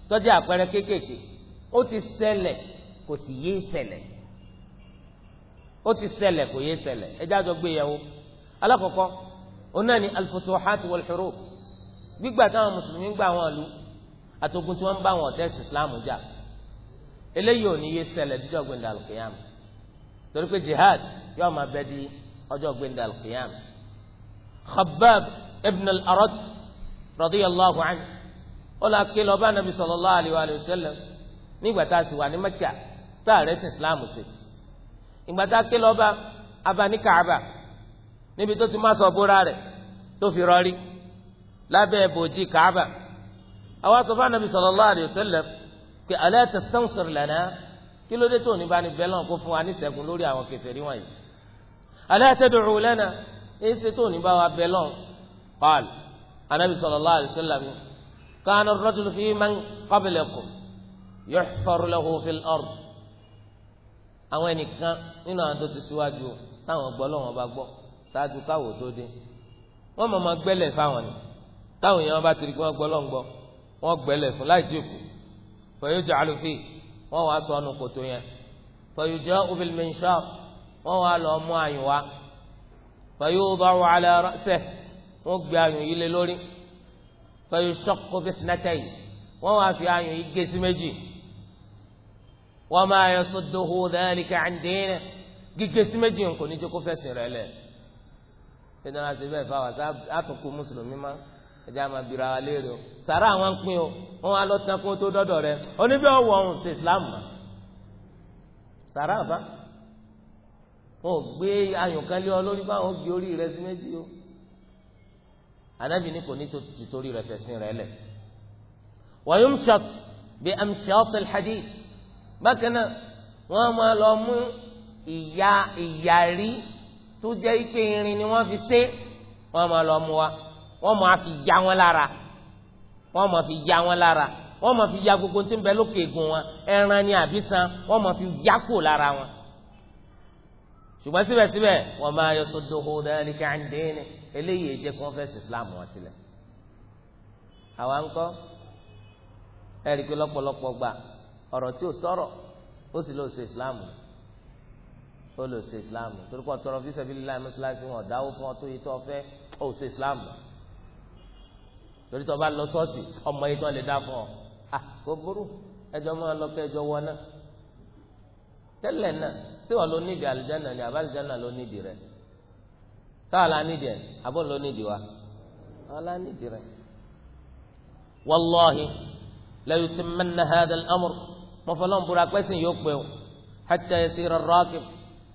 tọ́jú àpẹẹrẹ kéékèèké ó ti ṣẹlẹ̀ kò sì yé ṣẹlẹ̀ ó ti ṣẹlẹ̀ kò yé ṣẹlẹ̀ ẹ jáde gbé yẹ̀wò alákọ̀ọ́kọ́ onáà ni al-futuhat wal-hurub gbígbà táwọn mùsùlùmí gbà wọn lu àtògùn tí wọ́n ń bá wọn ọ̀tẹ́sì islam jà eléyìí ò ní yé ṣẹlẹ̀ dídọ̀ gbẹ̀ndà al-qiyam torí pé jihad yóò máa bẹ di ọjọ́ gbẹ̀ndà al-qiyam ibn al-arat radiyallahu anhu ó lọ akéèlọ bá nàbì sallallahu alayhi wa sallam nígbà tá a sì wà ní Mẹ́kà tá a rẹ̀ sí Islam ṣe ìgbà tá a ké lọ́ba abani Kaaba níbi tó ti má sọ bóra rẹ̀ tó fi rọrí lábẹ́ bòjì Kaaba àwa sọ fún anabi sallallahu alayhi wa sallam pé ala tastansir lana kí ló dé tó ní bá ní bẹ́lọ̀ kó fún wa ní lórí àwọn kèfèrí wọ̀nyí ala tad'u lana èyí ṣe tó ní bá wa bẹ́lọ̀ qal anabi sallallahu alayhi wa sallam kana ar-rajulu fi man yuhfar lahu fil ard àwọn ẹnìkan nínú àwọn tó ti síwájú o táwọn gbọ́ lọ́wọ́n bá gbọ́ ṣáájú káwọ́ tó dé wọ́n mọ̀ máa gbẹ́lẹ̀ fáwọn ni táwọn èèyàn bá ti rí kí wọ́n gbọ́ lọ́wọ́n gbọ́ wọ́n gbẹ́lẹ̀ fún láì tí kù fa yuj'alu wàá sọ ọ́nù kòtò yẹn fa yuja'u bil wàá lọ mú àyùn wá fa yuda'u ala ra'sihi wọ́n gbé àyùn yìí lé lórí fa yushaqqu bithnatayn wọ́n wàá fi àyùn yìí gé sí méjì wa ma yasudduhu dhalika an dinihi gígé sí méjì kò ní jókòó fẹsẹ̀ rẹ̀ lẹ̀ ṣẹ́ni wá sí bẹ́ẹ̀ fáwọn àtúnkù mùsùlùmí má ẹ̀jẹ̀ àmà bìrà wa léèrè o sàrà àwọn ń pín o wọn wá lọ tán kó tó dọ́dọ̀ rẹ̀ oníbẹ̀ ọ̀wọ̀ ọ̀hún ṣe islam ma sàrà àbá wọn ò gbé ayùnkan lé ọ lórí báwọn gbé orí rẹ̀ sí méjì o anabi ni kò ní tìtorí rẹ̀ fẹsẹ̀ rẹ̀ lẹ̀ wàyúmṣọ́t bí amṣọ́t alḥadid bákan náà wọ́n máa lọ mú ìyá ìyàrí tó jẹ́ pé irin ni wọ́n fi ṣe wọ́n máa lọ mú wa wọ́n máa fi ya wọn lára wọ́n máa fi ya wọn lára wọ́n máa fi ya gbogbo tí ń bẹ lókè egun wọn ẹran ni àbísan wọ́n máa fi ya kó lára wọn ṣùgbọ́n síbẹ̀síbẹ̀ wọ́n máa yọ sọ́dọ̀ hó dáadé ká ń eléyìí èjẹ kí islam wọn sílẹ̀ àwa ń kọ́ ẹ̀rí pé lọ́pọ̀lọpọ̀ gbà ọ̀rọ̀ tí ò tọrọ ó sì lọ ṣe islam ó lọ ṣe islam torí kọ́ tọrọ fi sabilillah mọ́ṣáláṣí wọn dáwó fún ọ tó yẹ tó ọ fẹ́ ó ṣe islam torí tó bá lọ ṣọ́ọ̀ṣì ọmọ yìí tó lè dá fún ọ à ah, kò burú ẹjọ́ máa lọ kẹ́ ẹjọ́ wọ náà tẹ́lẹ̀ náà tí wọ́n lọ nídìí àlùjáná ni àbálùjáná lọ nídìí rẹ̀ káwọn la nídìí ẹ̀ àbọ̀ lọ nídìí wa káwọn la nídìí rẹ̀ wallahi la yutimmanna hadha al-amr mọ̀fọ́lọ́n búra pẹ́sìn yóò pẹ́ o hatta yasira rakib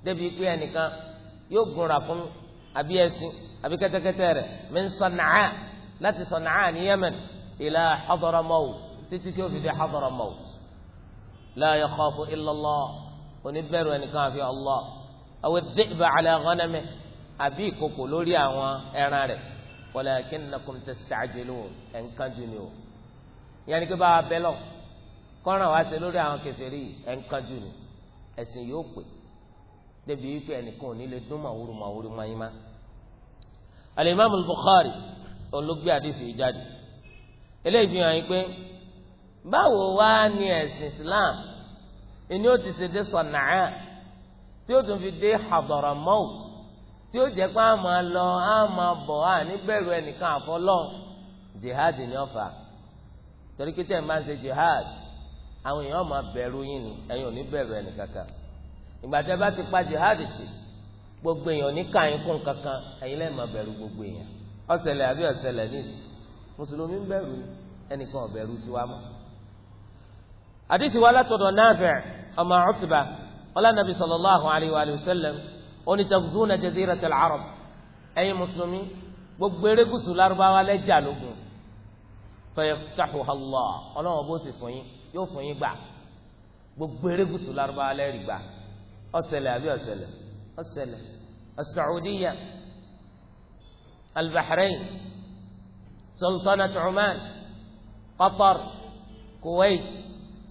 débi pé ẹnìkan yóò gun ràkúnmí àbí ẹṣin àbí kẹ́tẹ́kẹ́tẹ́ rẹ̀ min Sana'a láti Sana'a ní Yemen ila Hadramaut títí tí ó fi dé Hadramaut la yakhafu illa Allah oníbẹ̀rù ẹnìkan àfi Allah aw ad-dhi'ba ala ghanamihi àbí ìkòkò lórí àwọn ẹran rẹ̀ walakinnakum tasta'jilun ẹ̀ńkájú ni o yẹn ni pé bá a bẹ́ lọ́wọ́ kọ́ran wá ṣe lórí àwọn kèfèrí ẹ̀ ń kanjú ni ẹ̀sìn yóò pè débi wípé ẹnìkan ò ní lè dún màwúrú màwúrú mayimá. alimami Bukhari olùgbé àdìsí ìjáde eléyìí fi hàn yín pé báwo wá ní ẹ̀sìn Islam ẹni ó ti ṣe dé Sànáà tí ó tún fi dé Hadramaut tí ó jẹ́ pé a lọ a bọ̀ a ní ẹnìkan àfọlọ́ jihad ni ọ̀fà torí kí tẹ̀ ń bá ń ṣe jihad àwọn èèyàn máa bẹ̀rù yín ni ẹ̀yin ò ní bẹ̀rù ẹnì kankan ìgbà tẹ́ bá ti pa jihadi tì gbogbo èèyàn ní káyín kún kankan ẹ̀yin lẹ́yìn máa bẹ̀rù gbogbo èèyàn ọ̀sẹ̀lẹ̀ àbí ọ̀sẹ̀lẹ̀ níìsì mùsùlùmí ń bẹ̀rù ni ẹnìkan ò bẹ̀rù tiwa mọ́. àdìsí wa látọ̀dọ̀ Nafi' ọmọ Utba ọlànàbí sallallahu alayhi wa yóò fún yín gbà gbogbo erékùsù lárúbáwá lẹ́rì gbà ọ̀sẹ̀lẹ̀ àbí ọ̀sẹ̀lẹ̀ ọ̀sẹ̀lẹ̀ asaudiya albahrain sultana oman qatar kuwait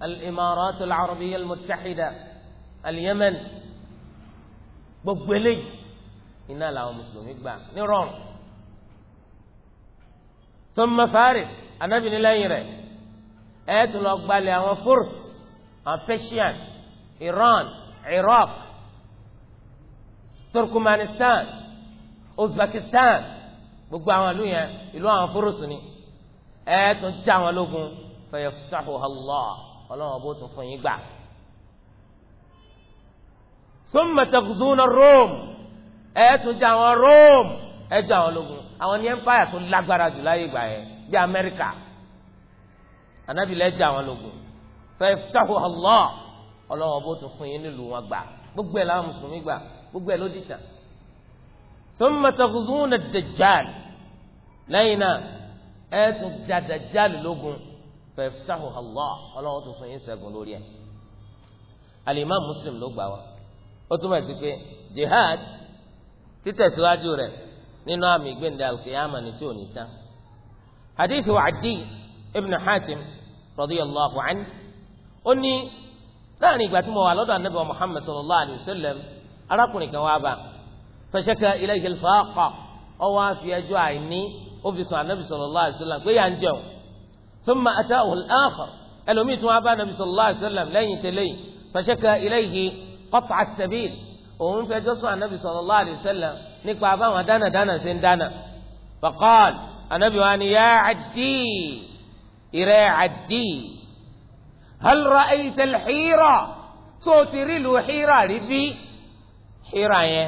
الإمارات العربية المتحدة اليمن gbogbo eléyìí iná làwọn mùsùlùmí gbà ní rọrùn thumma faris anábìnrin lẹ́yìn rẹ̀ ẹ tún lọ gbalẹ̀ àwọn Furs àwọn Persian Iran Iraq Turkmenistan Uzbekistan gbogbo àwọn ìlú yẹn ìlú àwọn Furs ni ẹ tún já wọn lógun fayaftahuha Allah Ọlọ́run ọbọ tún fún yín gbà. summa Rome ẹ já wọn Rome ẹ já lógun àwọn ní empire tó lágbára jù láyé ìgbà yẹn bí Amẹ́ríkà anabi lẹ́jà wọn lógun fẹ́ftahu allah ọlọ́wọ́ bó tún fún yín nílùú wọn gbà gbogbo ẹ̀ làwọn mùsùlùmí gbà gbogbo ẹ̀ ló dìtà thumma taghzuna ad-dajjal lẹ́yìn náà ẹ̀ tún jà dajjal lógun fẹ́ftahu allah ọlọ́wọ́ tún fún yín ṣẹ́gun lórí ẹ̀ alimami muslim ló gbà wá ó túmọ̀ sí pé jihad títẹ̀síwájú rẹ̀ nínú àmì ìgbéǹde al-qiyamah ni tí ò ní tán hadith wa Adi ibn radiyallahu anhu ó ní láàrin ìgbà tí mo wà lọ́dọ̀ anabi wa muhammad sallallahu alayhi wa sallam arákùnrin kan wá bá fẹsẹ̀kẹ́ ilé ìjẹ̀lfàákọ̀ ó wá fi ẹjọ́ àìní ó fi sùn anabi sallallahu alayhi wa sallam pé yà ń jẹun thumma ataahu al-akhar ẹlòmíì tún wá bá anabi sallallahu alayhi wa sallam lẹ́yìn tẹ́lẹ̀yìn fẹsẹ̀kẹ́ ilé ìjì kọ́pà sẹ́bìl òun fẹjọ́ sùn anabi sallallahu alayhi wa sallam nípa abáwọn dánadáná ṣe ń dáná faqal anabi wa ni yá àdìí ഇരയടി هل رأيت الحيره സോതിരി ലു ഹീറാ ലിബി ഹീറയെ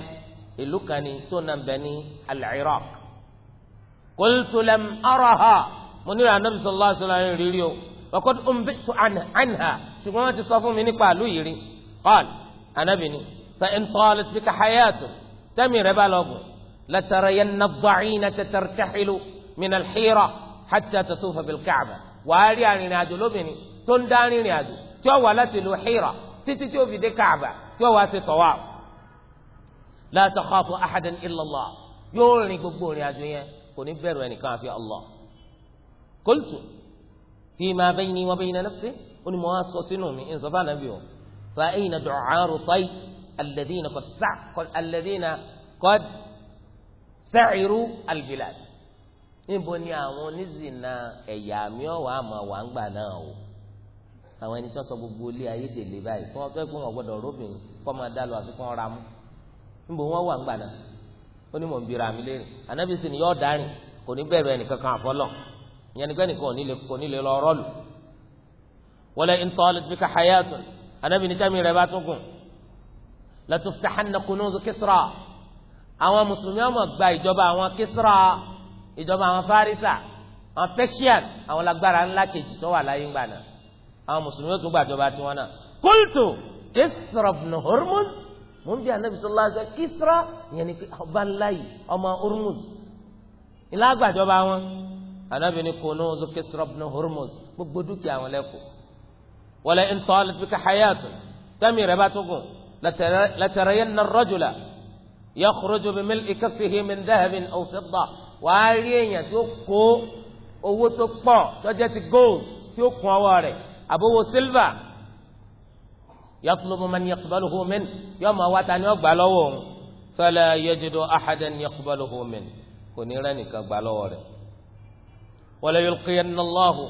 ഇലുകനി തുനംബനി بني العراق قلت لم أرها من يرى النبي صلى الله عليه وسلم يريو وقد أنبئت عنها عنها شكرا تصفوا مني قالوا يري قال أنا بني فإن طالت بك حياة تمر بالأبو لترين الضعينة ترتحل من الحيرة حتى تطوف بالكعبة wàhálì rí arìnrìn àjò lóbìnrin tó ń dá arìnrìn àjò tí ó wà láti lu xíra títí tí ó fi dé Kaaba tí ó wà ṣe tawaf la takhafu ahadan ilàlá yóò rìn gbogbo ìrìn àjò yẹn kò ní bẹ̀rù eni kan àfi olo yín nánàfẹ́ bee bayna nafsi ó ní mo wá sọ sínú mi ń sọ fún ànábì o fa ayna du'aru tayy alladhina qad sa'a alladhina qad sa'iru albilad níbo ni àwọn onízìnnà ẹ̀yà àmì ọ̀wà àmọ̀ wà ń gbà náà o àwọn ẹni tó sọ gbogbo ilé ayé dèlè báyìí fún ọgbẹ́ gbọ́n ọ̀gbọ́dọ̀ róbìn kọ́ máa dá lọ àfi kọ́ mú níbo wọ́n wà ń gbà náà ó ní mò ń bira lérìn ànábì sì ni yọ́ dárìn kò ní bẹ̀rù ẹnìkan kan àfọlọ́ ìyẹn ni gbẹ́nìkan kò ní lè lọ rọ́ọ̀lù wọlé intanet ìjọba àwọn fárísà àwọn persian àwọn lágbára ńlá kejì tó wà láyé ńgbà náà àwọn mùsùlùmí tó gbàjọba tiwọn náà kultu kisra ibn hormuz mo ń bí anabi sallallahu alaihi wasallam kisra yẹn ni ọba ńlá yìí ọmọ hormuz ńlá gbàjọba wọn anabi ni kò ní ọzọ kisra ibn hormuz gbogbo dúkìá wọn lẹkọọ wọlé ntọ́ talat bika hayatun tẹmí rẹ bá tókùn lẹ́tẹ̀rẹ́ yẹn na tó yẹ latarayanna bí rajula yakhruju bimil'i ń dẹ́hẹ́ bí aw fidda. wàá rí èèyàn tí ó kó owó tó pọ̀ tó jẹ́ ti gold tí ó kún ọwọ́ rẹ̀ àbówó silver yaqlubu man yaqbaluhu min yóò máa wá ta ni ó gbà lọ́wọ́ òun fala yajidu ahadan yaqbaluhu min kò ní rẹ́ nìkan gbà lọ́wọ́ rẹ̀ wala yulqiyanna Allahu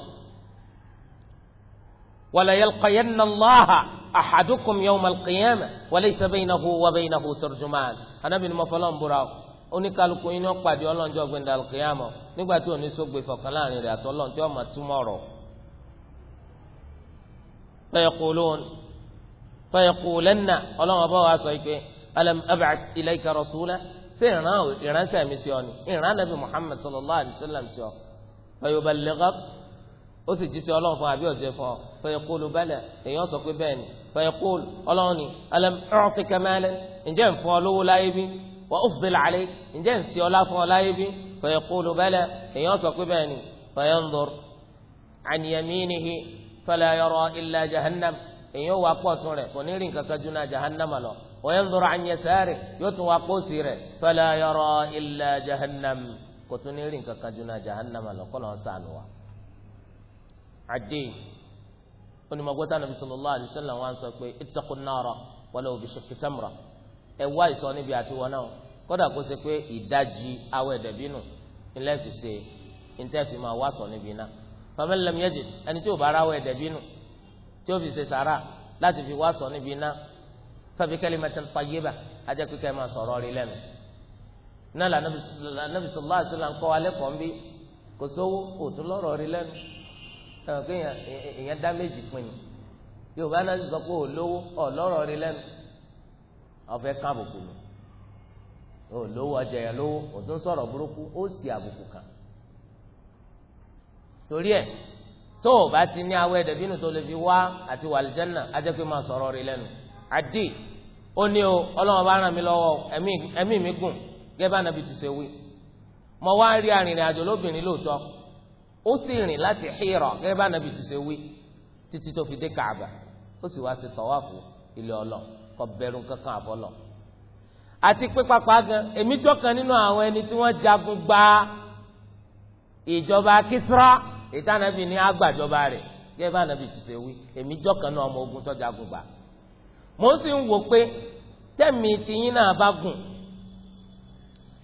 ولا يلقين الله أحدكم يوم القيامة وليس بينه وبينه ترجمان أنا من مفلان براو oníkálukú yín ni wọ́n pàdé ọlọ́njọ́ gbẹ̀ndà kìyàmọ̀ nígbà tí òní sógbè fọ̀kan láàrin rẹ̀ àti ọlọ́run tí wọ́n máa túmọ̀ ọ̀rọ̀. fẹ̀yẹ̀kùlẹ́nà ọlọ́run ọba wa sọ pé alam ab'ath ilayka rasula ṣé ìránṣẹ́ mi sí ọ ni ìrán nàbì muhammad sallallahu alayhi wa sallam sí ọ fayuballighak ó sì jíṣẹ́ ọlọ́run fún àbí ọ̀jẹ̀ fún ni fẹ̀yẹ̀kùlù ọlọ́run ni alam ǹjẹ́ ń lówó láyé bí wa ufdil alayk ǹjẹ́ ń sí ọlá fún ọlá yìí bí fa yaqulu bala èèyàn sọ pé bẹ́ẹ̀ ni fa yanzur an yaminihi fala yara illa jahannam èèyàn wà pọ̀ tún rẹ̀ kò ní rí nǹkan kan jù náà jahannama lọ wa yanzur an yasari yóò tún wà pọ̀ sí rẹ̀ fala yara illa jahannam kò tún ní rí nǹkan kan jù náà jahannama lọ kọ́ lọ́n sànù wa. àdé onímọ̀gbọ́tà nàbí sallallahu alaihi wasallam wá ń sọ pé ittaqun nara walau bi shiqqi tamra ẹ̀ wá ìsọ níbi àtiwọ́ náà kódà kó ṣe pé ìdajì awẹ́ dẹ̀bí nù ilẹ̀ fi ṣe níta fi máa wá sọ níbi iná faman lam yajid ẹni tí ò bá ráwẹ́ dẹ̀bí nù tí ó fi ṣe sàrà láti fi wá sọ níbi iná fabi kalimatan tayyiba ajẹ́ pé kẹ́ẹ̀ máa sọ̀rọ̀ rí lẹ́nu náà la Nabi sallallahu alaihi wasallam ń kọ́ alẹ́ kọ́ ń bí kò sówó kò tún lọ́rọ̀ rí lẹ́nu ẹ̀wọ̀n pé èèyàn dá méjì pin ni yorùbá náà sọ pé ò lówó ọ̀ lọ́rọ̀ rí lẹ́nu ọ̀fẹ́ káàbùkù ni olówó ọjà yẹn lówó ó tún sọ̀rọ̀ burúkú ó sì àbùkù kan torí ẹ̀ tó o bá ti ní awẹ́ dẹ̀bínú tó lè fi wá àti wàlìjẹ́nà ajẹ́pẹ́ máa sọ̀rọ̀ rí lẹ́nu àdì ó ní o ọlọ́run bá ràn mí lọ́wọ́ ẹ̀mí mi gùn gẹ́gẹ́ nàbí ti ṣe wí mo wá rí arìnrìn àjò lóbìnrin lóòótọ́ ó sì rìn láti Hira gẹ́gẹ́ nàbí ti ṣe wí títí tó fi dé Kaaba ó sì wá sí tọ́wáfù ilé ọlọ́ kọ bẹ̀rù kankan àbọ̀lọ́ àti pé pàpà gan èmi jọkan nínú àwọn ẹni tí wọ́n jagun gba ìjọba Kisra ìtànàbì ni àgbàjọba rẹ̀ gẹ́gẹ́ bá nàbì ti ṣe wí èmi jọkan náà ọmọ ogun tó jagun gbà mo sì ń wò pé tẹ̀mí tiyín náà bá gùn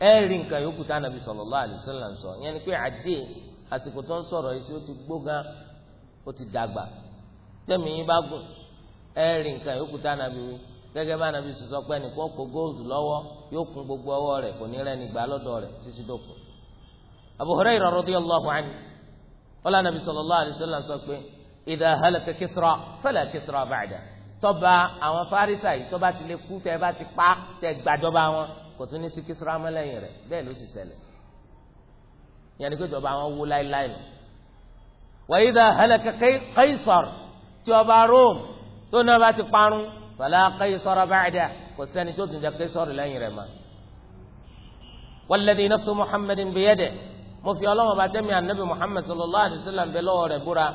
ẹ rí nǹkan yòókù tá nàbì sallallahu alaihi wasallam sọ ìyẹn ni pé àdé àsìkò tó ń sọ̀rọ̀ yìí sí ó ti gbó gan ó ti dàgbà tẹ̀mí yín bá gùn ẹ rí nǹkan yòókù tá wí gẹ́gẹ́ bá nàbí sọ pé ẹnìkan kó góòlù lọ́wọ́ yóò kún gbogbo ọwọ́ rẹ̀ kò ní rẹ́ni gbà lọ́dọ̀ rẹ̀ títí dòkun. Abu Hurayra radiyallahu anhu wala nàbí sallallahu alaihi wasallam sọ pé idha halaka Kisra fala Kisra ba'da tọba àwọn fárísà yìí tọba ti lè kú tẹ bá ti pa tẹ gbàdọba wọn kò tún ní sí Kisra mọ́lẹ́yìn rẹ̀ bẹ́ẹ̀ ló sì ṣẹlẹ̀ yẹn ni pé tọba àwọn wó láéláé lọ fala qaisara ba'da kò sẹ́ni tó tún jẹ́ qaisara lẹ́yìn rẹ̀ ma. walladhi nafsu muhammadin biyadihi mo fi ọlọ́wọ́n bá tẹ́mi ànábì muhammad sallallahu alayhi wa sallam bẹ́ẹ̀ lọ́wọ́ rẹ̀ búra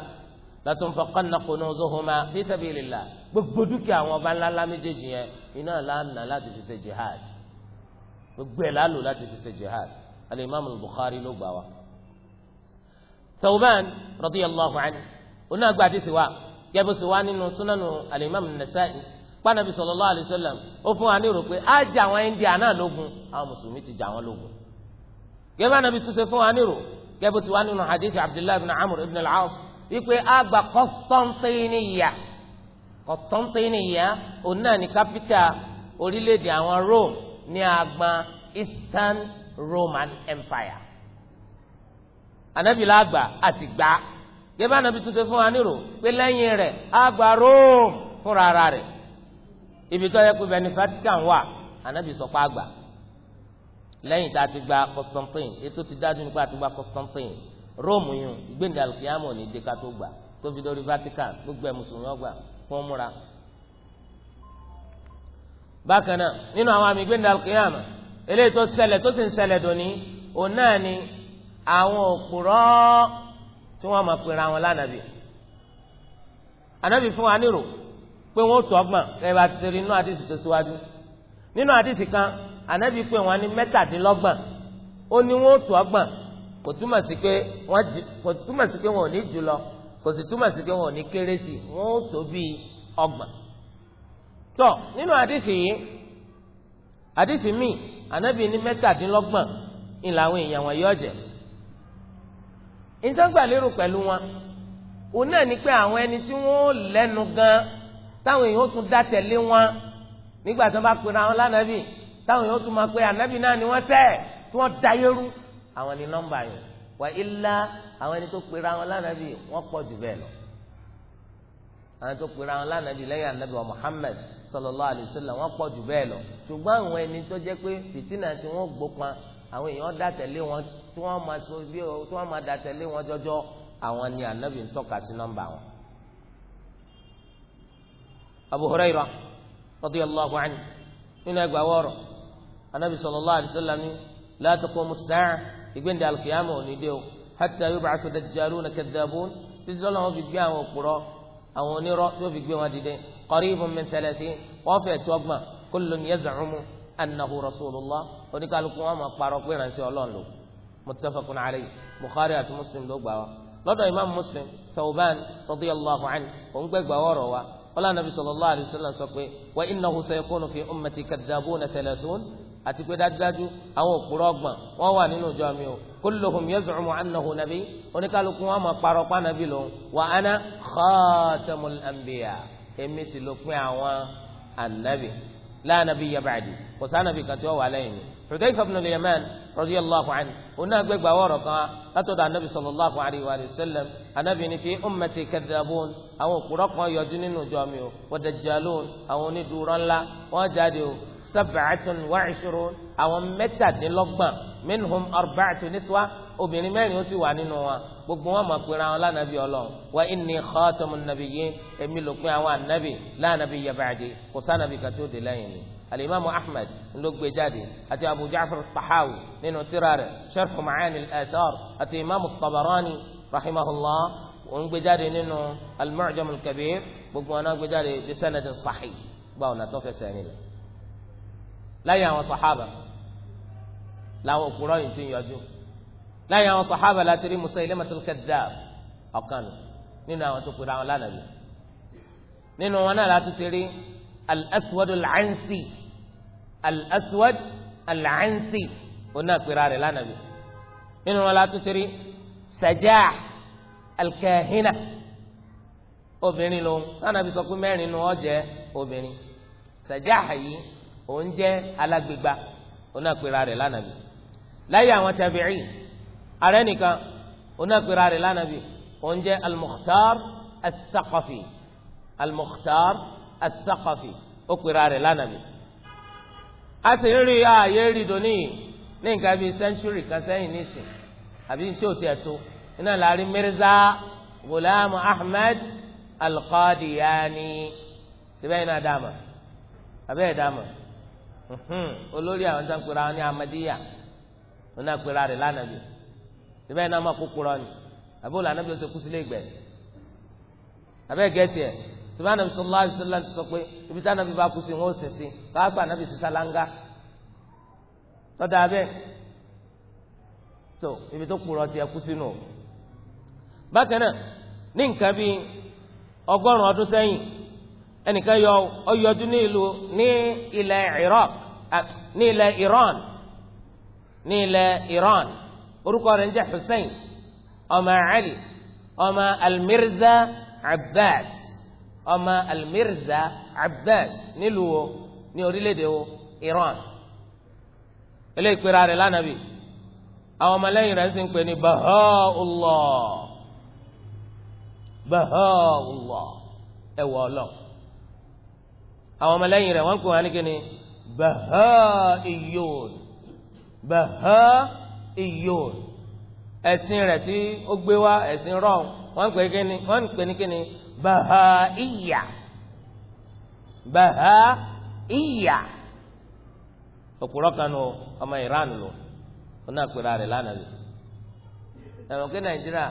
latunfaqanna kunuzuhuma fi sabilillah gbogbo dúkìá àwọn ọba ńláńlá méjèèjì yẹn iná lánà láti fi ṣe jihad gbogbo ẹ̀ lálò láti fi ṣe jihad alimami bukhari ló gbà wá. Thawban radiyallahu anhu onáàgbà àti tiwa gẹ́gẹ́ bó ṣe wá nínú sunanu alimami nasa'i pànàbí sallallahu alaihi wasallam ó fún wa ní rò pé á jẹ àwọn India náà lógun àwọn mùsùlùmí ti jẹ àwọn lógun gẹ́gẹ́ bá nàbí túnṣe fún wa ní rò gẹ́gẹ́ bó ti wá nínú hadith Abdullahi ibn Amr ibn al-As wípé á gba Constantinople Constantinople òun náà ní kápítà orílẹ̀-èdè àwọn Rome ní agbọn Eastern Roman Empire anabi la a sì gba gẹ́gẹ́ bá anabi fún wa nírò pé lẹ́yìn rẹ̀ a gba Rome fúnra rẹ̀ ibi tó yẹ pé bẹni Vatican wà anabi sọ pé àgbà lẹ́yìn tá a ti gba Constantine ètò ti dájú nípa àti gba Constantine Rome yun ìgbéǹde alukiyama ò ní dé ká tó gbà tó fi dórí Vatican gbogbo ẹ mùsùlùmí ọgbà múra. bákan nínú àwọn àmì ìgbéǹde eléyìí tó ṣẹlẹ̀ tó sì ń ṣẹlẹ̀ dòní òun àwọn òpùrọ́ tí wọ́n máa pera wọn lánàbì ànábì fún wa nírò pé wọ́n tọ́gbọ̀n kẹ́ẹ́ bá ti ṣe rí inú àdìsí tó síwájú nínú àdìsí kan ànábì pé wọ́n ní mẹ́tàdínlọ́gbọ̀n ó ní wọ́n tọ́gbọ̀n kò túmọ̀ sí pé wọ́n jù kò túmọ̀ sí pé wọ́n ò ní jù lọ kò sì túmọ̀ sí pé wọ́n ò ní kéré sí wọ́n ó tó bíi ọgbọ̀n. tọ́ nínú àdìsí yìí àdìsí míì ànábì ní mẹ́tàdínlọ́gbọ̀n ìlà àwọn èèyàn wọn yóò jẹ́ ìjọba lérò pẹ̀lú wọn òun náà ní pé àwọn ẹni tí wọ́n lẹ́nu gan-an táwọn èèyàn ó tún dá tẹ̀lé wọn nígbà tí wọ́n bá pera wọn lánàbì táwọn èèyàn ó tún máa pe ànábì náà ni wọ́n tẹ̀ tí wọ́n da yẹ́rú àwọn ni nọ́mbà yẹn wà ilá àwọn ẹni tó pera wọn lánàbì wọ́n pọ̀ jù bẹ́ẹ̀ lọ àwọn tó pera wọn lánàbì lẹ́yìn ànábì wa Muhammad sallallahu alayhi wa sallam wọ́n pọ̀ jù bẹ́ẹ̀ lọ ṣùgbọ́n àwọn ẹni tó jẹ́ pé fìtínà tí wọ́n gbópa àwọn èèyàn dá tẹ̀lé wọn tí wọ́n ni ànábì ń tọ́ka sí abu huraira radiyallahu anhu nínú ẹgbà wọrọ anabi sallallahu alayhi wa sallam ni la taqumu as-sa'a ìgbéǹde alkiyama òní dé o hatta yub'athu dajjaluna kadhabun títí lọ́la wọn fi gbé àwọn òpùrọ́ àwọn onírọ́ tó fi gbé wọn dìde qaribun min thalathin wọ́n fẹ́ tọ́gbọ̀n kullun yaz'umu annahu rasulullah oníkàlùkù wọn máa parọ́ pé ránṣẹ́ ọlọ́run lò muttafaqun alayhi bukhari àti muslim ló gbà wá lọ́dọ̀ imam muslim tawban radiyallahu anhu òun gbẹ́gbà wọ́rọ̀ wa wala nabi sallallahu alayhi wa sallam sọ pé wa innahu sayakunu fi ummati kadhabuna thalathun àti pé dájúdájú àwọn òpùrọ́ ọgbọ̀n wọ́n wà nínú ìjọ mi o kulluhum yaz'umu annahu nabi oníkálukú wọn máa parọ́ pa nàbí lòun wa ana khatamul anbiya èmi sì lópin àwọn ànàbì la nabiyya ba'di kò sànàbì kan wà lẹ́yìn mi. Hudayfa ibn al-Yaman radiyallahu anhu òun náà gbẹgbà wọrọ kan látọ̀dọ̀ anabi sallallahu alayhi wa sallam anabi ni fi ummati kadhabun àwọn òkúrọ kan yọjú nínú ìjọ mi o wa dajjalun àwọn onídùúrọ ńlá wọn jáde o sab'atun wa 'ishrun àwọn mẹ́tàdínlọ́gbọ̀n minhum arba'atu niswa obìnrin mẹ́rin ó sì wà nínú wọn gbogbo wọn mọ̀ pé àwọn lánàbí ọlọ́run wa inni khatamun nabiyyin èmi lòpin àwọn ànábì lánàbí yabàdé kò sánàbí kàtó dé lẹ́yìn ni. alimami ahmed ló gbé jáde àti abu ja'far tahawi nínú tírà rẹ̀ sharhu macaani al-athar àti imaamu tabarani rahimahullah òun gbé jáde nínú al-mu'jam al-kabir gbogbo wọn náà gbé jáde bi sanadin sahih báwo na tó fẹsẹ̀ nílẹ̀ láyé àwọn sàhábà làwọn òkúrọ̀ yìí ti ń yọjú láyé àwọn sàhábà láti rí musaylimatul kadhab ọ̀kan nínú àwọn tó kura àwọn lánàá nínú wọn náà láti ti rí al-aswadul ansi. al-aswad al-ansi òun náà pera rẹ̀ lánàbí nínú wọn la tún ṣe rí sajah al-kahina obìnrin lòun lánàbí sọ pé mẹ́rin nu ọ jẹ́ obìnrin sajah yìí òun jẹ́ alágbègbà òun náà pera rẹ̀ lánàbí láyé àwọn tabi'i ààrẹ nìkan òun náà pera rẹ̀ al-mukhtar al-thaqafi al-mukhtar al-thaqafi ó pera a sì ń rí ààyè rí dòní ní nǹkan bíi sẹ́ńtúrì kan sẹ́yìn nísìn àbí tí ò tiẹ̀ tó iná láàrin Mirza Ghulam Ahmed Al-Qadiani síbẹ̀ iná dàmà abẹ́ẹ̀ dàmà olórí àwọn tó ń pera wọn ní Ahmadiyya wọn náà pera rẹ̀ lánàá bi síbẹ̀ iná máa kó kúrọ́ ni àbí olùhànàbí ó ti kú sílé ìgbẹ́ abẹ́ẹ̀ gẹ́tì ẹ̀ sọba anabi sọlá ṣọlá ti sọ pé ibi tí anabi bá kú sí wọn ó sìn sí káà gba anabi sí sálángá tọ́da abẹ́ tó ibi tó kúrò ọtí ẹkú sínú o bákan náà ní nǹkan bíi ọgọ́rùn-ún ọdún sẹ́yìn ẹnìkan yọ ọyọdún ní ìlú ní ilẹ̀ Iraq ní ilẹ̀ Iran ní ilẹ̀ Iran orúkọ rẹ̀ ń jẹ́ Hussein ọmọ Ali ọmọ Almirza Abbas ọmọ almirza abbas nílùú wo ní orílẹ̀-èdè wo iran eléyìí pera rẹ̀ lánàbì àwọn ọmọlẹ́yìn rẹ̀ sì ń pè ní baha'ullah baha'ullah ẹ̀wọ̀ ọlọ́ àwọn ọmọlẹ́yìn rẹ̀ wọ́n ń pè wọ́n ní kíni baha'iyun baha'iyun ẹ̀sìn rẹ̀ tí ó gbé wá ẹ̀sìn rọ̀ wọ́n ń pè kíni wọ́n ń pè ní kíni. Bahaiyah. Bahaiyah. Òpùrọ́ nu ọmọ Iran lò ó náà pera rẹ̀ lánàá lò. Ẹ̀rọ Nàìjíríà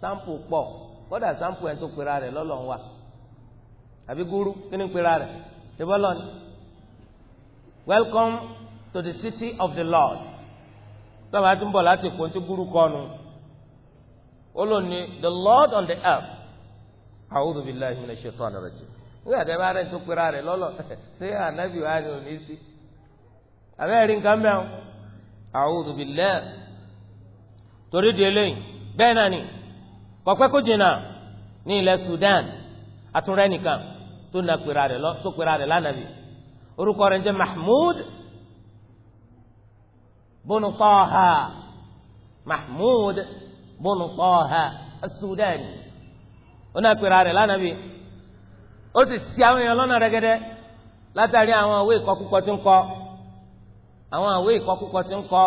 pọ̀ kódà ẹ̀ tó lọ́lọ́ wa. Àbí gúrú kí Welcome to the city of the Lord. Tọ́ba ti ń bọ̀ láti tí gúrú kọ́ nu. the Lord on the earth. a'udhu billahi minash shaitani rajim nígbà tẹ bá rẹ tó pera rẹ lọlọ [LAUGHS] ṣé ànábì wa ni ò ní sí abẹ́rẹ́ rí nǹkan mẹ́wọ́ a'udhu billahi torí di eléyìí bẹ́ẹ̀ náà ni kọ̀pẹ́ kó jìnnà ní ilẹ̀ Sudan àtúnrẹ́ nìkan tó na pera rẹ lọ tó pera rẹ lánàbì orúkọ rẹ̀ jẹ́ Mahmud bùnú Mahmud bùnú Taha as ona náà pera rẹ̀ lánàbí o si si awon eyan lona regede latari àwọn awe ìkọkúkọ tí ń kọ awon àwé ìkọkúkọ ti ń kọ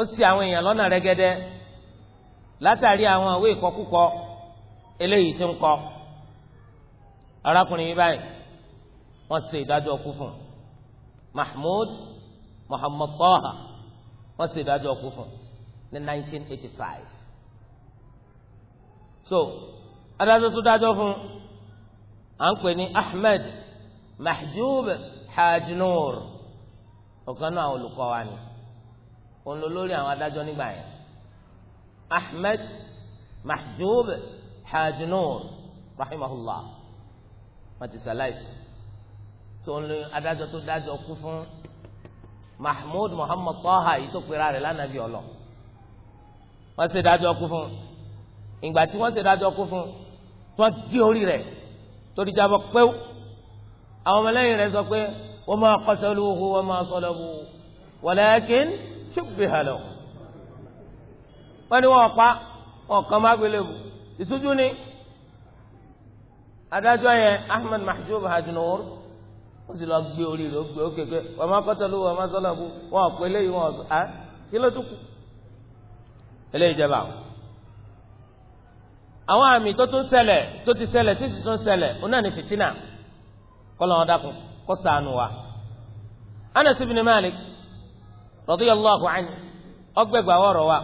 ó ṣì àwọn èèyàn lọ́nà rẹ́gẹ́dẹ́ latari àwọn awe ìkọkúkọ eléyìí tí ń kọ arákùnrin yìí báyìí wọ́n ṣe ìdájọ́ ọkú fún Mahmoud Muhammad Taha wọ́n ṣe ìdájọ́ ọkú 1985 so. adájọ́ tó dájọ́ fún à ń pè ní Ahmed Mahjub Hajnur ọ̀kan náà olùkọ́ wa ni òun lórí àwọn adájọ́ nígbà yẹn Ahmed Mahjub Hajnur rahimahullah wọn ti sàlàyé tó ń lo adájọ́ tó dájọ́ kú fún Mahmud Muhammad Taha yìí tó pera rẹ̀ lánàbí ọlọ wọn ṣe dájọ́ kú fún ìgbà tí wọn ṣe dájọ́ kú fún tí wọ́n gé orí rẹ̀ torí jábọ̀ pẹ́wò àwọn ọmọlẹ́yìn rẹ̀ sọ pé wa ma qataluhu wa ma salabuhu walakin shubbiha lahu wọ́n ní wọ́n pa wọ́n kàn má gbélé bu ìṣújú ni adájọ́ yẹn Ahmed Mahjoub Hajnur ó sì lọ gbé orí rẹ̀ ó gbé ó kéke wa ma qataluhu wa ma salabuhu wọ́n pè léyìn wọ́n sọ á ah, kí ló tún kù eléyìí jẹba o àwọn àmì tó tún ṣẹlẹ̀ tó ti ṣẹlẹ̀ tí sì tún ṣẹlẹ̀ òun náà ní fìtínà kọ́lọ́wọ́n dákun kó ṣàánú wa. Anas ibn Malik radiyallahu anhu ọgbẹ́gbà wọ̀rọ̀ wa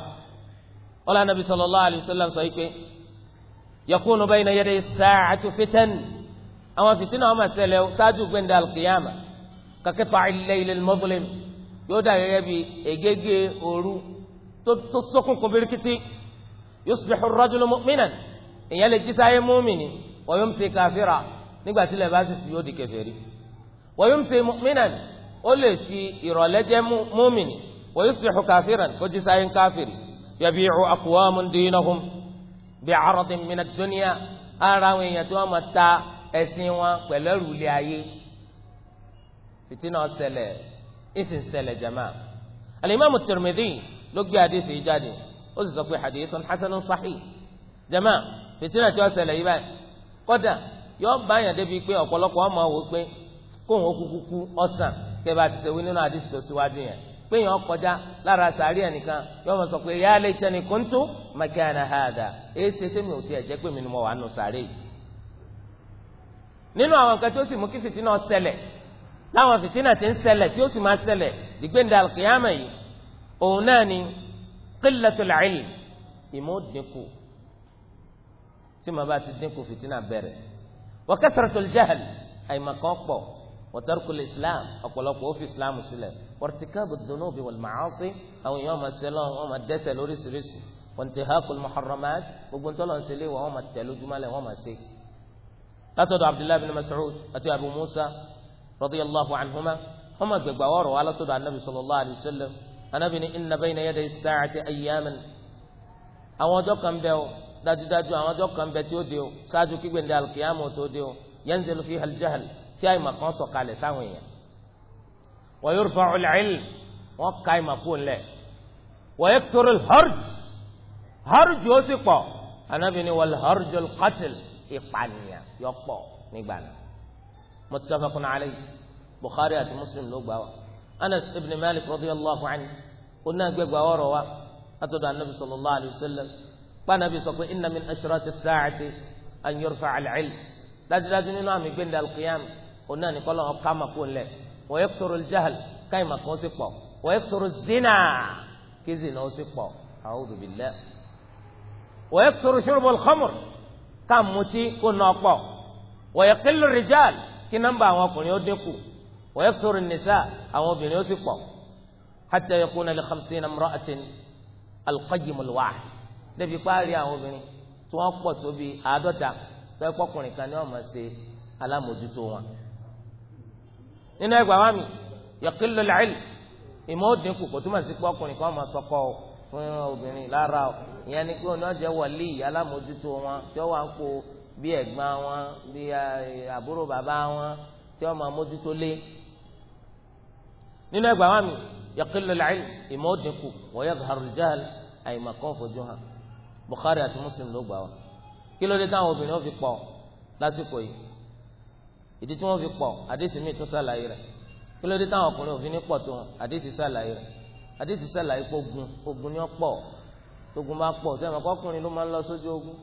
ọlá nàbí sallallahu alayhi wa sallam sọ pé yakunu bayna yaday as-sa'ati fitan àwọn fìtínà wọn máa ṣẹlẹ̀ ṣáájú gbẹ̀ndẹ̀ al-qiyama kakẹ́tọ̀ al-layl al yóò dà gẹ́gẹ́ bí egége òru tó sọ́kùnkùn birikiti yusbihu ar-rajulu mu'minan èèyàn lè jí sáyé múmìnì wa yumsi káfíra nígbà tí ilẹ̀ bá sì sí yóò di kèfèrí wa yumsi mu'minan ó lè fi ìrọ̀lẹ́ jẹ́ múmìnì wa yusbihu káfíran kó jí sáyé káfírì yabi'u aqwamun dinahum bi'aradin min ad-dunya ara àwọn èèyàn tí wọ́n máa ta ẹ̀sìn wọn pẹ̀lú ẹrù ilé ayé fìtínà ṣẹlẹ̀ ìsìn ṣẹlẹ̀ jama alimami Tirmidhi ló gbé hadith yìí ó sì sọ pé hadithun hasanun sahih jama fìtínà tí ó ṣẹlẹ̀ yìí báyìí kódà yọ bá yàn débi pé ọ̀pọ̀lọpọ̀ ọmọ wò pé kóun ó kúkú kú ọ̀sán kẹba ti ṣe wí nínú àdìsí tó síwájú yẹn pé yàn kọjá lára sàárì ẹnìkan yọ mọ sọ pé ya laitani kuntu makana hada èyí ṣe tèmi ò tiẹ̀ jẹ́ pé mi ni mo wà nù sàárì yìí nínú àwọn nǹkan tí ó sì mú kí fìtínà ṣẹlẹ̀ láwọn fìtínà ti ń ṣẹlẹ̀ tí ó sì máa ṣẹlẹ̀ dìgbéǹda alqiyama yìí òun náà ni qillatul ilm ìmúdínkù tí màá bá ti dínkù fìtínà bẹ̀rẹ̀ wa kathratul jahl àìmọ̀kan pọ̀ wa tarkul islam ọ̀pọ̀lọpọ̀ ó fi islam sílẹ̀ wa irtikabud dunubi wal ma'asi àwọn èèyàn máa ṣe lọ́wọ́ wọn máa dẹ́sẹ̀ lóríṣiríṣi wa intihakul muharramat gbogbo ntọ́lọ̀ ń ṣe lé wọn máa tẹ̀ lójúmọ́lẹ̀ wọn máa ṣe. látọ̀dọ̀ abdullahi bin mas'ud àti abu musa radiyallahu anhuma wọn máa gbẹgbà wọ́ọ̀rọ̀ wa látọ̀dọ̀ anabi sallallahu alayhi wa sallam anabi ni inna bayna yaday as-sa'ati ayyaman àwọn ọjọ́ kan bẹ́ẹ̀ dájúdájú àwọn ọjọ́ kan bẹ tí ó de o ṣáájú kígbèǹde alùkìyàmù tó de o yanzilu fiha al-jahl tí àyìnbá kan sọ̀kalẹ̀ sáwọn èèyàn wa yurfa'u al-'ilm wọn ka àyìnbá kú ńlẹ̀ wa yakthuru al-harj harj ó sì pọ̀ anabi ni wal harj al-qatl ìpànìyàn yọ pọ̀ nígbà náà àlẹ́ yìí bukhari àti muslim ló gbà wá anas ibn malik radiyallahu anhu onágbẹ́gbà ọ̀rọ̀ wa látọ̀dọ̀ anabi sallallahu alayhi wa sallam. pànàbí sọ pé inna min ashrati as-sa'ati an yurfa al-'ilm dájúdájú nínú àmì gbẹ̀ndẹ̀ al-qiyam òun náà ní kọ́ lọ́wọ́ ká màkó lẹ wa yakthuru al-jahl káyì màkó ó sì pọ̀ wa yakthuru az-zina kí zina kizi zina sì pọ̀ a'udhu billah wa yakthuru shurbu al-khamr ká mutí kó nà ọ̀pọ̀ wa yaqillu ar-rijal kí nọ́mbà àwọn ọkùnrin ó dínkù wa yakthuru an-nisa àwọn obìnrin ó sì pọ̀ hatta yakuna li khamsina imra'atin al-qayyim al-wahid débi páàrí àwọn obìnrin tí wọ́n pọ̀ tó bíi àádọ́ta tó ẹ pọ́kùnrin kan ní wọ́n máa ṣe alámòjútó wọn. nínú ẹgbàá wa mi yaqillu al-ilm ìmọ̀ òdìkù kò túmọ̀ sí pọ́kùnrin kan máa sọkọ fún obìnrin lára o ìyẹn ni pé oná jẹ́ wọlé alámòjútó wọn tí wọ́n wá ń kó bí ẹ̀gbọ́n wọn bí àbúrò bàbá wọn tí wọ́n máa mójútó lé nínú ẹgbàá wa mi yaqillu al-ilm ìmọ̀ òdìkù wa yadhharu al Bukhari àti Muslim ló gbà wá kí ló dé táwọn obìnrin wọn fi pọ̀ lásìkò yìí ìdí tí wọn fi pọ̀ àdéhìí mi tún ṣàlàyé rẹ̀ kí ló dé táwọn ọkùnrin òfin ní pọ̀ tó wọn àdéhìí ṣàlàyé rẹ̀ àdéhìí ṣàlàyé pé ogun ogun ni wọn pọ̀ ogun bá pọ̀ sẹ́wọ̀n kọkùnrin ló máa ń lọ sójú ogun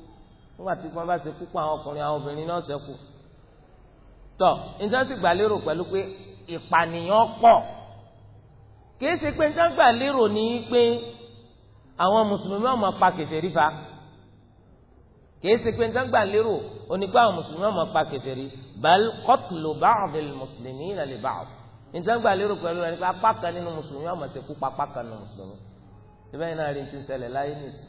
nígbà tí wọn bá ṣe kú pa àwọn ọkùnrin àwọn obìnrin náà ṣẹ́kù tọ níta sì gbà lérò pẹ̀lú pé ìpànìyàn pọ̀ kì í ṣe pé níta gbà lérò ní pé àwọn mùsùlùmí ọmọ pa kèfèrí fa kìí ṣe pé nígbà lérò onípa àwọn mùsùlùmí ọmọ pa kèfèrí bal qatlu ba'd al-muslimina li ba'd nígbà lérò pẹ̀lú ẹni pé apá kan nínú mùsùlùmí ọmọ ṣe kú pa apá kan nínú mùsùlùmí síbẹ̀ yìí náà rí ti ṣẹlẹ̀ láyé nìsí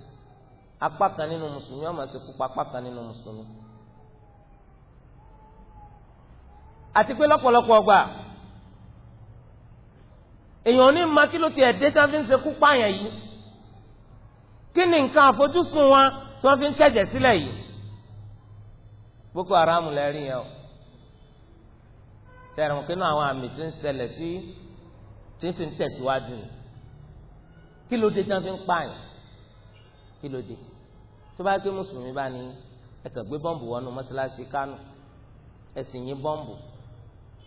apá kan nínú mùsùlùmí ọmọ ṣe pa apá kan nínú mùsùlùmí. àti pé lọ́pọ̀lọpọ̀ ọgbà èèyàn ní ma kí ni nǹkan àfojúsùn wọn tí wọ́n fi ń tẹ̀jẹ̀ sílẹ̀ yìí Boko Haram lẹ́rí yẹn o tẹ̀rẹ̀ wọn kí ni àwọn àmì ti ń ṣẹlẹ̀ tí tí sì ń tẹ̀síwájú ni kí ló dé tí wọ́n fi ń pààyàn kí ló dé tó bá gbé mùsùlùmí bá ní ẹ̀kẹ́ gbé bọ́ǹbù wọnú mọ́ṣáláṣí kánò ẹ̀sìn yín bọ́ǹbù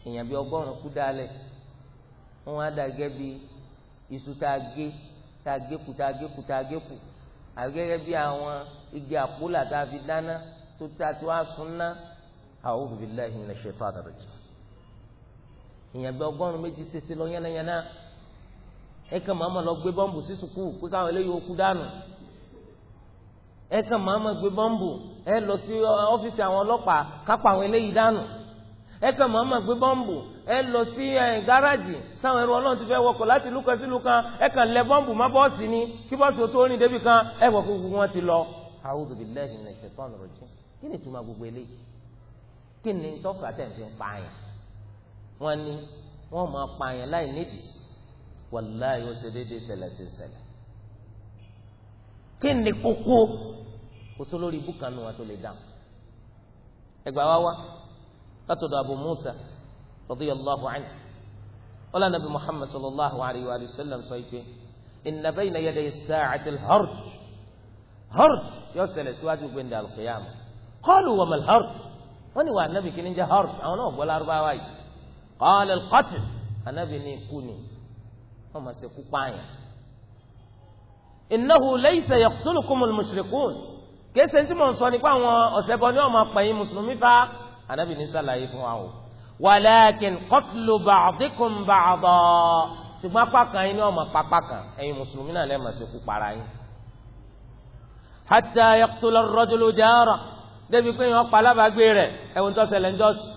èèyàn bíi ọgọ́rùn kú dálẹ̀ wọ́n á dàgẹ́ bíi iṣu tá a gé tá a gé kù tá a gé kù tá a gé kù àbí gẹ́gẹ́ bí àwọn igi àpòlà tá a fi dáná tó ta tí wàá sún ná a'udhu billahi minash shaitanir rajim èèyàn bí ọgọ́rùn-ún méjì ṣèṣe lọ yánnayànna ẹ kàn máa ma lọ gbé bọ́ǹbù sí sùkúù pé káwọn eléyìí ó kú dànù ẹ kàn máa ma gbé bọ́ǹbù ẹ lọ sí ọ́fíìsì àwọn ọlọ́pàá kápá àwọn eléyìí dànù ẹ kàn máa ma gbé bọ́ǹbù ẹ lọ sí gáràjì táwọn ẹrù ọlọ́run ti fẹ́ wọkọ̀ láti ìlú kan sí ìlú kan ẹ kàn lẹ bọ́ǹbù má bọ́ọ̀sì ni kí bọ́ọ̀sì tó rìn débi kan ẹ wọ̀ gbogbo wọn ti lọ. a'udhu billahi minash shaitanir rajim kí ni ìtumọ̀ gbogbo eléyìí kí ni tọ́ka tẹ̀ ń fi pààyàn wọn ni wọn máa pààyàn láì nídìí wàláyé ó ṣe déédéé ṣẹlẹ̀ ti ṣẹlẹ̀ kí ni kókó kó sólórí ibùkànnù wọn tó lè dáhùn ẹgbàá wá wá látọ̀dọ̀ abu musa radiyallahu anhu ọlá nàbí muhammad sallallahu alayhi wa sallam sọ pé inna bayna yaday as-sa'ati al-harj harj yóò ṣẹlẹ̀ síwájú gbẹndé al-qiyamah qalu wa mal harj wọn ni wà nàbí kí ni jẹ àwọn náà gbọ́ lárúbáwá yìí qala al anabi ni ikú ni wọn máa ṣe kú pààyàn innahu laysa yaqtulukumul mushrikun kí ẹsẹ̀ tí mo ń nípa àwọn ọ̀sẹ̀ bọ́ ni wọ́n pẹ̀yìn mùsùlùmí bá anabi ní sàlàyé fún wa o walakin qatlu ba'dikum ba'da ṣùgbọ́n apá kan yín ni ọmọ pápá kan ẹ̀yin mùsùlùmí náà lẹ́ẹ̀mọ̀ sí kú para yín. hatta yaqtula ar-rajulu jara débi pé yẹn pa alábàágbé rẹ̀ ẹ̀wọ̀n tó ṣẹlẹ̀ ń jọ́sí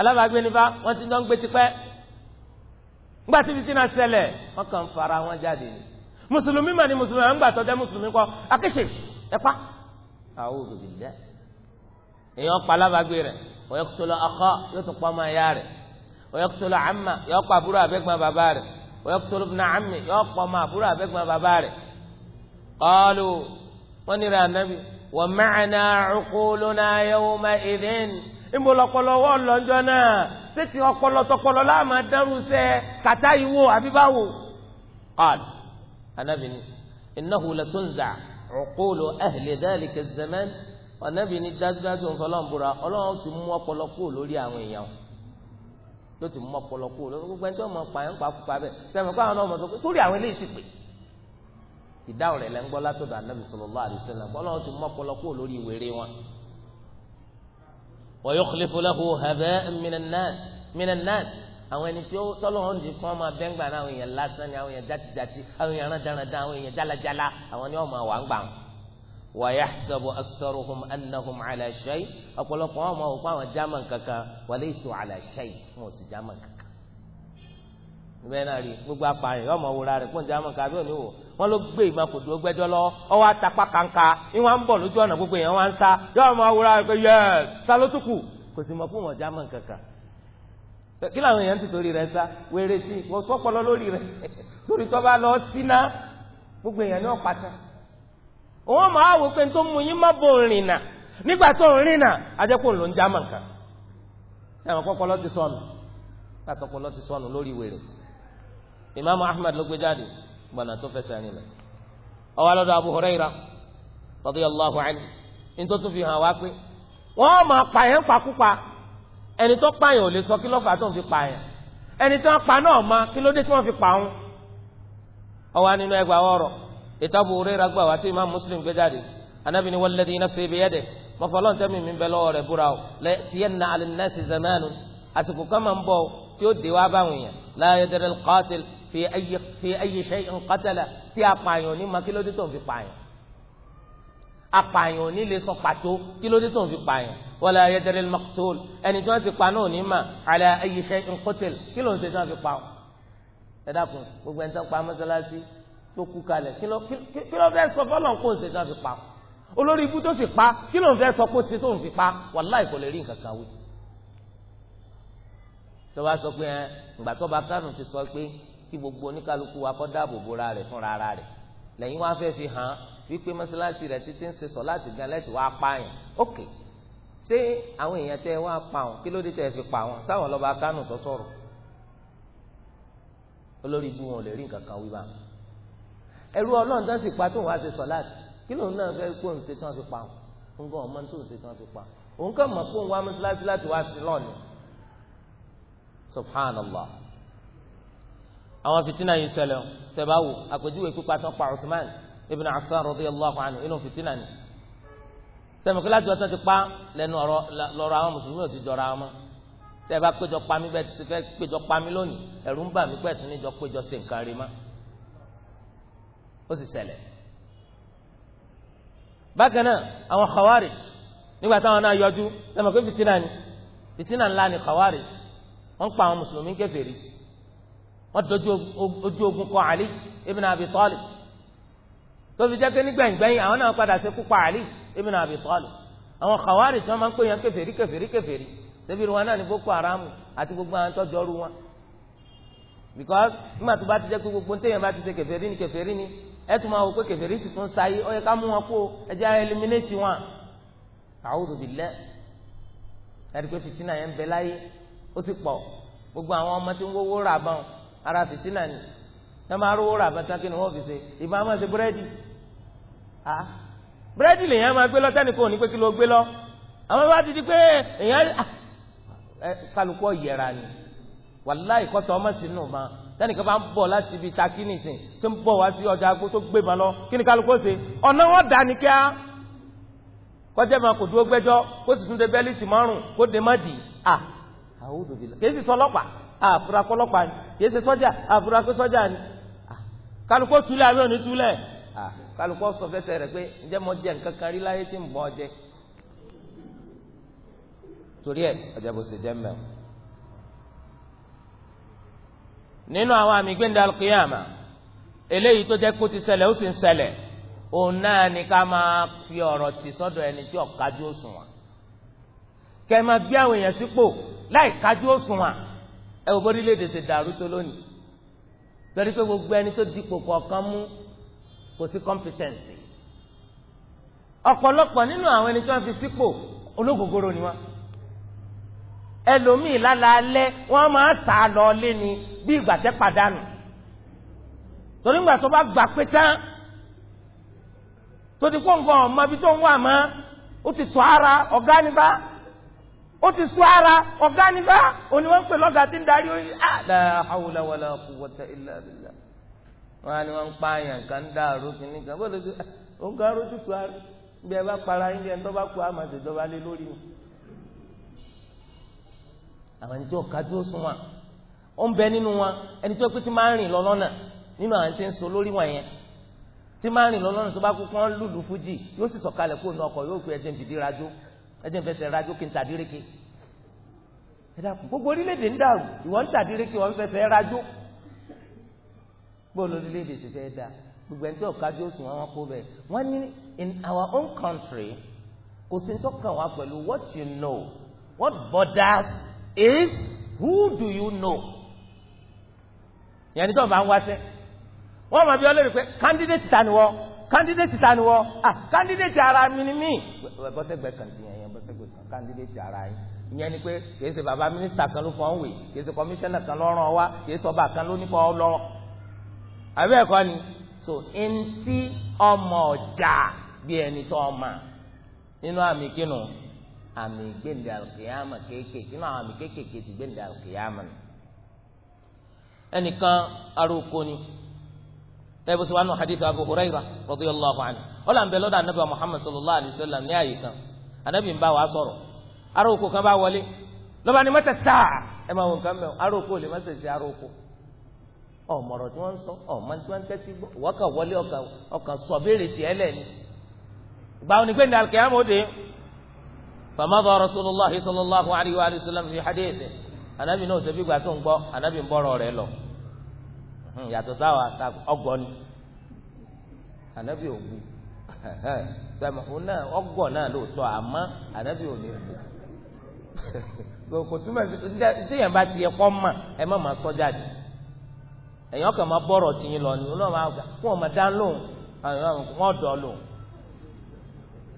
alábàágbé nípa wọ́n ti jọ ń gbé tipẹ́ ńgbà tí bìtì náà ṣẹlẹ̀ wọ́n fara wọn jáde ni mùsùlùmí mà ni mùsùlùmí à ń gbà tọ́jú mùsùlùmí kọ́ akéṣèṣ ẹ̀pá àwọn òbí bìí èèyàn pa alábàgbé rẹ̀ wa yaqtulu akha yóò tún pa ọmọ ẹ̀yà rẹ̀ wa yaqtulu amma yóò pa àbúrò abẹ́gbọ́n bàbá rẹ̀ wa yaqtulu ibna ammi yóò pa ọmọ àbúrò abẹ́gbọ́n bàbá rẹ̀ qalu wọ́n ní rẹ̀ ànábì wa ma'ana uquluna yawma idhin ìmọ̀lọ́pọ̀lọ́ wọ́n lọ́jọ́ náà sétí ọpọlọ tọpọlọ láàmà dárú sẹ kàtá ìwò àbíbáwò. qal anabini innahu latunza uqulu ahli dhalika Ànábì ní dájúdájú ń fọlọ́n búra ọlọ́run ti mú ọpọlọ kúrò lórí àwọn èèyàn ló ti mú ọpọlọ kúrò lórí gbogbo ẹni tó mọ pààyàn pàkúpà bẹ́ẹ̀ sẹ́mi kó àwọn náà mọ̀ sọ pé sórí àwọn eléyìí ti pè ìdáhùn rẹ̀ lẹ́ńgbọ́ látọ̀dọ̀ Ànábì sallallahu alaihi wasallam ọlọ́run ti mú ọpọlọ kúrò lórí wèrè wọn. wa yukhlifu lahu haba'an minan nas àwọn ẹni tí tọ́lọ́hún ti fún wàyàsàbò akitọ́rọ̀hùn anahùn àlàṣẹ́yì ọ̀pọ̀lọpọ̀ wọn máa wò pé àwọn german kankan wàlẹ́ ìsò àlàṣẹ́yì wọn ò sì german kankan. bẹ́ẹ̀ gbogbo apààyàn yóò máa wòra rẹ̀ fún german kan àbí òní wọn ń sá yóò máa wòra rẹ̀ wọn èèyàn ti torí sá wéré [LAUGHS] gbogbo òun máa wò pé tó mú yín má bò ń rìnà nígbà tó ń rìnà ajẹ́pọ̀ ló ń já mọ̀ nǹkan ẹ̀wọ̀n kọ́kọ́ lọ́ọ́ ti sọnù lọ́ọ́ ti sọnù lórí wèrè Ahmad ló gbé jáde gbọ̀nà tó fẹsẹ̀ nílẹ̀ ọwọ́ alọ́dọ̀ Abu Huraira radiyallahu anhu nítorí tó fi hàn wá pé wọ́n máa pakúpa ẹni tó ò lè sọ kí fi ẹni tó pa náà ma kí tí ìtàbù rírà gbà wá tí imam muslim gbé jáde anabi ni walladhi nafsi biyadihi mọ̀fọ́lọ́n tẹ́mi mi bẹ lọ́wọ́ rẹ̀ búra o lẹ́ tiyanna ala nasi zamanu àsìkò kan máa ń bọ̀ tí ó dé wá báwọn yẹn la yadri al-qatil fi ayyi fi ayyi shay'in qatala tí apààyàn ní ma kílódé tó ń fi pààyàn apààyàn ní lè sọ pàtó kílódé tó ń fi pààyàn wala yadri al-maqtul ẹni tí wọ́n ti pa náà ní ma ala ayyi shay'in qutil kílódé tó ń fi pa tó kú kalẹ̀ kí ló fẹ́ sọ fọlọ́n kó ń ṣe tán fi pa olórí ibú tó fi pa kí ló ń fẹ́ sọ kó ṣe tó ń fi pa wàláì kò lè rí nǹkan kan wí. tó bá sọ pé ẹ ìgbà tó bá kánù ti sọ pé kí gbogbo oníkálukú wa kọ́ dáàbò bora rẹ̀ fúnra ara rẹ̀ lẹ́yìn wá fẹ́ fi hàn wípé mọ́ṣáláṣí rẹ̀ títí ń ṣe sọ láti gan lẹ́tì wá pààyàn ok ṣé àwọn èèyàn tẹ́ wá pa wọn kí ló dé tẹ́ fi pa wọn sáwọn lọ́ba kánù tó sọ̀rọ̀ olórí ibú wọn ò lè rí nǹkan kan wí báyìí ẹrú ọlọ́run tán sì pa tóun wá ṣe sọ̀láàtì kí lóun náà fẹ́ kó òun ṣe tán fi pa òun nǹkan ọmọ tóun ṣe tán fi pa òun kàn mọ̀ kó òun wá mọ́ṣáláṣí láti wá sí lọ́ọ̀nì subhanallah àwọn fìtínà yìí ṣẹlẹ̀ tẹ̀bá wò àpèjúwe pípa tán pa Usman ibn Affan radiyallahu anhu inú fìtínà ni sẹ́mukú láti ọ̀tán ti pa lẹ́nu lọ́rọ̀ àwọn mùsùlùmí ò ti jọra wọn tẹ́ ẹ péjọ pa mí bẹ́ẹ̀ ti fẹ́ péjọ pa mí lónìí ẹ̀rù ń bà mí pẹ̀tù níjọ péjọ ṣe nǹkan rí mọ́ ó sì ṣẹlẹ̀ bákan náà àwọn khawarij nígbà táwọn náà yọjú lẹ́mọ̀ pé fìtínà ni fìtínà ńlá ni khawarij wọ́n pa àwọn mùsùlùmí kèfèrí wọ́n dojú ojú ogun kọ Ali ibn Abi Talib tó fi jẹ́ pé nígbẹ̀ngbẹ̀yìn àwọn náà padà ṣekú pa Ali ibn Abi Talib àwọn khawarij tí wọ́n máa ń pè yàn kèfèrí kèfèrí kèfèrí tẹ́bí wọn náà ní Boko Haram àti gbogbo àwọn tọ́jú ọrú wọn because nígbà tó bá ti jẹ́ pé gbogbo ntẹ́yìn bá ti ṣe kèfèrí ni kèfèrí ni ẹ tún máa wò pé kẹfẹ́rí sì tún sáyé ó yẹ ká mú wọn kó ẹjẹ́ ẹliminétì wọn a'udhu billah ẹ̀rí pé fìtínà yẹn ń bẹ láyé ó sì pọ̀ gbogbo àwọn ọmọ tí ń wówó rà bọ́n ara fìtínà ni ẹ máa rówó rà bọ́n tákì ni wọ́n fi ṣe ìbá máa ṣe búrẹ́dì ah búrẹ́dì lèèyàn máa gbé lọ tẹ́nìkan ò ní pé kí ló gbé lọ àwọn bá ti di pé èèyàn ah, kálukú ọ̀yẹ̀ra ni wàláì kọ́tọ̀ ọmọ sínú máa tẹnìkan bá ń bọ̀ láti ibi takí nìsín tó ń bọ̀ wá sí ọjà agbó tó gbé ma lọ kí ni kálukú ṣe ọ̀nà wọn dà ní kíá kọjá ma kò dúró gbẹ́jọ́ kó sì tún de bẹ́líìtì márùn kó de má dì í à àwùjọ bìlẹ̀ kì sì sọ ọlọ́pàá àfúrà ni kì í sì sọ́jà àfúrà sọ́jà ni kálukú túlẹ̀ àbí òní túlẹ̀ kálukú sọ fẹsẹ̀ rẹ̀ pé ǹjẹ́ mo jẹ nǹkan kan rí láyé tí ń bọ́ ọ nínú àwọn àmì gbẹ̀ndé alqiyama eléyìí tó jẹ́ kó ti ṣẹlẹ̀ ó sì ń ṣẹlẹ̀ òun náà ni ká máa fi ọ̀rọ̀ tì sọ́dọ̀ ẹni tí ọ̀kájú òṣùwọ̀n kẹ́ máa bí àwọn èèyàn sípò láì kájú òṣùwọ̀n ẹ ò bórílẹ̀-èdè ti dàrú tó lónìí torí pé gbogbo ẹni tó dipò kọ̀ọ̀kan mú kò sí competency ọ̀pọ̀lọpọ̀ nínú àwọn ẹni tí wọ́n fi sípò ológogoro ni wọ́n. ẹlòmíì lálaalẹ́ wọ́n máa sà lọ lé ni bí ìgbà tẹ́ padànù torí ìgbà tó bá gbà pé tán ti ọmọ ibi tó ń wà ó ti sọ ara ni níbà ó ti sọ ara ọ̀gá níbà òní wọ́n pè tí ń darí ah, la wala wọn á ní wọn ń pa àyàn kan ń dá àrò kìíní kan bó ló ó ń bí ẹ bá para àwọn ẹni tí ọ̀ka tí sún wa ó ń bẹ nínú wa ẹni tí ó pé tí máa ń rìn lọ nínú àwọn tí ń so lórí wọn yẹn tí máa ń rìn lọ tó bá kú kí lùlù fújì yóò sì sọ̀kalẹ̀ kó nu ọkọ̀ yóò gbé ẹ̀jẹ̀ nbìdí rajó ẹ̀jẹ̀ nfẹsẹ̀ rajó kí n tàdíréke ẹ̀dá kù gbogbo orílẹ̀-èdè ń dàrú ìwọ ń tàdíréke wọ́n fẹsẹ̀ rajó gbọ́dọ̀ orílẹ̀-èdè sì fẹ́ dáa gbogbo ẹni tí ọ̀ka bí sùn wọn kó bẹ́ẹ̀ wọ́n ní in our own country kò sí ní tó kàn wá pẹ̀lú what you know what borders is who do you know yẹn ni tó o máa ń wáṣẹ́ wọ́n máa bí ọlọ́rin pé candidate ta ni wọ́n candidate ta ni wọ́n ah candidate ara mi ni mí bọ́sẹ̀gbẹ̀ kan sí yẹn yẹn bọ́sẹ̀gbẹ̀ kan candidate ara yín ìyẹn ni pé kìí ṣe bàbá mínísítà kan ló fọ́n wè kìí ṣe kọmíṣánná kan lọ́rùn ọwá kìí ṣe ọba kan ló nípa ọlọ́rọ̀ àbẹ́ ẹ̀kọ́ ni so ntí ọmọ ọjà bí ẹni tó ọmọ nínú àmì kínú àmì gbẹ̀ndẹ̀ àlùkìyàmà kéékèèké náà àmì kéékèèké ti gbẹ̀ndẹ̀ àlùkìyàmà nù. ẹnìkan aróko ni tẹ́bùsù wa nù hadith abu hurayra radiyallahu anhu wọ́n là ń bẹ lọ́dọ̀ anabi muhammad sallallahu alayhi wa sallam ní àyè kan anabi ń bá wa sọ̀rọ̀ kan bá wọlé lọ́ba ni mọ́tẹ́ táà ẹ máa wọ nǹkan mẹ́wọ́ lè má فمضى رسول الله صلى الله عليه وآله وسلم في حديثه anabi náà bọrọ rẹ̀ lọ yàtọ̀ sáwà ọgbọ ni anabi ò bu sàmùhùn náà ọgbọ so kò túmọ̀ tíyẹn bá tiẹ̀ kọ́ mà ẹ má máa sọ jáde ẹ̀yìn ọkàn máa bọ̀rọ̀ lọ ni àwọn lóhùn.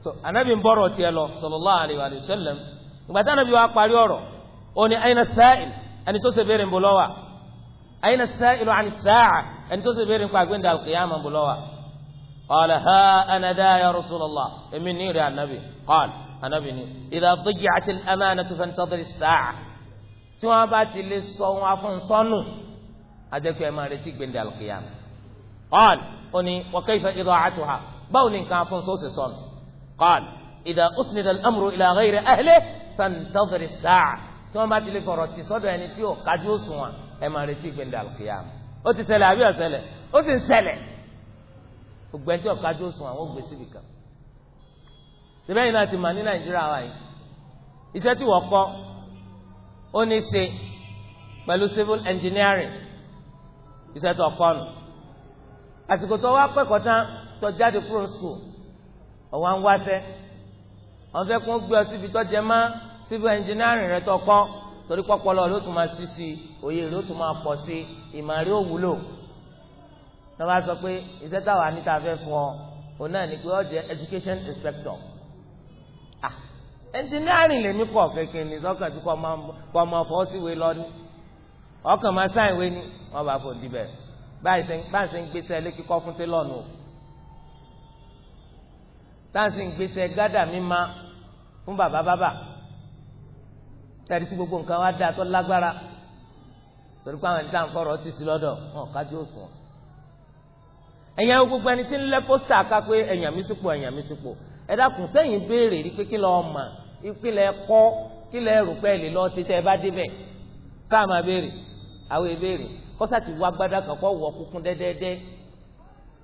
so anabi ń bọ̀rọ̀ tiẹ̀ lọ sallallahu alayhi wa sallam ìgbà tí anabi wa parí ọ̀rọ̀ ó ní aina sa'il ẹni tó ṣe béèrè ń bọ̀ lọ́wọ́ aina sa'ilu ani sa'a ẹni tó ṣe béèrè ń pa àgbéǹda al-qiyama ń bọ̀ lọ́wọ́ qala ha ana da ya rasulallah èmi ní ìrẹ anabi qala anabi ni idha dayyi'at al-amanatu fantadhir as-sa'a tí wọ́n bá ti lè sọ wọn afún sọ́nù adẹ́kọ̀ ẹ̀ máa قال إذا أسند الأمر إلى غير أهله فانتظر الساعة ثم بعد لك رتي صدو يعني تيو قد يسوى أما رتيك بند القيامة أتي سلع بي أسلع أتي سلع أقبل تيو قد يسوى أقبل سبك سبعين ناتي ماني نجرى واي إذا تي وقو أني سي pẹ̀lú civil engineering iṣẹ́ tó kọ́ nù àsìkò tó wá pẹ́kọ̀ọ́ tán ọwọ́ ń wáṣẹ́ àwọn fẹ́ kó ń gbé ọ síbi tó jẹ má civil engineering rẹ tó kọ́ torí pọ́pọ́lọ́ ló tún máa ṣíṣí òye ló tún máa pọ̀ sí ìmọ̀rí òwúlò tó bá sọ pé iṣẹ́ táwa níta fẹ́ fún ọ òun náà ní pé ọ jẹ education inspector ah engineering lèmi kọ kékeré ní sọ́kàn tí kò máa fọ́ síwèé lọ́dún ọkàn máa sáìwé ni wọ́n bá fò dibẹ̀ báyìí sẹ́ ń gbéṣẹ́ lé fún tẹ́lọ̀nù o táǹsì ń gbèsè gádà mímá fún bàbá bàbà tẹ̀lé tí gbogbo nǹkan wá dáa tó lágbára torí pé àwọn ẹni tá à ń fọ̀rọ̀ ti sí lọ́dọ̀ wọn kájú òsùn ẹ̀yàn gbogbo ẹni tí ń lẹ́ pósítà ká pé ẹ̀yàn mi sípò ẹ̀yàn mi sípò ẹ dákun sẹ́yìn béèrè rí pé kí lọ́ọ́ mà kí lẹ́ kọ́ kí lẹ́ rò pé ẹ lè lọ́ọ́ sí tẹ́ ẹ bá débẹ̀ sáà máa béèrè àwọn ìbéèrè kọ́sà ti wá gbádà kan kọ́ wọ kúkún dẹ́dẹ́dẹ́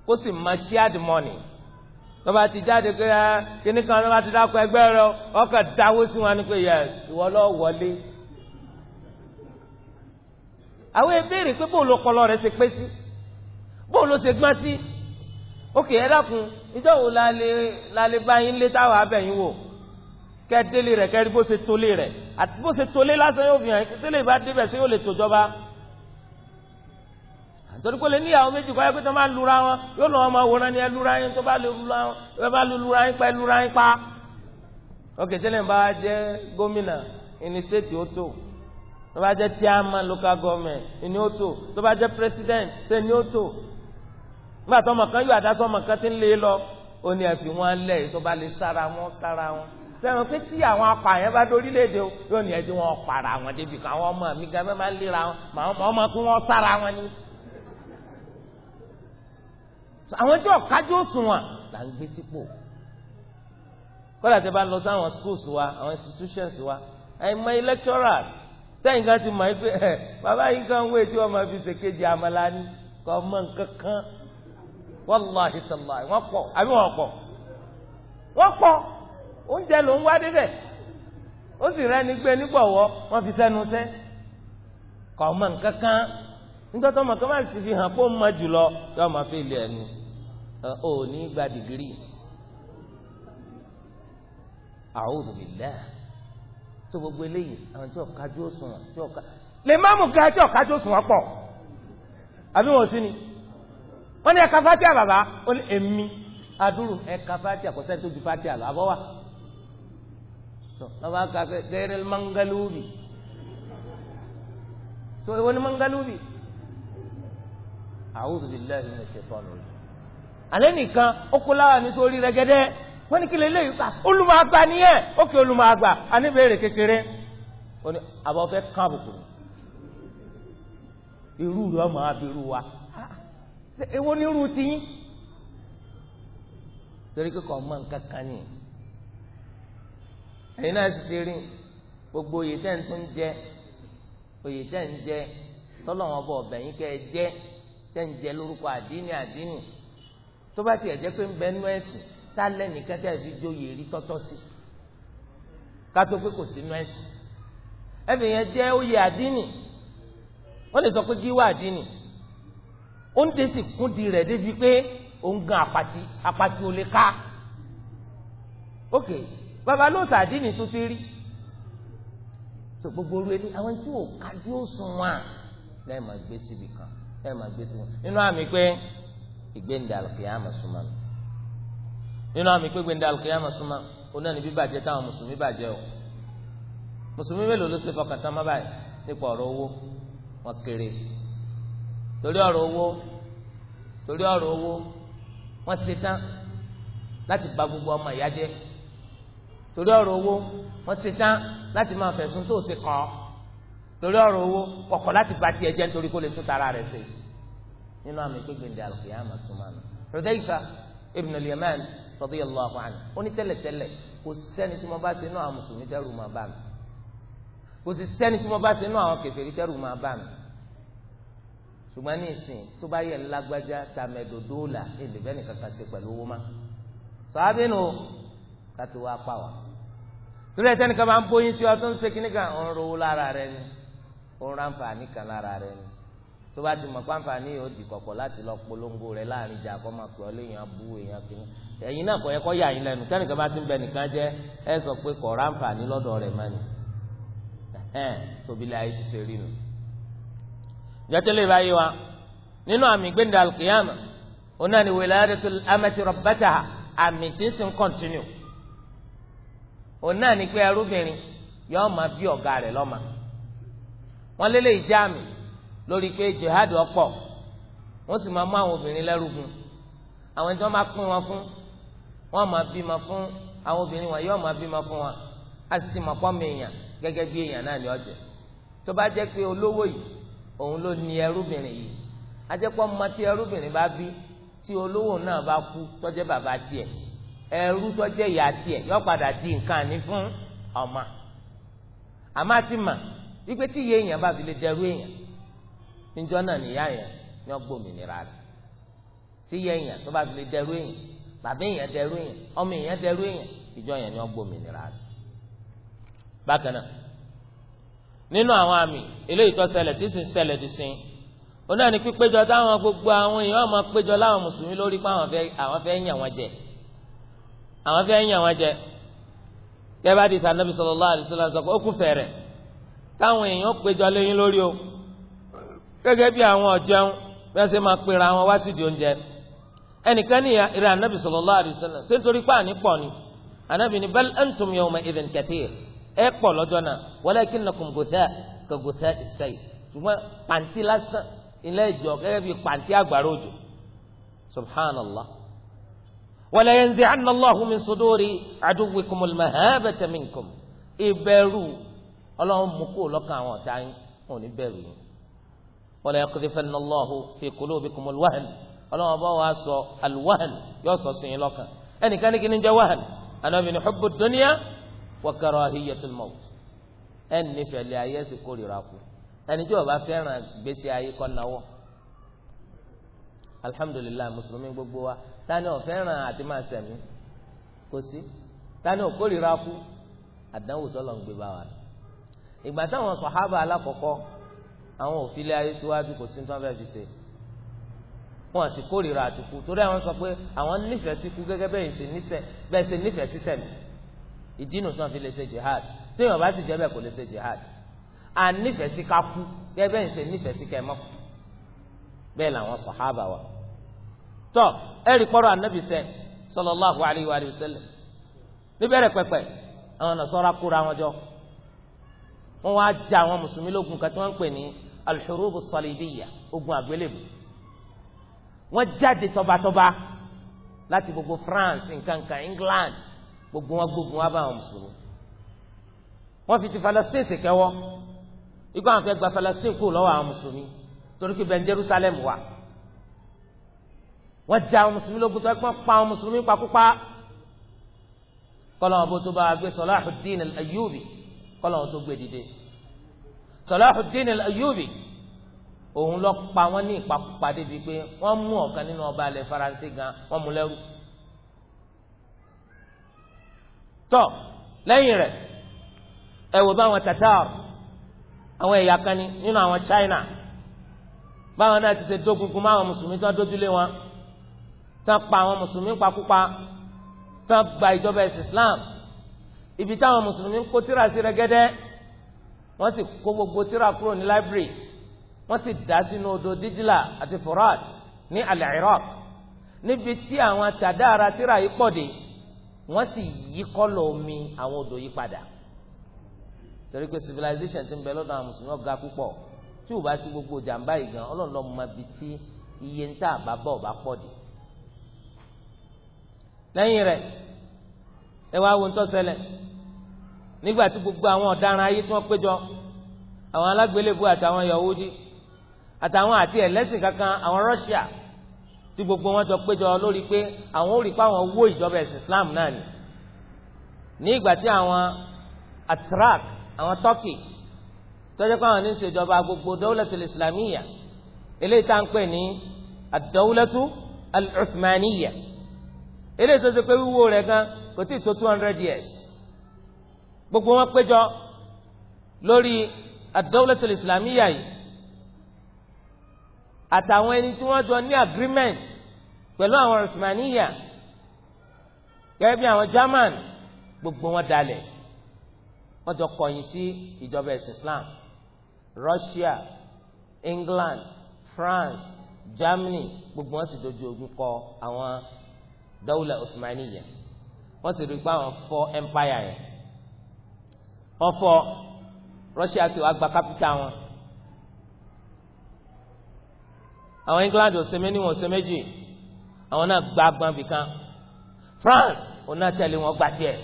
kó sì máa ṣí àdìmọ́nì tọba ti jáde pé ẹ ah, kíní kan tọba ti dákọ ẹgbẹ́ rẹ ọkọ̀ dáwó sí wọn ni pé yẹ ìwọ lọ wọlé. àwọn ìbéèrè pé bóòlù ọpọlọ rẹ ti pé sí bóòlù ti gbọ́n sí òkè ẹ dákun ìjọ wo la lè bá yín lé táwọn abẹ́yìn wò kẹ́ délé rẹ̀ kẹ́ bó ṣe tolé rẹ̀ àti bó ṣe tolé lásán yóò fi hàn kí tẹ́lẹ̀ bá débẹ̀ sí yóò lè tòjọba torí pé lè níyàwó méjì kọ́ ẹ pé tó máa lura wọn yóò lọ́wọ́ máa wòran ni ẹ lura yín tó bá lè lura wọn ẹ bá lè lura yín pa ẹ lura yín pa. ọkẹ tẹ́lẹ̀ ń bá wa jẹ́ gómìnà ìní stéètì ó tó tó bá jẹ́ chairman local government ìní ó tó tó bá jẹ́ president ṣe ní ó tó nígbà tó ọmọ kan yóò àdásọ́ ọmọ kan ti ń lé e lọ ó ní ẹ fi wọn lẹ̀ tó bá lè sára wọn sára wọn sẹ́wọ̀n pé tí àwọn apààyàn bá dorílẹ̀-èdè o yóò ní ẹjọ́ wọn para wọn débi kan àwọn ọmọ mi gan bẹ́ẹ̀ máa ń lera wọn màá ọmọ kí wọ́n sára wọn ni àwọn tí ọ̀kájú òṣùwọ̀n là ń gbé sípò kódà tẹ bá lọ sáwọn schools wa àwọn institutions wa àìmọye lecturers tẹ́yìn kan ti mọ̀ ẹ́ pé ẹ̀ bàbá yìí kan wé tí wọ́n máa fi ṣèkejì àmàlà ni kò mọ nǹkan kan wàláhi sàláhi wọ́n pọ̀ àbí wọ́n pọ̀ wọ́n pọ̀ oúnjẹ ló ń wá débẹ̀ ó sì rẹ́ni gbé nígbọ̀wọ́ wọ́n fi sẹ́nu sẹ́ kò mọ nǹkan kan nítorí ọmọ kan máa fi hàn pé ó mọ jùlọ yóò máa fi ilé ẹni ò ní gba dìgírì a'udhu billah tó gbogbo eléyìí àwọn tí ọ̀kájú òsùn wọn tí ọ̀ká lè má mú ká tí ọ̀kájú òsùn wọn pọ̀ àbí wọn sí ni wọn ní ẹ̀ka fatia bàbá ó ní èmi adúrú ẹ̀ka fatia kò sẹ́ni tó ju fatia lọ àbọ̀ wà lọ́wọ́ àgbà gẹ́rẹ́ mangalubi so ìwọ ni mangalubi a'udhu billahi minash shaitani rajim. alẹ́ nìkan ó kó lára nítorí rẹ́gẹ́dẹ́ wọ́n ní kí lè léyìí pa ah, olùmọ̀ọ́gbà nìyẹn ó kì olùmọ̀ọ́gbà aníbèrè kékeré ó ní àbọ̀ fẹ́ kán àbùkù irú rẹ ọmọ abirú wa ah, ṣe èwo ní irú tiyín torí kíkọ mọ nǹkan kan ni ẹ̀yin náà sì ti rí gbogbo oyè tẹ́ ń tún jẹ oyè tẹ́ ń jẹ tọ́lọ́wọ́n bọ̀ ọ̀bẹ̀yìn kẹ́ ẹ jẹ́ tẹ́ ń jẹ lórúkọ àdínì àdínì tó bá tiẹ̀ jẹ́ pé ń bẹ nú ẹ̀sìn tá lẹ́nìkan tẹ́ fi jóye rí tọ́tọ́ sí kátó pé kò sí nú ẹ̀sìn ẹ̀fìn yẹn jẹ́ oyè àdínì wọ́n lè sọ pé gíwá àdínì ó ń dé sì kúndi rẹ̀ débi pé òun gan àpàtì àpàtì ò lè ká ok bàbá lóòótọ́ àdínì tó ti rí tó gbogbo orí ẹni àwọn tí ò kájú ó sun wọn lẹ́ẹ̀ máa gbé síbi kan ẹ máa gbé sí wọn nínú àmì pé ìgbéǹda àlùkìyàmà súnmọ́ nínú àmì pé ìgbéǹda àlùkìyàmà súnmọ́ oná ní bíbàjẹ́ táwọn mùsùlùmí bàjẹ́ o mùsùlùmí mélòó ló ṣe fọkàn tán má báyìí nípa ọ̀rọ̀ owó wọn kéré torí ọ̀rọ̀ owó torí ọ̀rọ̀ owó wọ́n ṣe tán láti bà gbogbo ọmọ ìyá jẹ́ torí ọ̀rọ̀ owó wọ́n ṣe tán láti máa fẹ̀sùn tó ṣe kàn án torí ọ̀rọ̀ owó kọ̀kọ̀ láti bá tiẹ̀ jẹ́ nítorí kó lè tún tara rẹ̀ ṣe nínú àmì gbégbèǹde al-qiyamah sùnmọ́nù Hudayfa ibn al-Yaman radiyallahu anhu ó ní tẹ́lẹ̀tẹ́lẹ̀ kò sẹ́ni tí mo bá ṣe inú àwọn mùsùlùmí tẹ́rù máa bá mi kò sì sẹ́ni tí mo bá ṣe inú àwọn kèfèrí tẹ́rù máa bá mi ṣùgbọ́n ní ìsìn tó bá yẹ lágbájá tàmẹ̀dò ó ń ránfààní kan lára rẹ ni tó bá ti mọ̀ pàǹfààní yóò di kọ̀kọ̀ láti lọ polongo rẹ láàrin ìjà kọ́ máa pè ọ́ léèyàn abú èèyàn kìíní ẹ̀yin náà kò yẹ kó yà yín lẹ́nu kẹ́nìkan bá ti ń bẹ nìkan jẹ́ ẹ sọ pé kọ̀ ránfààní lọ́dọ̀ rẹ̀ mọ́ni ayé ti ṣe rí nu. jọ́tẹ́lẹ̀ wa nínú àmì àmì tí ń kọ́ntínú pé bí ọ̀gá rẹ̀ wọ́n lélẹ̀ ìjẹ́ àmì lórí pé jihad ọ̀pọ̀ wọ́n sì máa mú àwọn obìnrin lẹ́rùgùn àwọn ẹni tí wọ́n máa pín wọn fún wọ́n máa bímọ fún àwọn obìnrin wọn yóò máa bímọ fún wọn a sì ti mọ̀ pọ́ mi èèyàn gẹ́gẹ́ bí èèyàn náà ní ọ̀jẹ̀ tó bá jẹ́ pé olówó yìí òun ló ní ẹrúbìnrin yìí ajẹ́pọ̀ mọ tí ẹrúbìnrin bá bí tí olówó náà bá kú tọ́jẹ́ bàbá tiẹ̀ ẹrú tọ́jẹ́ ìyá tiẹ̀ yọ padà di nǹkan ní fún ọmọ àmọ́ àti mà wípé tí iye èèyàn bá fi lè dẹrú èèyàn níjọ́ náà nìyá yẹn ni wọ́n gbòmìnira rẹ̀ tí iye èèyàn tó bá fi lè dẹrú èèyàn bàbá èèyàn dẹrú èèyàn ọmọ èèyàn dẹrú èèyàn ìjọ yẹn ni wọ́n gbòmìnira bákan náà nínú àwọn àmì eléyìí tó ṣẹlẹ̀ tí ṣẹlẹ̀ ti ó náà ní pípéjọ gbogbo àwọn èèyàn péjọ láwọn mùsùlùmí lórí pé àwọn fẹ́ yàn wọ́n jẹ àwọn fẹ́ yàn wọ́n jẹ gẹ́gẹ́ bá táwọn èèyàn péjọ léyìn lórí o gẹ́gẹ́ bí àwọn ọ̀jẹun bí wọ́n ṣe máa pera wọn wá sídìí oúnjẹ ẹnìkan ní ìrẹ anabi sallallahu alaihi wasallam ṣé nítorí pé àní pọ̀ ni anabi ni bal antum yawma idhin kathir ẹ pọ̀ lọ́jọ́ náà walakinnakum gòtá ka gòtá ìṣẹ́yì ṣùgbọ́n pàǹtí lásán ilé ìjọ gẹ́gẹ́ bí pàǹtí àgbàrá òjò subhanallah wala yanzi'anna Allahu min suduri aduwwikumul mahabata minkum ìbẹ̀rù ọlọ́run mú kó lọ́kàn àwọn ọ̀tá yín wọn ò ní bẹ̀rù yín wala yaqdhifanna Allahu fi qulubikum al-wahn ọlọ́run bá wàá sọ al-wahn yóò sọ sí yín lọ́kàn ẹnìkan ní kí ni jẹ́ wahn Ànábì ní hubbu dunya wa karahiyatul maut ẹnì nífẹ̀ẹ́ lé ayé ẹ̀sìn kórìíra kù ẹni tí ó bá fẹ́ràn gbèsè ayé kọ́ náwó alhamdulilayi mùsùlùmí gbogbo wa tani ó fẹ́ràn àti máa sẹ̀mí kò sí tani ó kórìíra kù àdánwò tó lọ ń gbé bá wa ni ìgbà táwọn sọ̀hábà alákọ̀ọ́kọ́ àwọn òfìlẹ̀ ayé síwájú kò sí ní tí wọ́n fẹ́ fi ṣe wọn sì kórìíra àtìkú torí àwọn sọ pé àwọn nífẹ̀ẹ́ sí kú gẹ́gẹ́ bẹ́ẹ̀ ṣe níṣẹ́ bẹ́ẹ̀ ṣe nífẹ̀ẹ́ sí sẹ̀mí ìdínú tí wọ́n fi lè ṣe jihad tí yóò bá sì jẹ́ bẹ́ẹ̀ kò lè ṣe jihad à nífẹ̀ẹ́ sí ká kú gẹ́gẹ́ bẹ́ẹ̀ ṣe nífẹ̀ẹ́ sí kẹ́mọ́ bẹ́ẹ̀ làwọn sàhábà wa. tọ́ ẹ̀rí pọ́rọ̀ ànábì sẹ́ sallallahu alayhi wa sallam níbẹ̀rẹ̀ pẹ̀pẹ̀ àwọn nàṣọ́ra kóra wọn jọ wọ́n wá ja àwọn mùsùlùmí lógun kan tí wọ́n ń pè ní alḥurubu salibiya ogun àgbélébù wọ́n jáde tọbatọba láti gbogbo France nkankan England gbogbo wọn gbogbo wọn bá àwọn mùsùlùmí wọ́n fi ti Palestine ṣèkẹ́wọ́ ikú àwọn fẹ́ẹ́ gba Palestine kú lọ́wọ́ àwọn mùsùlùmí torí pé bẹ́ẹ̀ Jerusalem wà wọ́n ja àwọn mùsùlùmí lógun tó ẹgbọn pa àwọn mùsùlùmí pakúpa kọlọmọbó tó bá gbé Salahuddin al-Ayyubi kọ́lọ́hún tó gbé dìde Salahuddin al-Ayyubi òun lọ pa wọn ní ìpapòpàdé bíi pé wọ́n mú ọ̀kan nínú ọba alẹ́ faransé gan wọ́n mú lẹ́rú tọ́ lẹ́yìn rẹ̀ ẹ wò báwọn Tatar àwọn ẹ̀yà kan ní nínú àwọn China báwọn náà ti ṣe dógungun máwọn mùsùlùmí tó dójúlé wọn tán pa àwọn mùsùlùmí pakúpa tán gba ìjọba ẹ̀sìn Islam ibi táwọn mùsùlùmí ń kó tíra sí rẹ́gẹ́dẹ́ wọ́n sì kó gbogbo tíra kúrò ní library wọ́n sì dá sínú odò díjìlá àti forat ní alẹ́ Iraq níbi tí àwọn tàdára tíra yìí pọ̀ dé wọ́n sì yí kọ́lọ̀ omi àwọn odò yìí padà torí pé civilization ti ń bẹ lọ́dọ̀ àwọn mùsùlùmí ọ̀gá púpọ̀ tí ò bá sí gbogbo jàǹbá yìí gan ọlọ́run lọ́mọ máa bi tí iye ń tà bá bọ̀ bá pọ̀ dé. lẹ́yìn rẹ̀ ẹ wá wo ń tó ṣẹlẹ̀ nígbà tí gbogbo àwọn ọ̀daràn ayé tí wọ́n péjọ àwọn alágbélébùú àtàwọn Yahudi àtàwọn àti ẹlẹ́sìn kankan àwọn Russia tí gbogbo wọn jọ péjọ lórí pé àwọn ò rí pé àwọn wó ìjọba ẹ̀sìn Islam náà ni ní ìgbà tí àwọn Atrak àwọn Turkey tọ́jú pé àwọn ní ìṣèjọba gbogbo dawlatul Islamiyya eléyìí tá à ń pè ní ad al-Uthmaniyya eléyìí tó ti pé wíwó rẹ̀ gan kò tí ì tó two hundred years gbogbo wọn péjọ lórí ad-dawlatul islamiyya yìí àtàwọn ẹni tí wọ́n jọ ní agreement pẹ̀lú àwọn Uthmaniyya gẹ́gẹ́ bí àwọn German gbogbo wọn dalẹ̀ wọ́n jọ kọ̀yìn sí ìjọba ẹ̀sìn Islam Russia England France Germany gbogbo wọn sì dojú ogun kọ àwọn dawla Uthmaniyya wọ́n sì rí i pé àwọn fọ́ empire yẹn wọ́n fọ́ Russia sì wá gba kápítà wọn àwọn England ọ̀sẹ̀ méjì wọn ọ̀sẹ̀ méjì àwọn náà gba agbọn bìkan France òun náà tẹ̀lé wọn gba tiẹ̀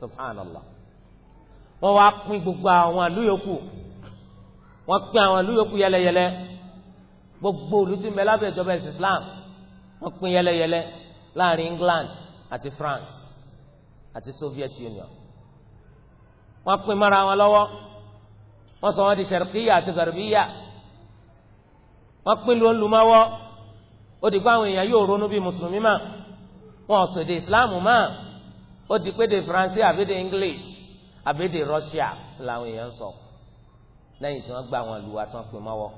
subhanallah wọ́n wá pín gbogbo àwọn àlùyòkù wọ́n pín àwọn àlùyòkù yẹlẹyẹlẹ gbogbo olùtúmẹ lábẹ́ ìjọba ẹsẹ Islam wọ́n pín yẹlẹyẹlẹ láàrin England àti France àti Soviet Union wọ́n pín mọ́ra wọn lọ́wọ́ wọ́n sọ wọ́n di sẹ̀rìkìyà àti gàrúbíyà wọ́n pín lu olùmọ́wọ́ ó di pé àwọn èèyàn yóò ronú bí mùsùlùmí mà wọn ò sèdè ìsìláàmù mà ó di pé de France àbédè English àbédè Russia làwọn èèyàn sọ lẹ́yìn tí wọ́n gba àwọn ìlú wa tí wọ́n pín mọ́wọ́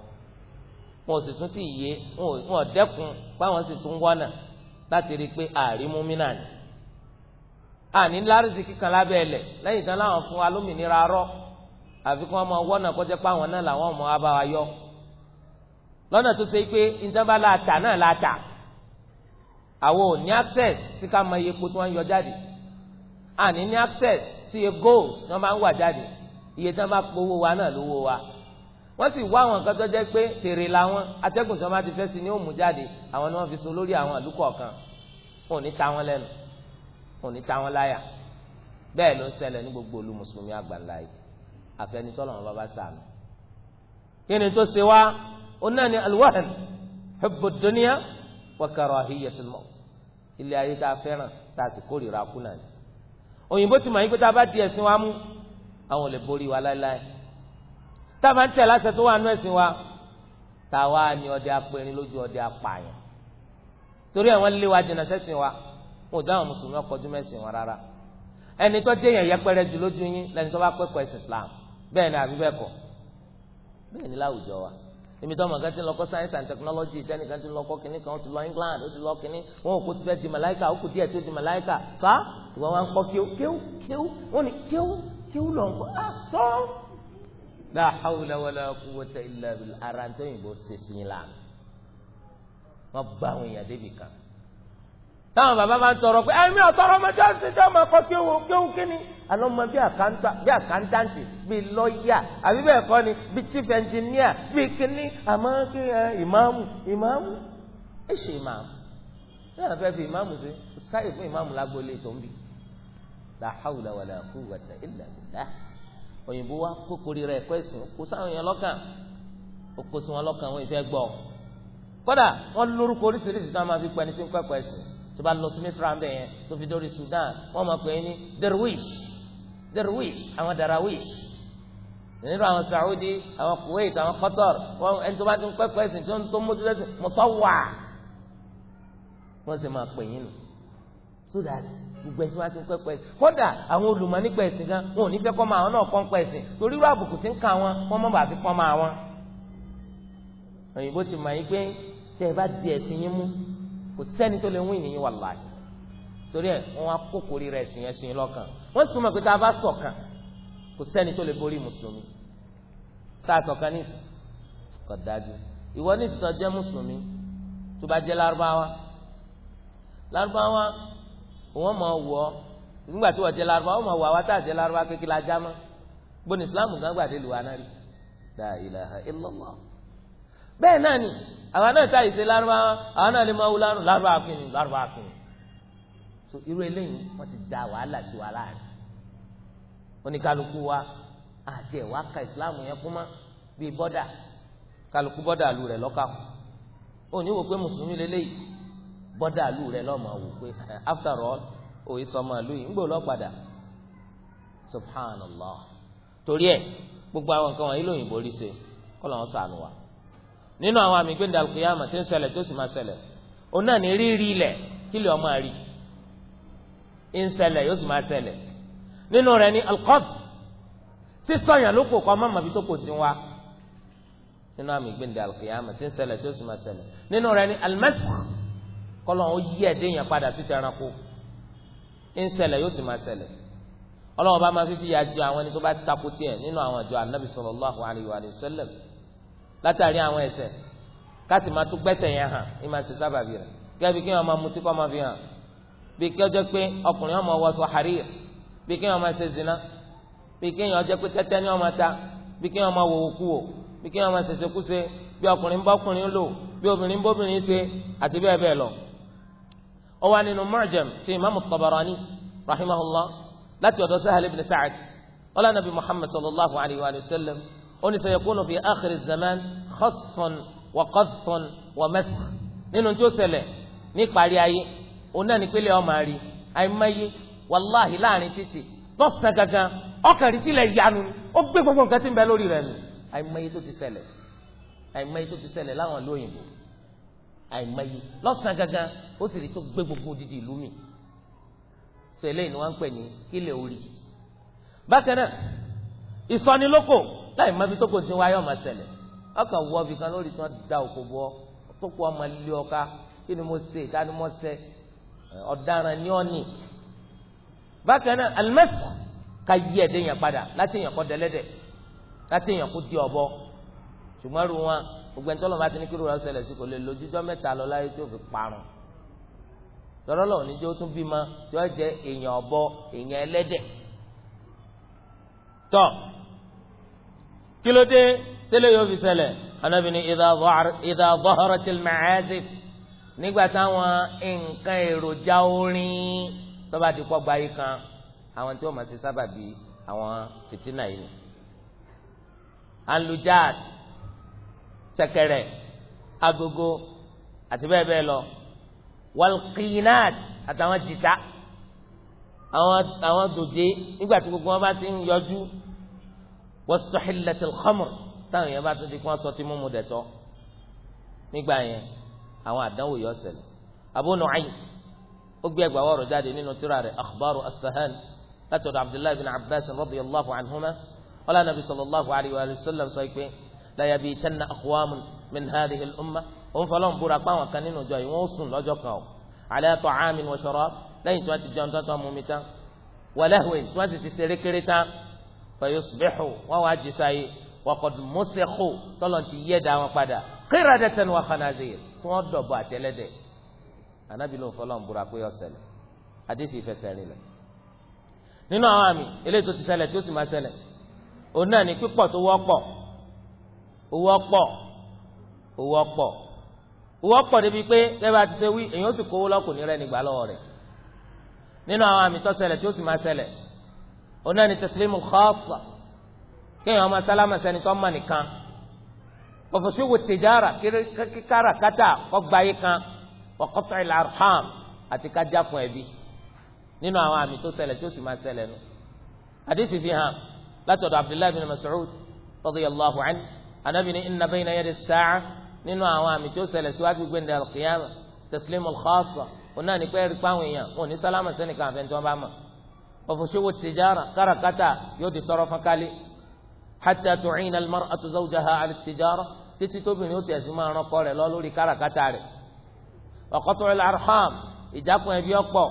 wọn ò sì tún ti yé wọn ò dẹ́kun báwọn sì tún wọ́nà láti rí i pé àrímú mínà ni àní lárìsì kíkan lábẹ́ ẹlẹ̀ lẹ́yìn tán láwọn fún wa lómìnira rọ àfi kí wọ́n mọ wọ́nà kọjá pé àwọn náà làwọn ọmọ wa bá wa yọ lọ́nà tó ṣe pé ìjọba láàtà náà láàtà àwọn ò ní access sí ká mọ iye epo tí wọ́n ń yọ jáde àní ní access sí iye goals tí wọ́n máa ń wà jáde iye tí wọ́n bá powó wa náà lówó wa wọ́n sì wá àwọn nǹkan tó jẹ́ pé tèrè làwọn atẹ́gùn tí wọ́n bá ti fẹ́ sí ni ó mú jáde àwọn ni wọ́n fi so lórí àwọn àlùkò ọ̀kan ò ní ta wọn lẹ́nu kò ní ta wọn láyà bẹ́ẹ̀ ló ń ṣẹlẹ̀ ní gbogbo olú mùsùlùmí àgbàlá yìí àfẹnitọ́ làwọn bàbá sàmì kí ni tó ṣe wá ó náà ní alwahan hubbu dunya wa karahiyatul maut ilé ayé tá a fẹ́ràn tá a sì kórìíra kú náà ni òyìnbó ti mọ̀ yín pé tá a bá di ẹ̀sìn wa mú àwọn ò borí wa láéláé tá a bá ń tẹ̀ láṣẹ tó wà nú ẹ̀sìn wa tá a wá ní ọdẹ apẹ̀rin lójú ọdẹ apààyàn torí àwọn lé wa jìnnà sẹ́sìn wa wọn ò dá àwọn mùsùlùmí ọkọjú mẹ́sìn wọn rárá ẹni tó dé yẹn yẹpẹrẹ jù lójú yín lẹni tó bá pẹ́kọ̀ọ́ ẹ̀sìn Islam bẹ́ẹ̀ ni àbí bẹ́ẹ̀ kọ́ bẹ́ẹ̀ ni láwùjọ wa èmi tó mọ̀ gẹ́tí lọ́kọ́ science and technology tẹ́nìkan ti lọ́kọ́ kínní kan ó ti lọ England ó ti lọ kínní wọn ò kó ti fẹ́ di màláìka ó kù díẹ̀ tó di màláìka fa ìwọ wa ń kọ́ kíó kíó kíó wọn ni kíó kíó lọ ń kọ́ á ah, tọ́. la hawla wala quwwata illa billah ara tó yìnbó ṣe sí i la wọn bá àwọn èèyàn débì kan táwọn bàbá bá ń tọrọ pé ẹ̀mí ọ̀tọ́rọ̀ ọmọ jọ́sìn tí ọmọ akọ kéwu kéwu kíni àlọ́ mọ bí àkántáǹtì bí lọ́ọ̀yà àbí bẹ́ẹ̀ kọ́ ni bí chief engineer bí kíní àmọ́ kí ẹ ìmáàmù ìmáàmù ẹ ṣe ìmáàmù ṣé àwọn fẹ́ fi ìmáàmù ṣe ṣáì fún ìmáàmù lágbóolé tó ń bì la hawla wa la quwwata illa billah òyìnbó wa kókòrí rẹ̀ ẹ̀kọ́ ẹ̀sìn kó sáwọn èèyàn lọ́kàn òkó sí wọn lọ́kàn wọn ìfẹ́ gbọ́ kódà tó bá lọ sí misra ń bẹ yẹn tó fi dórí sudan wọn máa pè é ní derwish derwish àwọn darawish nínú àwọn saudi àwọn kuwait àwọn qatar wọn ẹni tó bá ti ń pẹpẹ ẹsìn tó ń tó mójú lẹsìn mọtọwà wọn sì máa pè yín nù so that gbogbo ẹsìn wa ti ń pẹpẹ ẹsìn kódà àwọn olùmọ̀ nípa ẹsìn gan wọn ò ní fẹ́ kọ́ máa wọn náà kọ́ ń pẹ ẹsìn torí irú àbùkù tí ń kà wọn wọn mọ̀ bá fi kọ́ máa wọn òyìnbó ti mọ̀ yín pé tẹ́ ẹ bá di ẹ̀sìn yín mú kò sẹ́ni tó lè win nìyí wallahi torí ẹ̀ wọ́n á kó kórìí rẹ̀ sìn ẹ̀sìn lọ́kàn wọ́n sì mọ̀ pé tá a bá ṣọ̀kan kò sẹ́ni tó lè borí mùsùlùmí tá a ṣọ̀kan ní ìsìn kò dájú ìwọ ní ìsìn tó jẹ́ mùsùlùmí tó bá jẹ́ lárúbáwá lárúbáwá wọ́n mọ̀ wọ́ nígbà tí wọ́n jẹ́ lárúbáwá wọ́n mọ̀ wọ́ àwa tá a jẹ́ lárúbáwá kékeré ajá mọ́ gbóni islam gángbàdé lùwà náà rí la ilaha illallah bẹ́ẹ̀ náà ni àwọn náà ta ìṣe lárúbáwá àwọn náà lè máa wú lárúbáwá kìíní lárúbáwá kìíní so irú eléyìí wọ́n ti da wàhálà sí wa láàrin oníkálukú wa àti ka ìsìláàmù yẹn kú mọ́ bíi bọ́dà kálukú bọ́dà lu rẹ̀ lọ́ka ó ní wò pé mùsùlùmí lélẹ́yìí bọ́dà lu rẹ̀ lọ́mọ wò pé [LAUGHS] after all òye sọmọ lu yìí ń gbò lọ́padà subhanallah torí ẹ gbogbo àwọn nǹkan nínú àwọn àmì gbẹ̀ndà alùkìyàmà tó ń ṣẹlẹ̀ tó sì máa ṣẹlẹ̀ òun náà ní rírí ilẹ̀ kí lè ọmọ àrí ń ṣẹlẹ̀ yóò sì máa ṣẹlẹ̀ nínú rẹ̀ ní alqab sísọyàn ló kò kọ́ ọmọ màbí tó kò tí ń wá nínú àmì gbẹ̀ndà alùkìyàmà tó ń ṣẹlẹ̀ tó sì máa ṣẹlẹ̀ nínú rẹ̀ ní almasakh kọ́lọ́ ó yí ẹ̀dẹ́ yẹn padà sí tẹranko ń ṣẹlẹ̀ yóò sì máa ṣẹlẹ̀ ọlọ́wọ́n bá máa fífi yà jẹ àwọn ẹni tó bá takò tiẹ̀ nínú àwọn àjọ anabi sallallahu alayhi wa sallam látàrí àwọn ẹ̀ṣẹ̀ káàsì máa tún gbẹ́sẹ̀ yẹn hàn ní máa ṣe sábàbí rẹ̀ gẹ́gẹ́ bí kí wọ́n máa mutí kọ́ máa fi hàn bí kí wọ́n jẹ́ pé ọkùnrin ọmọ wọ sọ harir bí kí wọ́n máa ṣe zina bí kí wọ́n jẹ́ pé tẹ́tẹ́ ni wọ́n máa ta bí kí wọ́n máa wò òkú wò bí kí wọ́n máa ṣẹṣẹ kú ṣe bí ọkùnrin bọ́kùnrin lò bí obìnrin bóbìnrin ṣe àti bẹ́ẹ̀ bẹ́ẹ̀ lọ. ó wà nínú Mu'jam ti imaamu Tabarani rahimahullah láti ọ̀dọ̀ Sahal ibn Sa'ad ọlá nàbí Muhammad sallallahu alayhi wa sallam ó ní sayakunu fi akhiri zaman khassan wa qadhfun wa masakh nínú tí ó ṣẹlẹ̀ ní ìparí ayé òun náà ní pélé ọmọ àrí àìmọye wàláhì láàrin títì lọ́sàn gangan ọkàn rí tilẹ̀ yanu ó gbé gbogbo nǹkan tí ń bẹ lórí rẹ̀ nù àìmọye tó ti ṣẹlẹ̀ àìmọye tó ti ṣẹlẹ̀ láwọn ìlú òyìnbó àìmọye lọ́sàn gangan ó sì rí tó gbé gbogbo odidi ìlú mi sọ eléyìí ni wọ́n ń pè ní kílẹ̀ orí bákan náà ìsọnilókò láì mọ ibi tó kò tí ń wáyé ọmọ ṣẹlẹ̀ ọkàn wọ ibì kan lórí tí wọ́n da òkò bọ tó kó ọmọ ilé ọka kí ni mo ṣe ìta ni mo ṣe ọ̀daràn ni ọ́ nì. bákan náà alimẹ́sà ka yí ẹ̀dẹ́ yẹn padà láti èèyàn kọ́ dẹ́lẹ́dẹ̀ láti èèyàn kó di ọ̀bọ ṣùgbọ́n ru wọn gbogbo ẹni tọ́lọ́ bá ti ní kí rúra ṣẹlẹ̀ sí kò lè lójújọ́ mẹ́ta lọ láyé tí ó fi parun tọ́lọ́lọ́ oníjó tún bímọ tí ó jẹ́ èèyàn ọ̀bọ èèyàn ẹlẹ́dẹ̀ tọ́ kí ló dé tẹ́lẹ̀ yóò fi ṣẹlẹ̀ Ànábì ní idha zaharatil ma'azif nígbà táwọn nǹkan èròjà orin tó bá ti pọ̀ gbayì kan àwọn tí wọ́n máa ṣe sábàbí àwọn fìtínà yìí alujaz ṣẹ̀kẹ̀rẹ̀ agogo àti bẹ́ẹ̀ bẹ́ẹ̀ lọ walqinat àtàwọn jìtá àwọn àwọn dòjé nígbà tí gbogbo wọn bá ti ń yọjú wastahillat al-khamr táwọn èèyàn bá tó di kí wọ́n sọ ti mímu dẹ̀tọ́ nígbà yẹn àwọn àdánwò yọ ṣẹlẹ̀ Abu Nu'aym ó gbé ẹgbàá wọ̀rọ̀ jáde nínú tírà rẹ̀ akhbaru asfahan láti ọ̀dọ̀ abdullahi bin abbas radiyallahu anhuma ọlá nabi sallallahu alayhi wa sallam sọ pé la yabitanna aqwamun min hadhihi umma òun fọlọ́n búra pé àwọn kan nínú ìjọ yìí wọ́n sùn lọ́jọ́ kan o ala ta'amin wa sharab lẹ́yìn tí wọ́n ti jẹun tán tán mú mi tán wa lahwin tí wọ́n sì ti ṣeré kéré tán fayosibixu wọn wá jí sáyé wakọdù mọsẹkù tọlọ ti yẹ da wọn padà kéèrà dẹtẹnu wa khanazir tí wọn dọbọ àti ẹlẹ́dẹ̀ anabi ló ń fọlọ ń bura pé yọ ṣẹlẹ̀ adéṣì fẹsẹ̀ rìn lẹ nínú àwọn àmì eléyìí tó ti ṣẹlẹ̀ tí ó sì máa ṣẹlẹ̀ òun náà ní pípọ̀ tó wọ́pọ̀ owó ọ̀pọ̀ owó débi pé gẹ́gẹ́ àti ṣe wí èyàn ó sì kówó lọ́kùnrin rẹ̀ nígbà lọ́wọ́ rẹ̀ nínú àwọn àmì tó ṣẹlẹ̀ tí ó sì máa ṣẹlẹ̀ onáni tẹsílẹ́mù xaasa kéèyàn ọmọ sálámà sẹni tó ọmọ nìkan ọ̀fọ̀síwò tìjára kíkára kátà ọgbà yìí kan ọ̀kọ́tà ilà arham àti kájà fún ẹbí nínú àwọn àmì tó ṣẹlẹ̀ tó sì máa ṣẹlẹ̀ nù. àdìsí fi hàn látọ̀dọ̀ abdullahi bin mas'ud radiyallahu anhu anabi ni inna bayna yadi sa'a nínú àwọn àmì tó ṣẹlẹ̀ síwájú gbẹ̀ndẹ̀ alqiyama tẹsílẹ́mù xaasa onáni pẹ́ẹ́rì pàwọn èèyàn wọn ò ní sálámà sẹ́nìkan àfẹ́ntọ́ bá mọ̀. وفشو التجارة كركتا يودي طرف كالي حتى تعين المرأة زوجها على التجارة títí tóbìnrin ó ti ẹ̀sìn máa ran ọkọ rẹ̀ lọ lórí káràkátà rẹ̀ ọ̀kọ́tọ̀ al-arham ìjákun ẹbí ọ̀pọ̀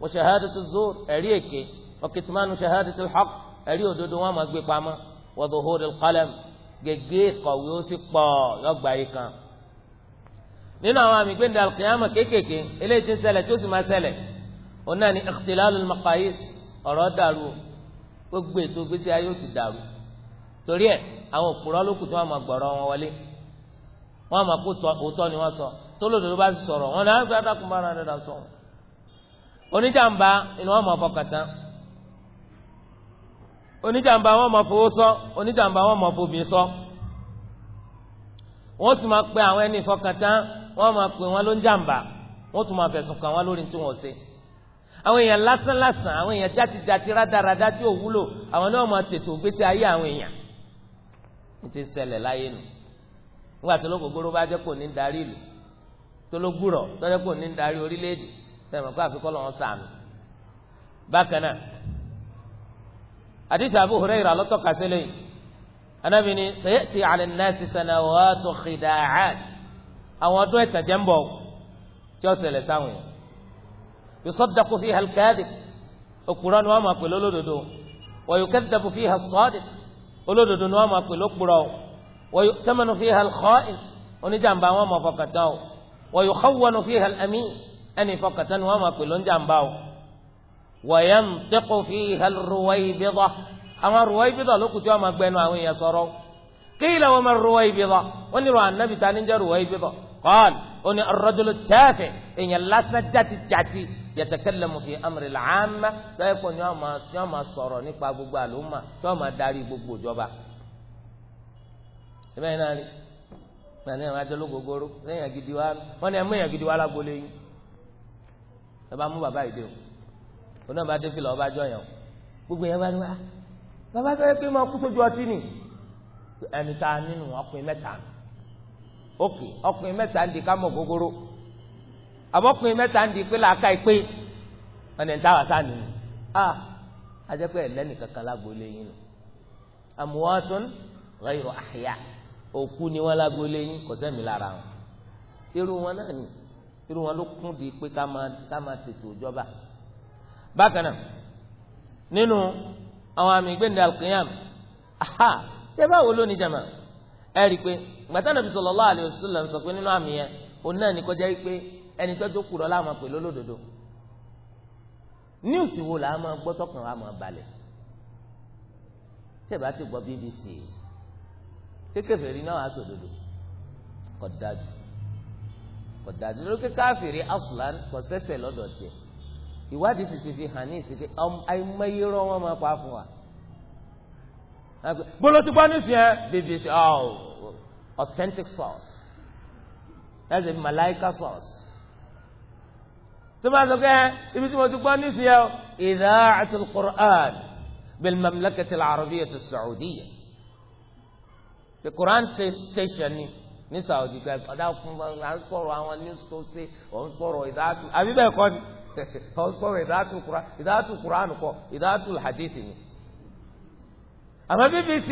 wa shahadatu zur ẹ̀rí èké wa kitmanu shahadatu al-haqq ẹ̀rí òdodo wọn máa gbé pamọ́ wa dhuhur al gègé kọ̀wé ó sì pọ̀ yọgbà yìí kan. nínú àwọn àmì gbẹ̀ndà kéékèèké eléyìí ti ń ṣẹlẹ̀ tí ó sì máa ṣẹlẹ̀ òun náà ni ikhtilal al ọ̀rọ̀ dàrú o gbogbo ètò gbèsè ayé ó ti dàrú torí ẹ̀ àwọn òpùrọ́ ló kù tí wọ́n máa gbọ̀rọ̀ wọn wọlé wọ́n máa kó òótọ́ ni wọ́n sọ tólódodo bá sì sọ̀rọ̀ wọn náà gbàdá ah, kó máa rán ẹ̀dá sọ wọn. oníjàmbá ni wọ́n máa fọkàn tán oníjàmbá wọ́n máa fowó sọ oníjàmbá wọ́n máa fobìn sọ wọ́n sì máa pe àwọn ẹni fọkàn tán máa pe wọn ló ń jàmbá wọ́n tún máa fẹ̀sùn kàn wọn lórí tí wọ́n ṣe àwọn èèyàn lásán lásán àwọn èèyàn játi játi rádaràdá tí ò wúlò àwọn náà máa tètò gbèsè ayé àwọn èèyàn ní ti ṣẹlẹ̀ láyé nù nígbà tó lókògbóró bá jẹ́ kò ní darí ìlú tó ló gbúrọ̀ tó jẹ́ kò ní darí orílẹ̀-èdè sẹ́mi kó àfikọ́ lọ́wọ́ sàmì. bákan náà àdìsí Abu Hurairah lọ́tọ̀ka sílẹ̀ yìí anábì ni sayati ala nnasi sanawatu khida'at àwọn ọdún ẹ̀tàn jẹ́ ń bọ̀ tí ó ṣẹlẹ̀ sáwọn yẹn yusaddaqu fiha al-kadhib òkúrọ́ ni wọ́n máa pè lólódodo wa yukaddabu fiha as-sadiq olódodo ni wọ́n máa pè lókúrọ́ wa yu'tamanu fiha al-kha'in oníjàmbá wọn máa fọkàn tán o wa yukhawwanu fiha al-amin ẹni fọkàn tán ni wọ́n máa pè lóńjàmbá o wa yantiqu fiha al-ruwaybida àwọn ruwaybida lókùtì wọn máa gbẹnu àwọn èèyàn sọ̀rọ̀ قيل وما الرويبضة ونرى النبي تاني جا رويبضة قال أن الرجل التافه إن الله سجت جاتي yatakallamu fi amril amma lọ́yẹ̀ pọ̀ ni wọ́n máa sọ̀rọ̀ nípa gbogbo àlùmà tí wọ́n máa darí gbogbo ìjọba. ìbẹ́ yìí náà rí nàní àwọn adé lógógóró lẹ́yìn àgídí wa wọ́n ní ẹ̀ mú èèyàn gidi wa lágbolé yín lọ́ba mú bàbá yìí dé o òun náà bá dé fìlà ọba jọ yàn gbogbo yẹn bá ní wa bàbá sọ pé máa kú sójú ọtí nì ẹni tá nínú ọkùnrin mẹ́ta ọkùnrin mẹ́ta ń di ká mọ̀ gógóró àbọ̀kùnrin mẹ́ta ń di pé làákà ìpè ọ̀nà ìtawà sáà nìyí a ajẹ́pẹ́ ẹ̀lẹ́nì kankan lágboolé yín nù amwatun ghayru ahya òkú ni wọ́n lágboolé yín kò sẹ́mi lára wọn irú wọn náà ni irú wọn ló kún di pé ká máa ká tètè òjọba bákan náà nínú àwọn àmì gbẹ̀ndẹ̀ alqiyam aha tẹ́ báwo ló ní jama ẹ rí i pé gbàtà nàbì sallallahu alaihi wasallam sọ pé nínú àmì yẹn òun náà ní kọjá yìí pé ẹni tó tó kúrọ láwọn pè lólódodo níwùsì wo làá máa gbọ́ tọkàn wa máa balẹ̀ tẹ̀bá ti gbọ́ BBC ṣé kèfèrí náà á sòdodo kò dájú kò dájú lókè káfìrí asùlán kò sẹ́sẹ̀ lọ́dọ̀ tiẹ̀ ìwádìí sì ti fi hàn ní ìsìnkú àìmọye rán wọn máa pa fún wa gbọ́dọ̀ ti gbọ́ nísìn yẹn BBC oh, authentic source ẹ̀ ẹ́ dẹ̀ malaika source tó bá sọ pé ẹ ibi tí mo ti gbọ́ nísìnyẹ o ìdáàtì qur'an bil mamlakati arabiya ti saudiya the quran station ni ní saudi gba ìpàdé fún wa à ń sọ̀rọ̀ àwọn news tó ṣe ò ń sọ̀rọ̀ ìdáàtì àbí bẹ́ẹ̀ kọ́ ni [LAUGHS] ò ń sọ̀rọ̀ ìdáàtì qur'an ìdáàtì qur'an kọ́ ìdáàtì hadith ni. àmọ́ bbc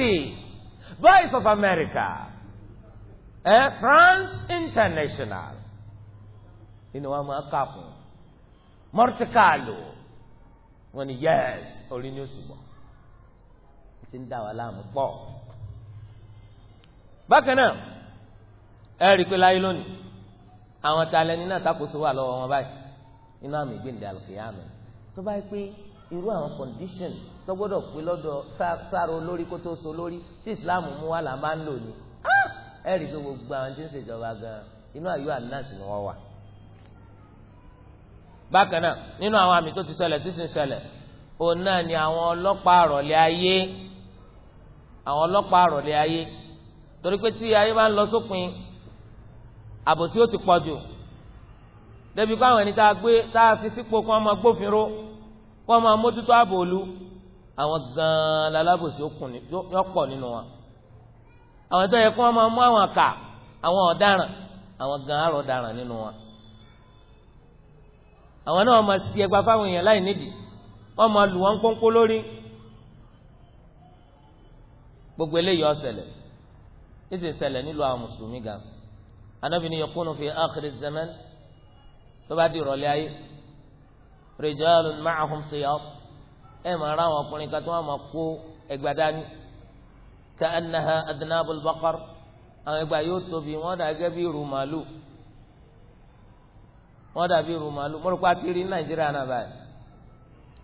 voice of america eh, france international inú wa máa kà fún mọ́tíkàlù wọ́n ní yẹ́s orí ni ó sì bọ̀ ti ń dà wá láàmú pọ̀. bákan náà ẹ rí i pé láyé lónìí àwọn talẹ́ni náà takoso wà lọ́wọ́ wọn báyìí nínú àmì ìgbéǹde àlùkìyàmù tó bá yẹ pé irú àwọn condition tó gbọ́dọ̀ pé lọ́dọ̀ sáàrò olórí kó tó so lórí tí ìsìláàmù mú wá là máa ń lò ní. Ah! ẹ rí i pé gbogbo àwọn tí ń ṣèjọba gan inú àyọ ànínáàsì ni wọ́n wà bákan náà nínú àwọn àmì tó ti ṣẹlẹ̀ tó sì ń òun náà ni àwọn ọlọ́pàá àrọ̀lẹ́ ayé àwọn ọlọ́pàá àrọ̀lẹ́ ayé torí pé tí ayé máa ń lọ sópin àbòsí ó ti pọ̀ jù débi pé àwọn ẹni tá a gbé tá a fi sípò kó wọn máa gbófinró kó wọn máa mójútó ààbò òlu àwọn gan-an lalábòsí yóò pọ̀ nínú wọn àwọn tó yẹ kó wọn mú àwọn àkà àwọn ọ̀daràn àwọn gan-an àrọ̀daràn nínú wọn àwọn náà máa si ẹgba fáwọn èèyàn láì nídìí wọ́n máa lù wọ́n pọ́npọ́n lórí gbogbo eléyìí ọ̀sẹ̀lẹ̀ ìsì ṣẹlẹ̀ nílùú àwọn mùsùlùmí gan anábì ni yakunu fi akhiri zaman tó bá di ìrọ̀lẹ́ ayé rijalun ma'ahum siyat ẹ̀ máa rá àwọn ọkùnrin kan tó wọ́n máa kó ẹgba dání ka'annaha adnabul baqar àwọn ẹgba yóò tóbi wọ́n dà bí irú wọ́n dàbí irun màálù mo rò pé a ti rí nàìjíríà náà báyìí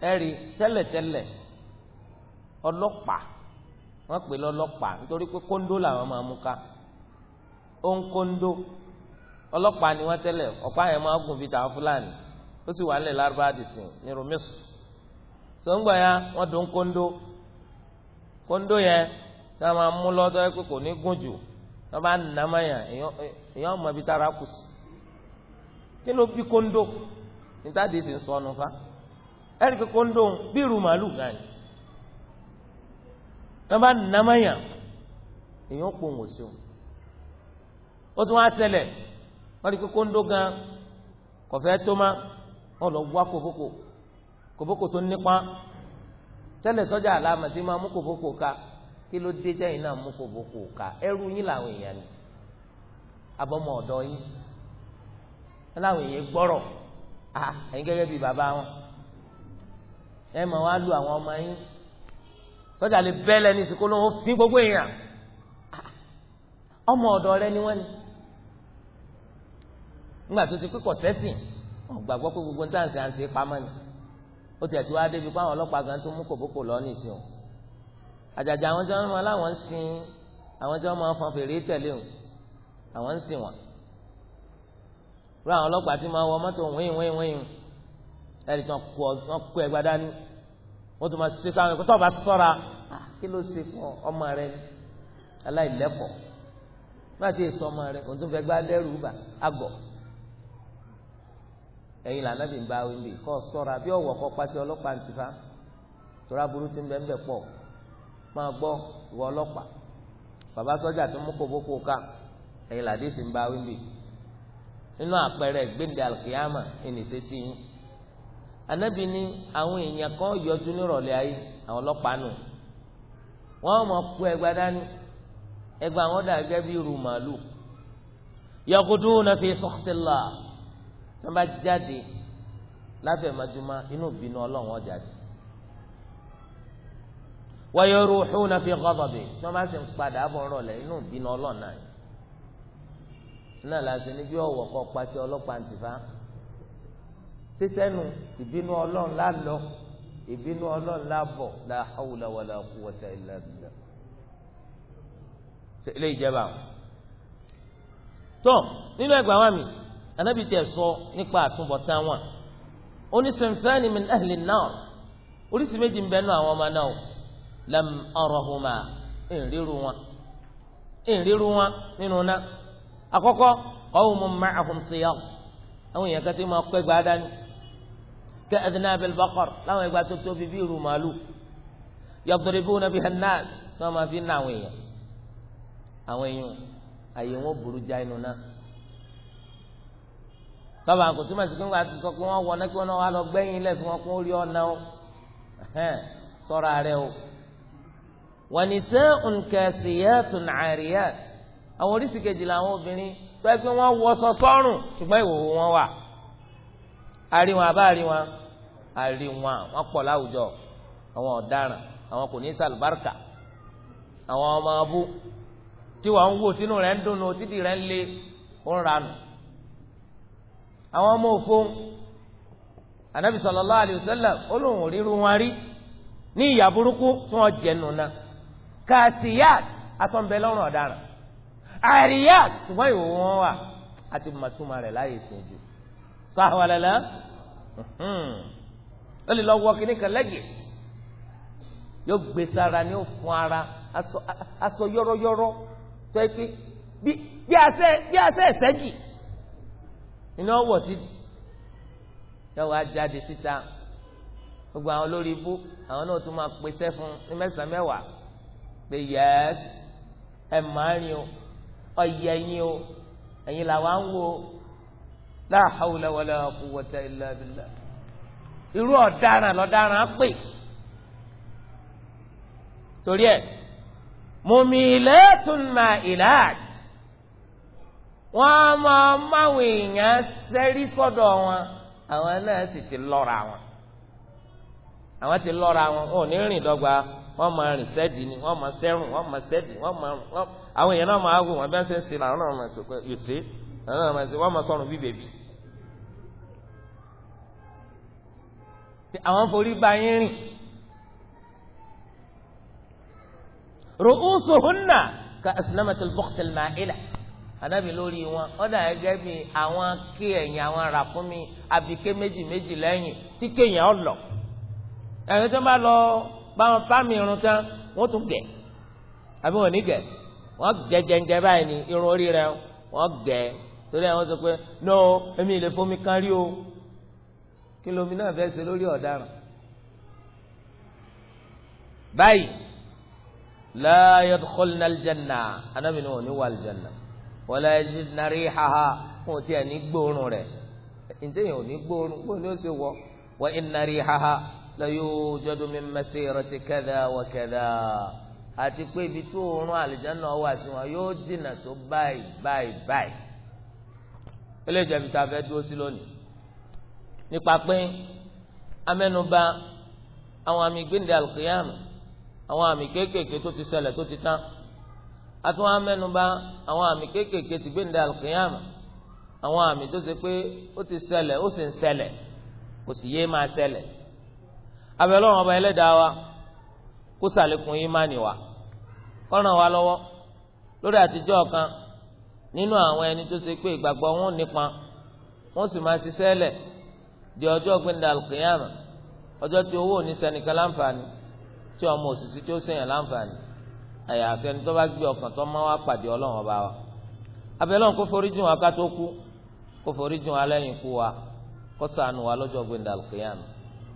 ẹ rí tẹ́lẹ̀tẹ́lẹ̀ ọlọ́pàá wọ́n pè lọ́lọ́pàá nítorí pé kóńdó làwọn máa mú ká ó ń kóńdó ọlọ́pàá ni wọ́n tẹ́lẹ̀ ọ̀pá yẹn máa gùn bíi tàwọn fúlàní ó sì wà lárúbá àdìsìn ní ya wọ́n kóńdó kóńdó yẹn tí wọ́n máa mú ẹ pé kò ní gùn jù bá kí ló bí kóńdó nítàdé sì ń sọ ọ́nù fa ẹ̀rí pé kóńdó bí irú màálù gan ni tó bá nàmáyà èèyàn pò ń sí o ó tún wá ṣẹlẹ̀ wọ́n rí pé kóńdó gan kọ̀fẹ́ tó má wọ́n lọ wá kòbókò kòbókò tó nípa tẹ́lẹ̀ sọ́jà àlámàtí máa mú kòbókò ká kí ló dé náà mú kòbókò ká ẹrú yín làwọn láwọn èèyàn gbọ́rọ̀ à ẹ̀yin gẹ́gẹ́ bíi bàbá wọn ẹ mọ̀ wá lu àwọn ọmọ yín sọ́jà lè bẹ́lẹ̀ ní ìsìnkú ló ń fi gbogbo èèyàn ọmọ ọ̀dọ̀ rẹ ni wọ́n ni nígbà tó ti pé kọ̀ sẹ́sìn wọn gbàgbọ́ pé gbogbo níta ṣe à ń ṣe pamọ́ ni ó tiẹ̀ tó wá débi pé àwọn ọlọ́pàá gan tó mú kòbókò lọ ní ìsìn o àjàjà àwọn tí wọ́n máa láwọn ń sin àwọn tí wọ́n máa fọn fèrè tẹ̀lé o àwọn ń sìn wọn rú àwọn ọlọ́pàá tí máa wọ mọ́tò wíìn wíìn wíìn ẹ̀rì kan kú ọ kú ẹ̀gbá dání wọ́n tún máa ṣe sáwọn ẹ̀kọ́ tó bá sọ́ra kí ló ṣe fún ọmọ rẹ aláìlẹ́kọ̀ọ́ láti èso ọmọ rẹ òun tún fẹ́ gbá lẹ́rù bà àgọ̀ ẹ̀yin làná bí n bá wí bí ti fa burú ti ń bẹ ń bẹ máa ìwọ bàbá nínú àpẹẹrẹ gbẹ̀ndẹ̀ alkiyama ìnìṣẹ́ sí yín anabi ni àwọn èèyàn kan yọjú nírọ̀lẹ́ ayé àwọn ọlọ́pàá nù wọ́n mọ̀ kú ẹgba dání ẹgba wọn dà gẹ́gẹ́ bí irú màálù yakuduna fi sukhtillah tí wọ́n bá jáde lábẹ́ màdùmá inú bínú ọlọ́run jáde wa yaruhuna fi ghadabi tí wọ́n bá sì ń padà bọ̀ rọ̀lẹ́ inú bínú ọlọ́run náà náà la ṣe ní bí ọ̀wọ̀ kọ́ paṣẹ ọlọ́pàá ń tìfa sísẹ́nu ìbínú ọlọ́run la lọ ìbínú ọlọ́run la bọ̀ la hawla wala quwwata illa billah ilé ìjẹba tó nínú ẹgbàá wa mi anabi tiẹ̀ sọ nípa àtúbọ̀tán wọn ó ní sinfani min ahli an-nar oríṣi méjì ń bẹnu àwọn ọmọ náà lam arahuma ìrírú wọn ìrírú wọn nínú náà. àkọ́kọ́ qawmun ma'ahum siyad àwọn èèyàn kan tí máa kọ́ ẹgbàá dání kẹ́ adnabil baqar láwọn ẹgbàá tó tóbi bí irú màálù yadribuna biha an-nas tí wọ́n máa fi ń ná àwọn èèyàn àwọn èèyàn àyè wọn burú já inú náà tọ́ba kò túmọ̀ sí pé wọ́n ti sọ na wọ́n awon eeyan ayi náà kí wọ́n tumo sikin wà lọ gbẹ́yìn ilẹ̀ fún wọn kó rí ọ̀nà o sọ́ra rẹ o wa nisa'un tun 'ariyat àwọn oríṣi kejì làwọn obìnrin tó yẹ pé wọ́n wọṣọ sọ́rùn ṣùgbọ́n ìhòòhò wọn wà àrí wọn àbá àrí wọn àrí wọn wọn pọ̀ láwùjọ àwọn ọ̀daràn àwọn kò ní sàlùbáríkà àwọn ọmọ abú tí wọ́n ń wò tínú rẹ̀ ń dùnnú títì rẹ̀ ń le ó ń ranù àwọn ọmọ òfo anabi sallallahu alayhi olóhùn ríru wọn rí ní ìyà burúkú tí wọ́n jẹ nù náà kàṣíyàt atọ́nbẹ lọ́rùn ọ̀daràn àríyá ṣùgbọ́n ìwòwò wọn wà àti màtúmọ̀ rẹ̀ láyè sìn jù sọ àwọn àlẹ́lẹ́ ó lè lọ wọ kíní kan lẹ́gìs yóò gbé sára ní ó fún ara aṣọ yọ́rọ́yọ́rọ́ tó yẹ pé bí asẹ́ bí asẹ́ ẹ̀sẹ́jì iná wọ̀ sídi yóò wá jáde síta gbogbo àwọn olórí ibú àwọn náà tún máa pèsè fún ní mẹ́sàn-án mẹ́wàá pé yẹ́s ẹ̀ máa rìn o ọ̀yẹ̀ ẹ̀yin o ẹ̀yin làwa ń wo la hawla wala quwwata illa billah irú ọ̀daràn lọ́daràn á pè torí ẹ̀ mumilatun ma'ilat wọ́n á máa máwọn èèyàn sẹ́rí sọ́dọ̀ wọn àwọn náà sì ti lọ́ra wọn àwọn ti lọ́ra wọn ò ní rìn dọ́gba wọ́n máa rìn sẹ́ẹ̀dì ni wọ́n máa sẹ́rùn wọ́n máa sẹ́ẹ̀dì wọ́n máa rùn wọ́n àwọn èèyàn náà máa wò wọ́n bí wọ́n ṣe ń ṣe làwọn náà máa ṣe yòsè àwọn náà máa ṣe wọ́n máa sọ̀rùn bí bèbí. àwọn forí bá yín rìn ru'usuhunna ka aslamatil buqtil ma'ila anabi lórí wọn ọdà gẹ́gẹ́ bíi àwọn ké ẹ̀yìn àwọn ràkúnmí àbíké méjì méjì lẹ́yìn tí kéèyàn ọ lọ ẹni tó bá lọ báwọn fáàmì irun tán wọ́n tún gẹ̀ àbí wọ́n ní gẹ̀ wọ́n gẹ̀ jẹjẹ báyìí ní irun orí rẹ̀ wọ́n gẹ̀ torí àwọn sọ pé no èmi ìlè fomi kan rí o kí lomi náà fẹ́ ṣe lórí ọ̀daràn báyìí la yadkhulna aljanna anábì ni wọ́n ní wà aljanna wala yajidna rihaha fún òtí ẹ̀ ní gbóòórùn rẹ̀ ǹjẹ́ yẹn ò ní gbóòórùn gbóòórùn ni ó ṣe wọ wa inna rihaha layujadu min masirati kadha wa kadha àti pé ibi tí oòrùn àlùjáná wà sí wọn yóò dìnnà tó báyìí báyìí báyìí eléjẹ ibi tá a fẹ́ dúró sí lónìí nípa pé amẹ́nubà àwọn àmì gbẹ̀ndẹ̀ alùkìyàmù àwọn àmì kéékèèké tó ti ṣẹlẹ̀ tó ti tán àtún amẹ́nubà àwọn àmì kéékèèké ti gbẹ̀ndẹ̀ alùkìyàmù àwọn àmì tó ṣe pé ó ti ṣẹlẹ̀ ó sì ń ṣẹlẹ̀ kò sì yé máa ṣẹlẹ̀ abẹ́lọ́run ọba ẹlẹ́dàá wa kó sàlékún ìmánì wa kó ràn wá lọ́wọ́ lórí àtijọ́ kan nínú àwọn ẹni tó ṣe pé ìgbàgbọ́ wọn nípa wọn sì máa ṣiṣẹ́ lẹ̀ di ọjọ́ gbẹ̀ndà alkiyama ọjọ́ tí owó ní sẹ́nìkan láǹfààní tí ọmọ tí ó láǹfààní tó bá gbé ọkàn tó máa wá pàdé ọlọ́run ọba wa kó forí wá ká tó kú kó forí wá lẹ́yìn wa kó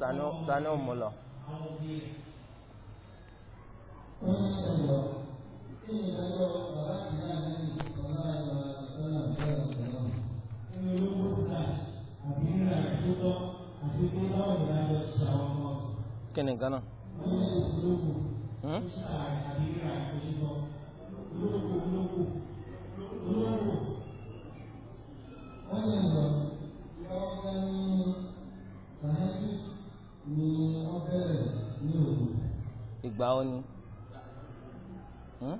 tani ó mú lọ. kí ni gánà. ni wọ́n bẹ̀rẹ̀ ìgbà wo ni. Hmm?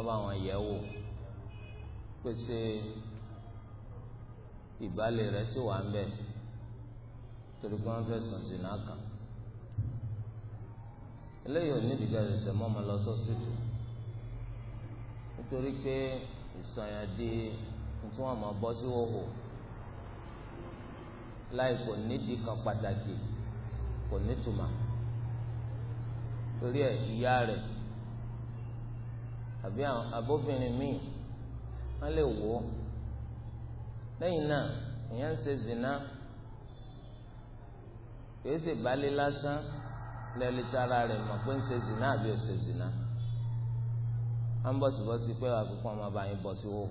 wọ́n bá wọn yẹ̀ wò pèsè ìbálẹ̀ rẹ̀ sì wà ń bẹ̀ torí pé wọ́n fẹ̀sùn zina kàn eléyìí ò ní ìdíkà ìṣẹ̀ mọ́ ọmọ lọ sọ́sítù nítorí pé ìsọ̀yàdì tí wọ́n mọ̀ bọ́ sí wòhò láì kò nídìí kan pàtàkì kò nítumọ̀ torí ẹ̀ ìyá rẹ̀ àbí abóbìnrin míì wọ́n lè wò ó lẹ́yìn náà èèyàn ń ṣe zina kìí ṣe baálé lásán lẹ́ẹ̀lì tara rẹ̀ mọ̀ pé ń ṣe zina àbí ò ṣe zina à ń bọ̀sibọ́sí pé àkókò ọmọ bá yín bọ̀ sí wò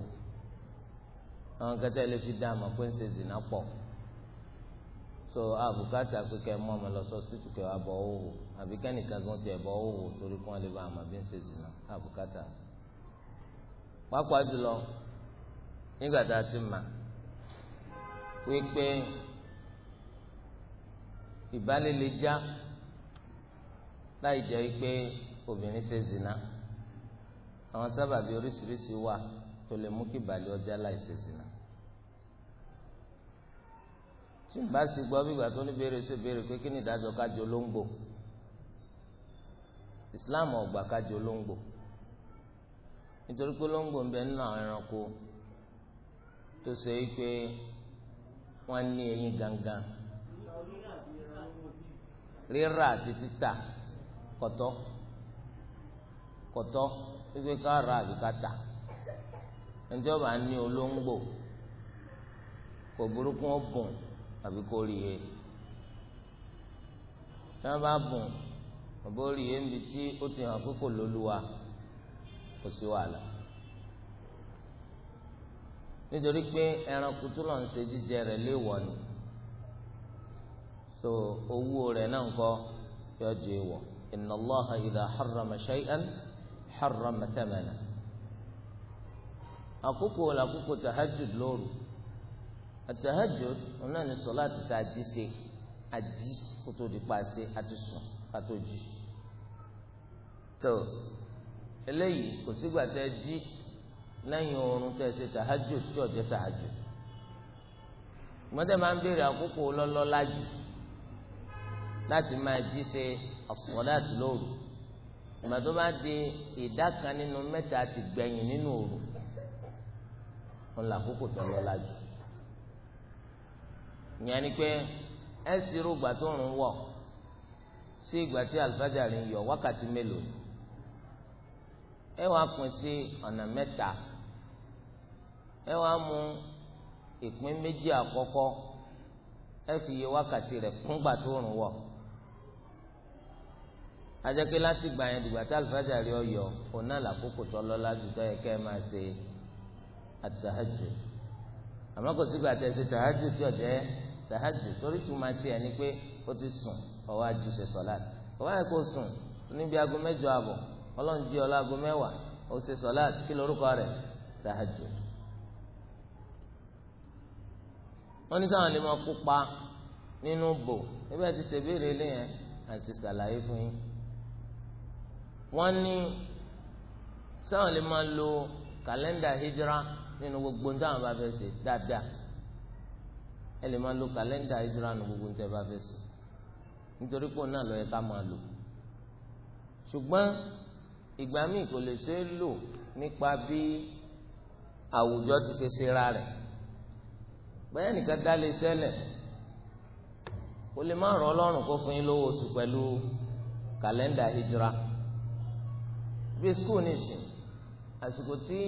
àwọn kẹtẹ́ lè fi dá àmọ̀ pé ń ṣe zina pọ̀ so àbùkátà pípẹ́ mọ́ ọmọ lọ sọ́sítù kẹ́ wàá bọ̀ owó àbí kẹ́nìkan gan tiẹ̀ bọ̀ owó torí kí wọ́n lè bá àmọ́ bí ń ṣe zìnà àbùkátà. pàápàá jùlọ nígbà tá a ti mà wípé ìbálẹ̀lẹ́já láì jẹ́ pé obìnrin ṣe zìnà àwọn sábàbí oríṣiríṣi wà tó lè mú kí ìbàlẹ̀ ọjà láì ṣe zìnà tí n bá sì gbọ́ bí ìgbà tó ní béèrè sí béèrè pé kí ni ìdájọ́ kájọ olóńgbò Islam ọ̀gbà kájọ olóńgbò nítorí pé olóńgbò ń bẹ nínú àwọn ẹranko tó ṣe é pé wọ́n ní eyín gangan rírà àti títà kọ̀tọ́ kọ̀tọ́ wípé ká ra àbí ká tà ẹnjọba ní olóńgbò kò burúkú ó bùn àbí kó rí e tí wọn bá bùn bàbá ó rí e níbi tí ó ti hàn pé kò lólúwa kò sí wàhálà nítorí pé ẹranko tó lọ ń ṣe jíjẹ rẹ̀ léèwọ̀ ni so owó rẹ̀ náà kọ́ yọ jẹ wọ inna Allaha idha harrama shay'an harrama thamana àkókò làkókò tahajjud lóru àtàhájò òun náà ní sọlá ti ta àjí ṣe àjí kó tó di paṣẹ àti sùn kátó jí tó eléyìí kò sígbà tẹ jí lẹ́yìn oorun tẹ ṣe tàhájò tí ò jẹ tàhájò mọdẹ máa ń béèrè àkókò lọlọlá jù láti máa jí ṣe àsọlá lóru ìgbà tó bá di ìdá kan nínú mẹ́ta ti gbẹ̀yìn nínú òru wọn làkókò tó lọlá jù ìyẹn ni pé ẹ ṣírò ìgbà tó rùn wọ̀ sí ìgbà tí alifájàrí ń yọ wákàtí mélòó ẹ wàá pín sí ọ̀nà mẹ́ta ẹ wàá mú ìpín méjì àkọ́kọ́ ẹ fi iye wákàtí rẹ̀ kún ìgbà tó rùn wọ̀ ajẹ́pé láti gbà yẹn dìgbà tí alifájàrí ọyọ òun náà làkókò tó lọ láti tọ́ yẹ kẹ́ ẹ máa ṣe àtàhàjù àmọ́ kò sígbà tẹ̀ ṣe tàhàjù tí ọ̀jẹ́ tahajjud torí tuma tiẹ̀ ni pé ó ti sùn ó wá jí ṣe sọ̀láàtì ó wá kó sùn níbi aago mẹ́jọ àbọ̀ ọlọ́run jí ọlọ́ aago mẹ́wàá ó ṣe sọ̀láàtì kí lorúkọ rẹ̀ tahajjud. wọ́n ní káwọn lè máa kópa nínú bò ebi àti ṣèbéèrè eléyẹn àti ṣàlàyé fún yín wọ́n ní táwọn lè máa lo kàlẹ́ndà hijra nínú gbogbo táwọn bá fẹ́ ṣe dáadáa ẹ lè máa lo kàlẹ́ndà ìdúránù gbogbo ní tẹ́lẹ̀ bá fẹ́ sùn nítorí pé òun náà ló yẹ ká máa lò ṣùgbọ́n ìgbà míì kò lè ṣeé lò nípa bí àwùjọ ti ṣe ṣera rẹ̀ bẹ́ẹ̀ nìkan dá lè ṣẹlẹ̀ kò lè má ràn ọlọ́run kó fún yín lówó oṣù pẹ̀lú kàlẹ́ndà hijra bí skul nìsín àsìkò tí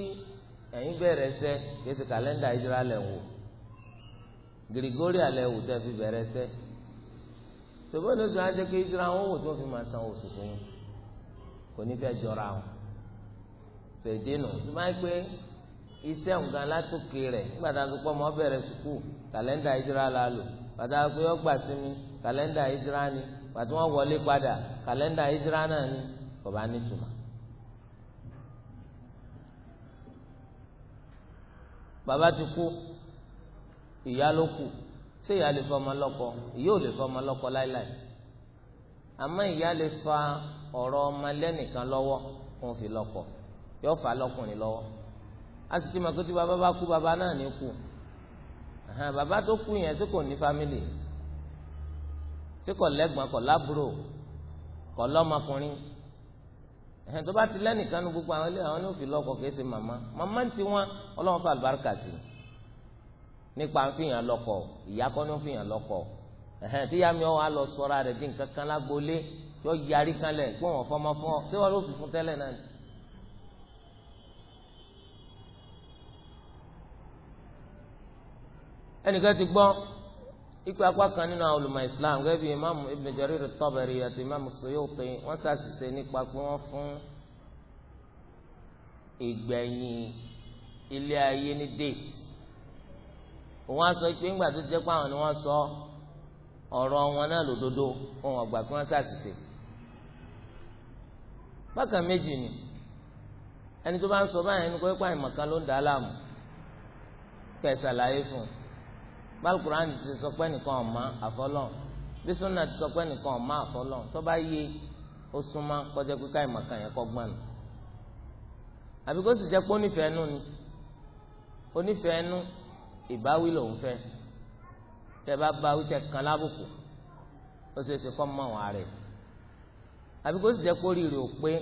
ẹ̀yin bẹ̀rẹ̀ ṣẹ́ kì í ṣe kàlẹ́ndà hijra lẹ̀ wò gírígórì alẹ́ wò tẹ́ fi bẹ̀rẹ̀ sẹ́ ṣùgbọ́n ní ìtura jẹ́ kí ìtura wọn wò tó fi máa san oṣù fún yín kò ní fẹ́ jọra wọn fèdè nù tó máa ń pé iṣẹ́ nǹkan látòkè rẹ̀ nígbà a tó pọ́ mọ́ bẹ̀rẹ̀ sùkúù kàlẹ́ndà ìtura la lò bàtà pé ọgbà sinmi kàlẹ́ndà ìtura ni bàtà wọn wọlé padà kàlẹ́ndà ìtura náà ni kò bá ní tùmọ̀. bàbá ti kú ìyá ló kù ṣé ìyá lè fọmọ lọ́kọ ìyá ò lè fọmọ lọ́kọ láíláí àmọ́ ìyá lè fa ọ̀rọ̀ ọmọ lẹ́nìkan lọ́wọ́ fún fi lọ́kọ yóò fà á lọ́kùnrin lọ́wọ́ a sì ti mọ̀ pé tí bàbá bá kú bàbá náà ní kú bàbá tó kú yẹn sí kò ní fámìlì sí kò lẹ́gbọ̀n kò lábúrò kò lọ́mọkùnrin tó bá ti lẹ́nìkan ní gbogbo àwọn ilé àwọn ní òfin lọ́kọ kìí ṣe màmá màmá ti wọn ọlọ́run fà àlùbáríkà sí i nípa fìyàn lọ́kọ ìyá kọ́ ló fìyàn lọ́kọ ẹ̀hẹ́n tí yàmi ọ̀ wá lọ sọ́ra rẹ̀ dín kankan lágbolé yọ yarí kanlẹ̀ pé wọ́n fọmọ fún ọ ṣé wọ́n ló fi fún tẹ́lẹ̀ náà ni. ẹnìkan ti gbọ́ ikú apá kan nínú àwọn olùmọ̀ Islam gẹ́gẹ́ bíi imáàmù Ibn Jarir at-Tabari àti imáàmù Suyuti wọ́n ṣàṣìṣe nípa pé wọ́n fún ìgbẹ̀yìn ilé ayé ní déètì òun á sọ pé ńgbà tó jẹ́ pé àwọn ni wọ́n sọ ọ̀rọ̀ wọn náà lòdodo òun ọ̀gbà pé wọ́n ṣàṣìṣe bákan méjì ni ẹni tó bá ń sọ báyìí ẹni pé pàì mọ̀kan ló ń dà á láàmú kẹ́ ẹ ṣàlàyé fún un bálùkùrán ti sọ pé nìkan ọ̀ma àfọlọ́n bí ti sọ pé nìkan ọ̀ma àfọlọ́n tó bá yé ó súnmọ́ kọjá pé káì yẹn kọ́ gbọ́n nù sì jẹ́ pé onífẹ̀ẹ́ nù ni onífẹ̀ẹ́ nù ìbáwí lòun fẹ́ tẹ bá bá wí tẹ kàn lábùkù ó ṣeé ṣe kọ́ mọ́ àwọn ààrẹ àbí kó sì jẹ́ kó rí rè ó pé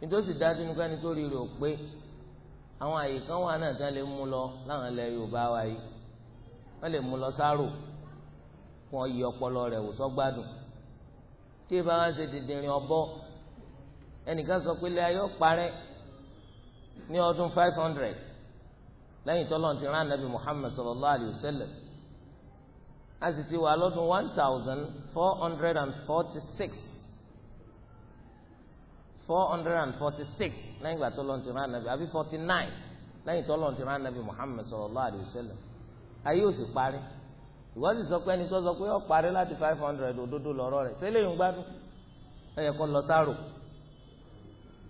nítòsí dájú nípa ẹni tó rí rè ó pé àwọn àyè kan wà náà tí wọ́n lè mú lọ láwọn ilẹ̀ Yorùbá wa yìí wọ́n lè mú lọ sáró wọ́n yí ọpọlọ rẹ̀ wò sọ́gbádùn tí ìbá wa ṣe dìndìnrín ọbọ ẹnìkan sọ pé ilé ayé ó parẹ́ ní ọdún five hundred lẹ́yìn tó lọ́n ti rán anabi muhammed sallallahu alayhi wa sallam a sì ti wà lọ́dún one thousand four hundred and forty six four hundred and forty six lẹ́yìn ìgbà tó lọ́n ti rán anabi àbí forty nine lẹ́yìn tó lọ́n ti rán anabi muhammed sallallahu alayhi wa sallam ayé ò sì parí ìwádìí sọ pé ẹni tó sọ pé ó parí láti five hundred òdodo lọ́rọ̀ rẹ̀ ṣé lè ń gbádùn ẹ yẹ kó lọ sáàrò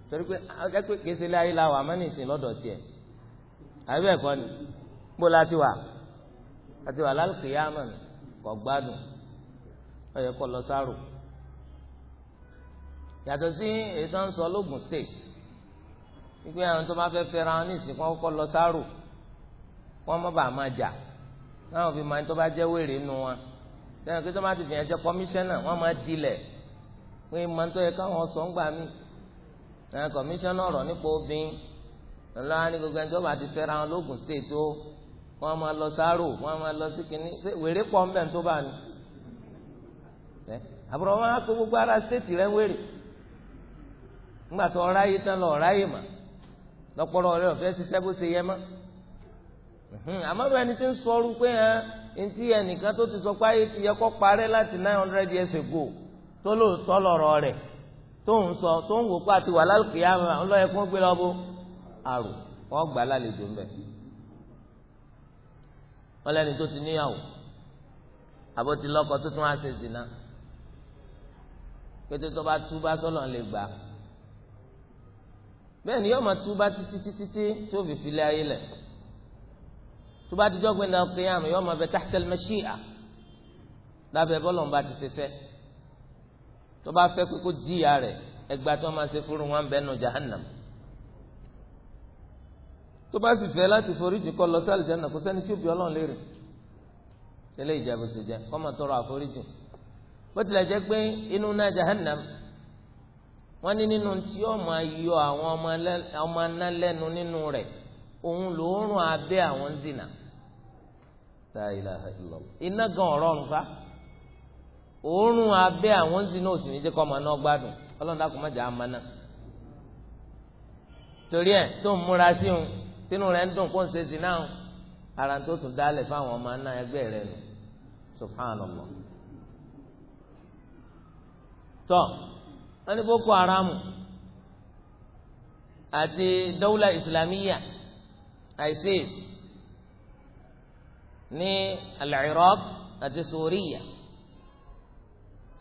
torí pé ẹ pé lé ayé la wà mọ́ nísìnyí lọ́dọ̀ tiẹ̀ àbí bẹ́ẹ̀ kọ́ ni bó la ti wà a ti wà lálùkìyàmọ̀ kò gbádùn ó yẹ kó lọ sáró yàtọ̀ sí èyí tó ń sọ lógun state wípé àwọn tó bá fẹ́ fẹ́ra wọn nísìnyí kó kọ́ lọ sáró kó má bàa máa jà náà fi máa ń tó bá jẹ́ wèrè nu wọn sẹ́yìn pé tó bá ti fìyàn jẹ́ kọmíṣánná wọ́n máa dilẹ̀ pé màá tó yẹ káwọn sọ̀ ń gbà mí kọmíṣánná ọ̀rọ̀ nípa obìnrin ńlá ni gbogbo ẹni tó bá ti fẹ́ra wọn lóògùn state ó wọn máa lọ sáárò wọn máa lọ sí kínní ṣé wèrè pọ̀ ńbẹ̀ tó bá ní. àbúrò wọn á kó gbogbo ara state rẹ wèrè ńgbà tó ọ̀ráyè tán lọ ọ̀ráyè mà lọ́pọ̀lọ́ rẹ ọ̀fẹ́ ṣiṣẹ́ bó ṣe yẹ mọ́. àmọ́ bẹ́ẹ̀ ni tí ń sọ ọdún pé ẹ ntí ẹnìkan tó ti sọ pé ayé ti yẹ kó parẹ́ láti nine hundred years ago tó lóòótọ́ lọ̀rọ̀ rẹ̀ tó ń sọ tó ń wò pé àti wàhálà kìí àmọ́ ọlọ́yẹ̀kún arò wọ́n gbà lálejò ńbẹ wọ́n lẹ́ni tó ti níyàwó àbó ti lọ́kọ tó tún á ṣe zina kété tó bá túbá sọ́lọ̀ lè gbà bẹ́ẹ̀ ni yóò máa túbá títí títí tí tó fi filẹ̀ ayé lẹ̀ túbá dijọ́ gbé náà kéèyàn yóò máa bẹ tahtal mashi'a lábẹ́ bọ́lọ̀ ń bá ti ṣe fẹ́ tó bá fẹ́ pé kó jìyà rẹ̀ ẹgbàá tó máa ṣe fúru wọn bẹ́ẹ̀ nù jahannam. tó bá sì fẹ́ láti foríjì kó lọ sí kò sẹ́ni tí ó bi ọlọ́run léèrè tẹ́lẹ̀ sì jẹ́ máa tọrọ àforíjì bó tilẹ̀ pé inú náà jahannam wọ́n ní nínú tí ó máa yọ àwọn ọmọ aná lẹ́nu nínú rẹ̀ òun lòórùn abẹ́ àwọn zina iná ọ̀rọ̀ fa òórùn àwọn zina òsì ní jẹ́ kọ́ máa ná gbádùn tínú rẹ̀ ń dùn kó ń ṣe zina o ara tó tún dálẹ̀ fáwọn ọmọ náà ẹgbẹ́ rẹ̀ nù subhanallah tọ́ wọ́n ní boko haram àti dawla islamiyya isis ní al-iraq àti suriya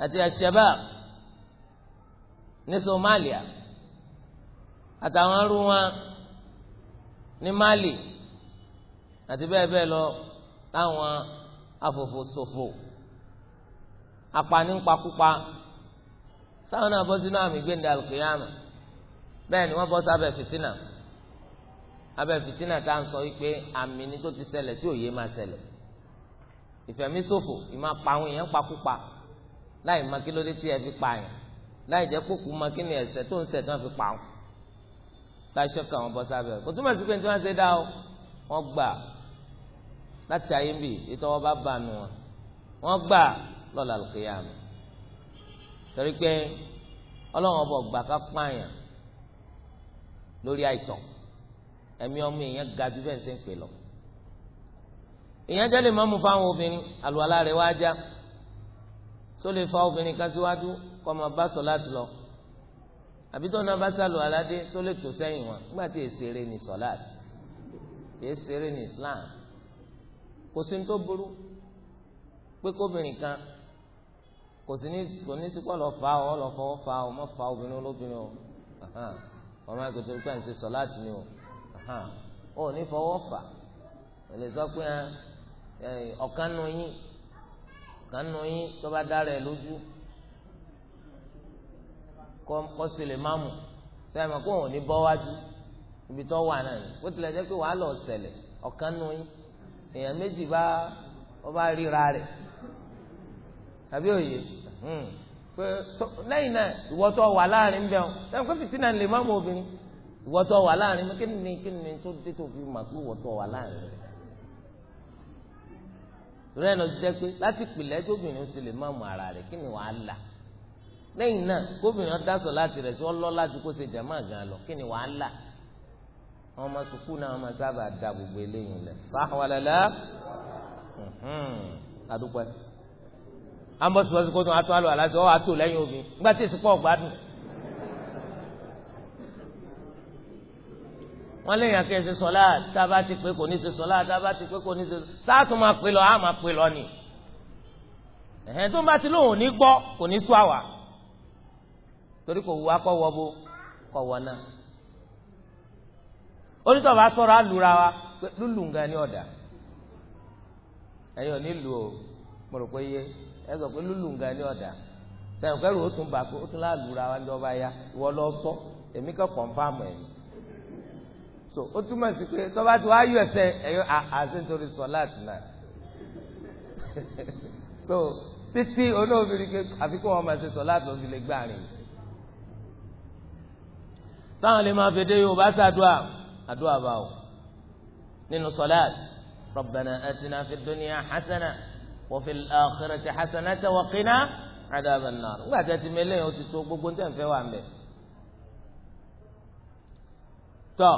àti al-shabab ní somalia àtàwọn arúgbó wọn ní Mali àti bẹ́ẹ̀ bẹ́ẹ̀ lọ táwọn afòfòsòfò apanípapupa táwọn náà bọ́ sínú àmì gbẹ̀ndé alùkìyàmù bẹ́ẹ̀ ni wọ́n bọ́ sábẹ́ fìtínà abẹ́ fìtínà tá à ń sọ wípé àmì ni tó ti ṣẹlẹ̀ tí òye máa ṣẹlẹ̀ ìfẹ̀míṣòfò ìmọ̀ apàwọn èèyàn papupa láì mọ kí ló tí ẹ fi pààyàn láì jẹ́ kókù kí ni ẹ̀ṣẹ̀ tó ń ṣẹ̀ tán fi pààwọn láṣọ kà wọn bọ́ sábẹ́ rẹ̀ kò túmọ̀ sí pé tí wọ́n ṣe dá o wọ́n gbà láti ayé bì ètò wọn bá bà nù wọn wọ́n gbà lọ́la lùkìyàmù torí pé ọlọ́wọ́n bọ̀ gbà ká pààyàn lórí àìtọ́ ẹ̀mí ọmọ èèyàn ga ju bẹ́ẹ̀ ṣe ń pè lọ. èèyàn jẹ́ lè mọ́mú fáwọn obìnrin àlùwalá rẹ̀ wá já tó lè fa obìnrin kan síwájú kọ́ ọmọ bá sọ láti lọ àbí tó náà bá sálù aládé sólè tó sẹ́yìn wọn nígbà tí èsèré ní sọ́láàtì èsèré ní Islam kò sí ní tó burú pé kóbìnrin kan kò sí ní kò ní sípò lọ fà ọ lọ fọwọ́ fà ọ mọ fà obìnrin olóbìnrin o ọmọ ẹgbẹ́ tó pẹ́ ń ṣe sọ́láàtì ni o ò ní fọwọ́ fà ẹ lè sọ pé ọ̀kan nù yín ọ̀kan nù yín tó bá dára ẹ lójú kọ́sí lè mamu, mú sẹ́yìn kó òun ní bọ́ ibi tó wà náà ni bó tilẹ̀ jẹ́ pé wàá lọ ṣẹlẹ̀ ọ̀kan nù yín èèyàn méjì bá wọ́n bá ríra rẹ̀ tàbí òye hmm. pé lẹ́yìn náà ìwọ tó wà láàrin bẹ́ẹ̀ o sẹ́yìn pé fìtínà lè má mú obìnrin ìwọ tó wà láàrin mi kí ni kí ni tó dé tó fi mà pé ìwọ wà láàrin rẹ̀ torí jẹ́ pé láti pìlẹ̀ tóbìnrin ó sì lè má mú ara rẹ̀ kí wàá là lẹ́yìn náà gómìnà dasọ láti rẹ̀ sí ọlọ́lá ju kó ṣe jàmá gan lọ kí ni wàhálà àwọn ọmọ sùkúù náà wọn máa sábà da gbogbo eléyìí lẹ sáwàlálà adúpẹ́ ambọ̀sibọ́sí kó tó atọ́ àlọ́ àlájọ ọ́ àtò lẹ́yìn omi nígbà tí ìsìnkú ọ̀gbádùn. wọ́n lè yàn kí ẹ ṣe sọ́lá tá a bá ti pé kò ní ṣe sọ́lá tá a bá ti pé kò ní ṣe sáàtún máa pè lọ á pè lọ ni ẹ̀hẹ́n tó bá ti lóun ò ní gbọ́ kò ní sú àwà torí kò wá kọ́ wọ bó kọ̀ wọ náà onítọ̀ bá sọ̀rọ̀ alùra wa lùlù nǹkan ní ọ̀dà ẹ̀yọ̀ nílùú o mo rò pé yé ẹ sọ pé lùlù nǹkan ní ọ̀dà sẹ́yìn kẹ́rù ó tún bà pé ó tún láàlùra wa ní ọba ya ìwọ lọ sọ èmi kẹ́ kọ̀ǹfàmù ẹ̀ so ó túmọ̀ sí pé tọ́ba tí wàá yọ ẹsẹ̀ ẹ̀yọ àti sọ láti náà [LAUGHS] so títí olóòfin ni pé àfikún ọmọ ẹsẹ̀ sọ láti òfin lè gbà rìn yìí. sáwọn lè máa fèdè yorùbá sàdúà àdúà báwo nínú sọláàtì rabbana atina fid dunya hasana wa fil akhirati hasanatan wa qina adhaban nar nígbà tí a ti mẹlẹ́yìn o ti tó gbogbo ní tẹ̀fẹ́ wà mẹ́. tọ́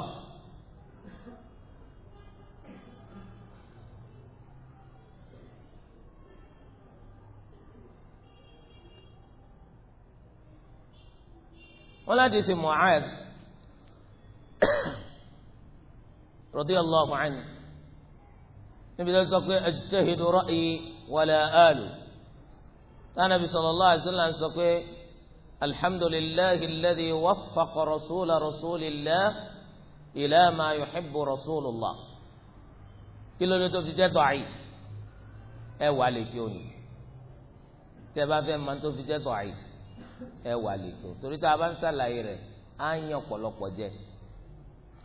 wọ́n láti ṣe Mu'adh [COUGHS] radiyallahu anhu níbi tó sọ pé ajtahidu ra'yi wala alu tánàbí sallallahu alaihi wasallam sọ pé alhamdulillahi alladhi waffaqa rasula rasulillah ila ma yuhibbu rasulullah kí ló dé tó fi jẹ́ dọ̀ọ́yì ẹ wà lè kí oyin tẹ bá fẹ́ máa tó fi jẹ́ dọ̀ọ́yì ẹ wà lè kí o torí tá a bá ń ṣàlàyé rẹ̀ á yan ọ̀pọ̀lọpọ̀ jẹ́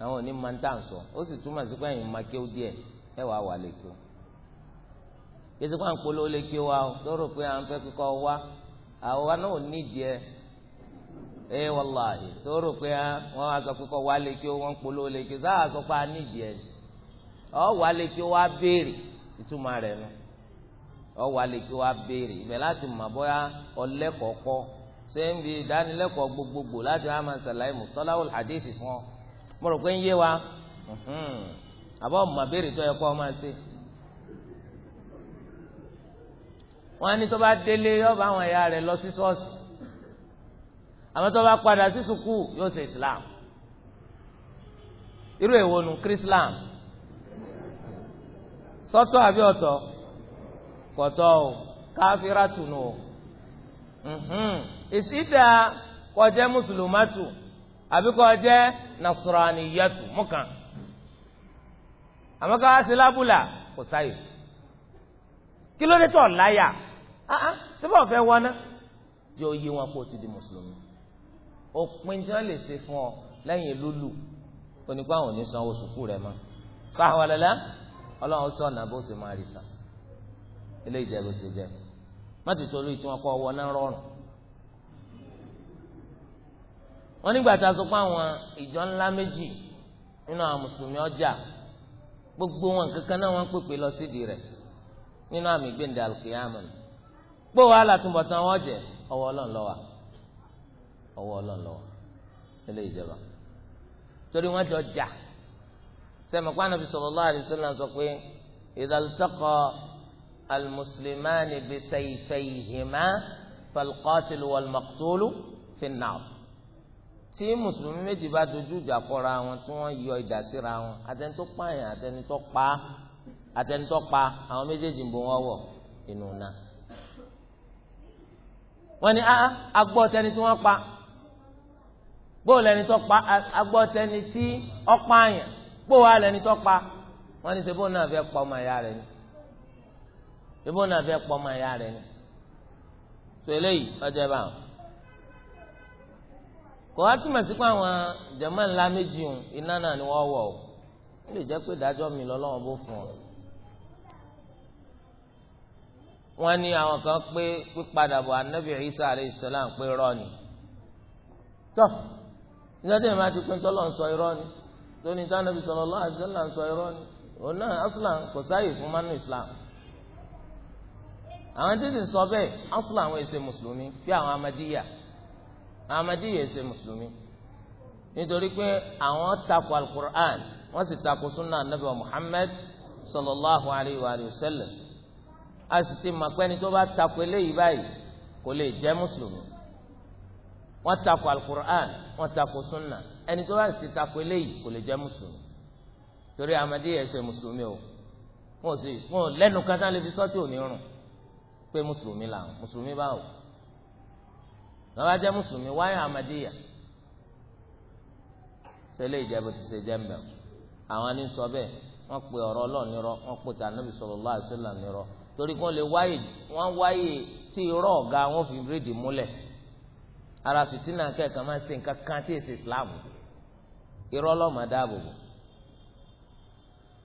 àwọn òní máa ń tà ń sọ ó sì túmọ̀ sí pé ẹ̀yin máa kí díẹ̀ ẹ wàá wà lè kí ó lè wa o tó pé à ń fẹ́ kíkọ́ wá àwa náà ò ní ìdíẹ ẹ wàláhì tó rò pé wọ́n á sọ pé wa lè kí lè sáà sọ pé ní ọ wà lè kí ó béèrè ìtumọ̀ rẹ̀ ọ wà lè béèrè láti mọ̀ bóyá ọlẹ́kọ̀ọ́kọ́ mo rò pé ń yé wa àbọ̀ mọ̀ béèrè tó yẹ kó máa ṣe. wọ́n á ní tó bá délé yóò bá àwọn ẹ̀yà rẹ̀ lọ sí ṣọ́ọ̀ṣì àmọ́ tó bá padà sí sùkúù yóò ṣe islam irú èwo nu kírísílám sọ́tọ̀ àbí ọ̀tọ̀ kọ̀tọ̀ o káfíratù nù o èsì dà kọjá mùsùlùmátù àbíkọ́ jẹ́ nasraniyatu mọ́kàn àmọ́ ká wá sí lábúlà kò sáyè kí ló dé tọ̀ láyà áá síbọ̀ fẹ́ wọná yóò yí wọn kó o ti di mùsùlùmí òpin tí wọ́n lè ṣe fún ọ lẹ́yìn lúlù onípa àwọn ò ní sanwó sùkúù rẹ mọ́ fáwọn ọlọ́lá ọlọ́run sọ ọ̀nà bó ṣe máa rí sàn eléyìí jẹ́ bó ṣe jẹ́ má ti torí tí wọ́n kọ́ wọná rọrùn wọn nígbà tá a sọ pé àwọn ìjọ ńlá méjì nínú àwọn mùsùlùmí ọjà gbogbo wọn kankan náà wọn pèpè lọ sídìí rẹ̀ nínú àmì gbẹ̀ndẹ̀ alùkìyàmù gbọ́ wàhálà túnbọ̀ tán wọ́n jẹ ọwọ́ ọlọ́run ló wà ọwọ́ ọlọ́run ló wà nílé ìjọba torí wọ́n jọ jà sẹ́mi pàánù fi sallallahu alaihi wasallam sọ pé ìdàlùtọ́kọ almuslimani bisayfayhima falqatilu walmaqtulu fin nar tí mùsùlùmí méjì bá dojú ìjà kọra wọn tí wọ́n yọ ìdá síra wọn àtẹnitó pààyàn àtẹnitó pa àtẹnitó pa àwọn méjèèjì ń bọ̀ wọ́n wọ̀ inú náà wọ́n ní agbọ́ tẹni tí wọ́n pa gbóò lẹni tó pa agbọ́ tẹni tí ó pààyàn gbóò lẹni tó pa wọ́n ní sebo náà fẹ́ pa ọmọ ìyá rẹ̀ ni sebo náà fẹ́ pa ọmọ ìyá rẹ̀ ni tó eléyìí ọjọ́ ìbáwọn. kò wá túmọ̀ sí pé àwọn ńlá méjì ń iná náà ni wọ́n wọ̀ ó lè jẹ́ pé ìdájọ́ mi lọ́lọ́wọ́ bó fún ọ. wọ́n ní àwọn kan pé pípadà bọ̀ anábì Isa alayhi salam pé irọ́ tọ́ ìdájọ́ ìmọ̀ àti pín tọ́lọ̀ ń sọ irọ́ ni tóní ń sọ irọ́ ni òun náà kò fún manu Islam. àwọn tí sì sọ bẹ́ẹ̀ mùsùlùmí àwọn amadi yẹn ṣe mùsùlùmí nítorí pé àwọn takò alukur'an wọ́n sì takò sunna anabi muhammed sallallahu alayhi wa sallam a sì ti mọ̀ pé ẹni tó bá takò eléyìí báyìí kò lè jẹ́ mùsùlùmí wọ́n takò alukur'an wọ́n takò sunna ẹni tó bá sì takò eléyìí kò lè jẹ́ mùsùlùmí torí amadi yẹn ṣe mùsùlùmí o wọn ò sì wọn ò lẹ́nu kan lè fi sọ́tì òní rùn pé mùsùlùmí làwọn mùsùlùmí báwo lọ́wọ́ ajẹ́ mùsùlùmí wáyà amadíyà tẹ́lẹ̀ ìjẹ́bù ti ṣe jẹ́mbẹ̀ àwọn ní sọ bẹ́ẹ̀ wọ́n pe ọ̀rọ̀ ọlọ́ọ̀ wọ́n pe tànàbì sallallahu alaihi wasallam nírọ́ torí kí wọ́n lè wáyè wọ́n wáyè tí irọ́ ọ̀gá wọn fi bírédì múlẹ̀ ara fìtínà kẹ́kẹ́ máa ń ṣe nǹkan kan tí èsì Islam irọ́ lọ́mọ dáàbò bò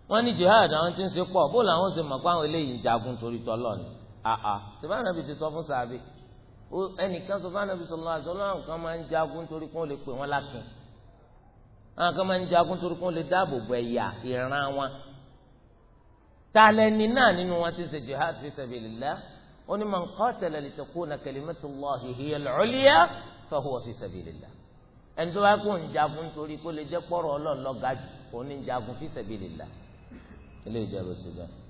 wọ́n ní jihad àwọn tí ń ṣe pọ̀ bó làwọn ṣe mọ̀ pé àwọn eléyìí jagun torí tọ́lọ́ ni àà ṣùgbọ́n àná ẹnìkan sọ fún anabi sọlá àṣọlá àwọn kan máa ń jagun torí kí wọn lè pè wọn lákin àwọn kan máa ń jagun torí kí wọn lè dáàbò bo ẹ̀yà ìran wọn taalẹni náà nínú wọn ti ṣe jihad fi sabilillah ó ní man qatala li takuna kalimatullahi hiya al-ulya fa huwa fi sabilillah ẹni tó bá kó ń jagun torí kó lè jẹ́ pọ́rọ̀ ọlọ́ọ̀lọ́gàjì òun ní jagun fi sabilillah ilé ìjọba ṣe bẹ́ẹ̀.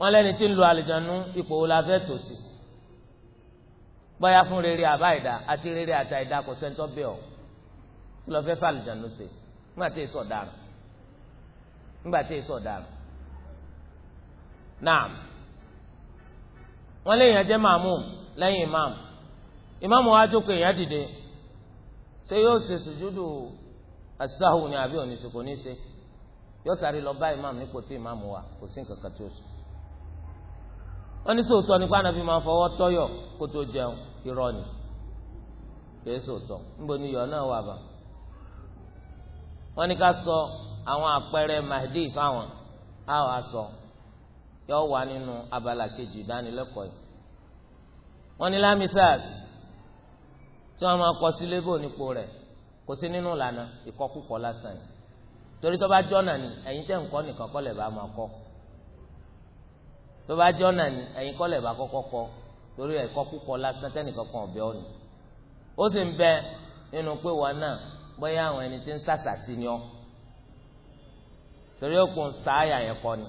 wọn lẹ́ni tí ń lo àlìjánu ipò wo la tò sí fún rere àbá ìdá àti rere àtà ìdá kò sẹ́ńtọ́ bẹ́ẹ̀ ọ́ kí lọ́ọ́ fẹ́ fà àlìjánu ṣe nígbà tí èso ọ̀daràn nígbà tí èso wọn lé màmú lẹ́yìn ìmáàmù ìmáàmù wa jókòó èèyàn dìde ṣé yóò ṣe sùjúdù ni àbí tí wà tí sùn. wọ́n ní sòótọ́ nípa ànábì máa fọwọ́ tọ́yọ̀ kó tó jẹun irọ́ ni kìí sòótọ́ níbo ni iyọ̀ náà wà bá wọ́n ní ká sọ àwọn àpẹẹrẹ mahdi fáwọn a wà sọ yọ wà abala kejì ìdánilẹ́kọ̀ọ́ yìí wọ́n ní lamisas tí máa kọ sí lébò nípò rẹ̀ kò sí nínú ìlànà ìkọkúkọ lásán yìí torí bá jọ́nà ni ẹ̀yin tẹ̀ ń kọ́ nìkan kọ́ lẹ̀ bá máa tó bá jẹ́ ọ̀nà ni ẹ̀yin kọ́ lẹ̀ bá kọ́kọ́ kọ́ torí ẹ̀kọ́ púpọ̀ lásán tẹ́nìkan kan ọ̀bẹ ọ̀nì ó sì ń bẹ nínú pé wọn náà bóyá àwọn ẹni tí ń sàṣà sí ni ọ torí ó kún sáàyà yẹn kọ́ ni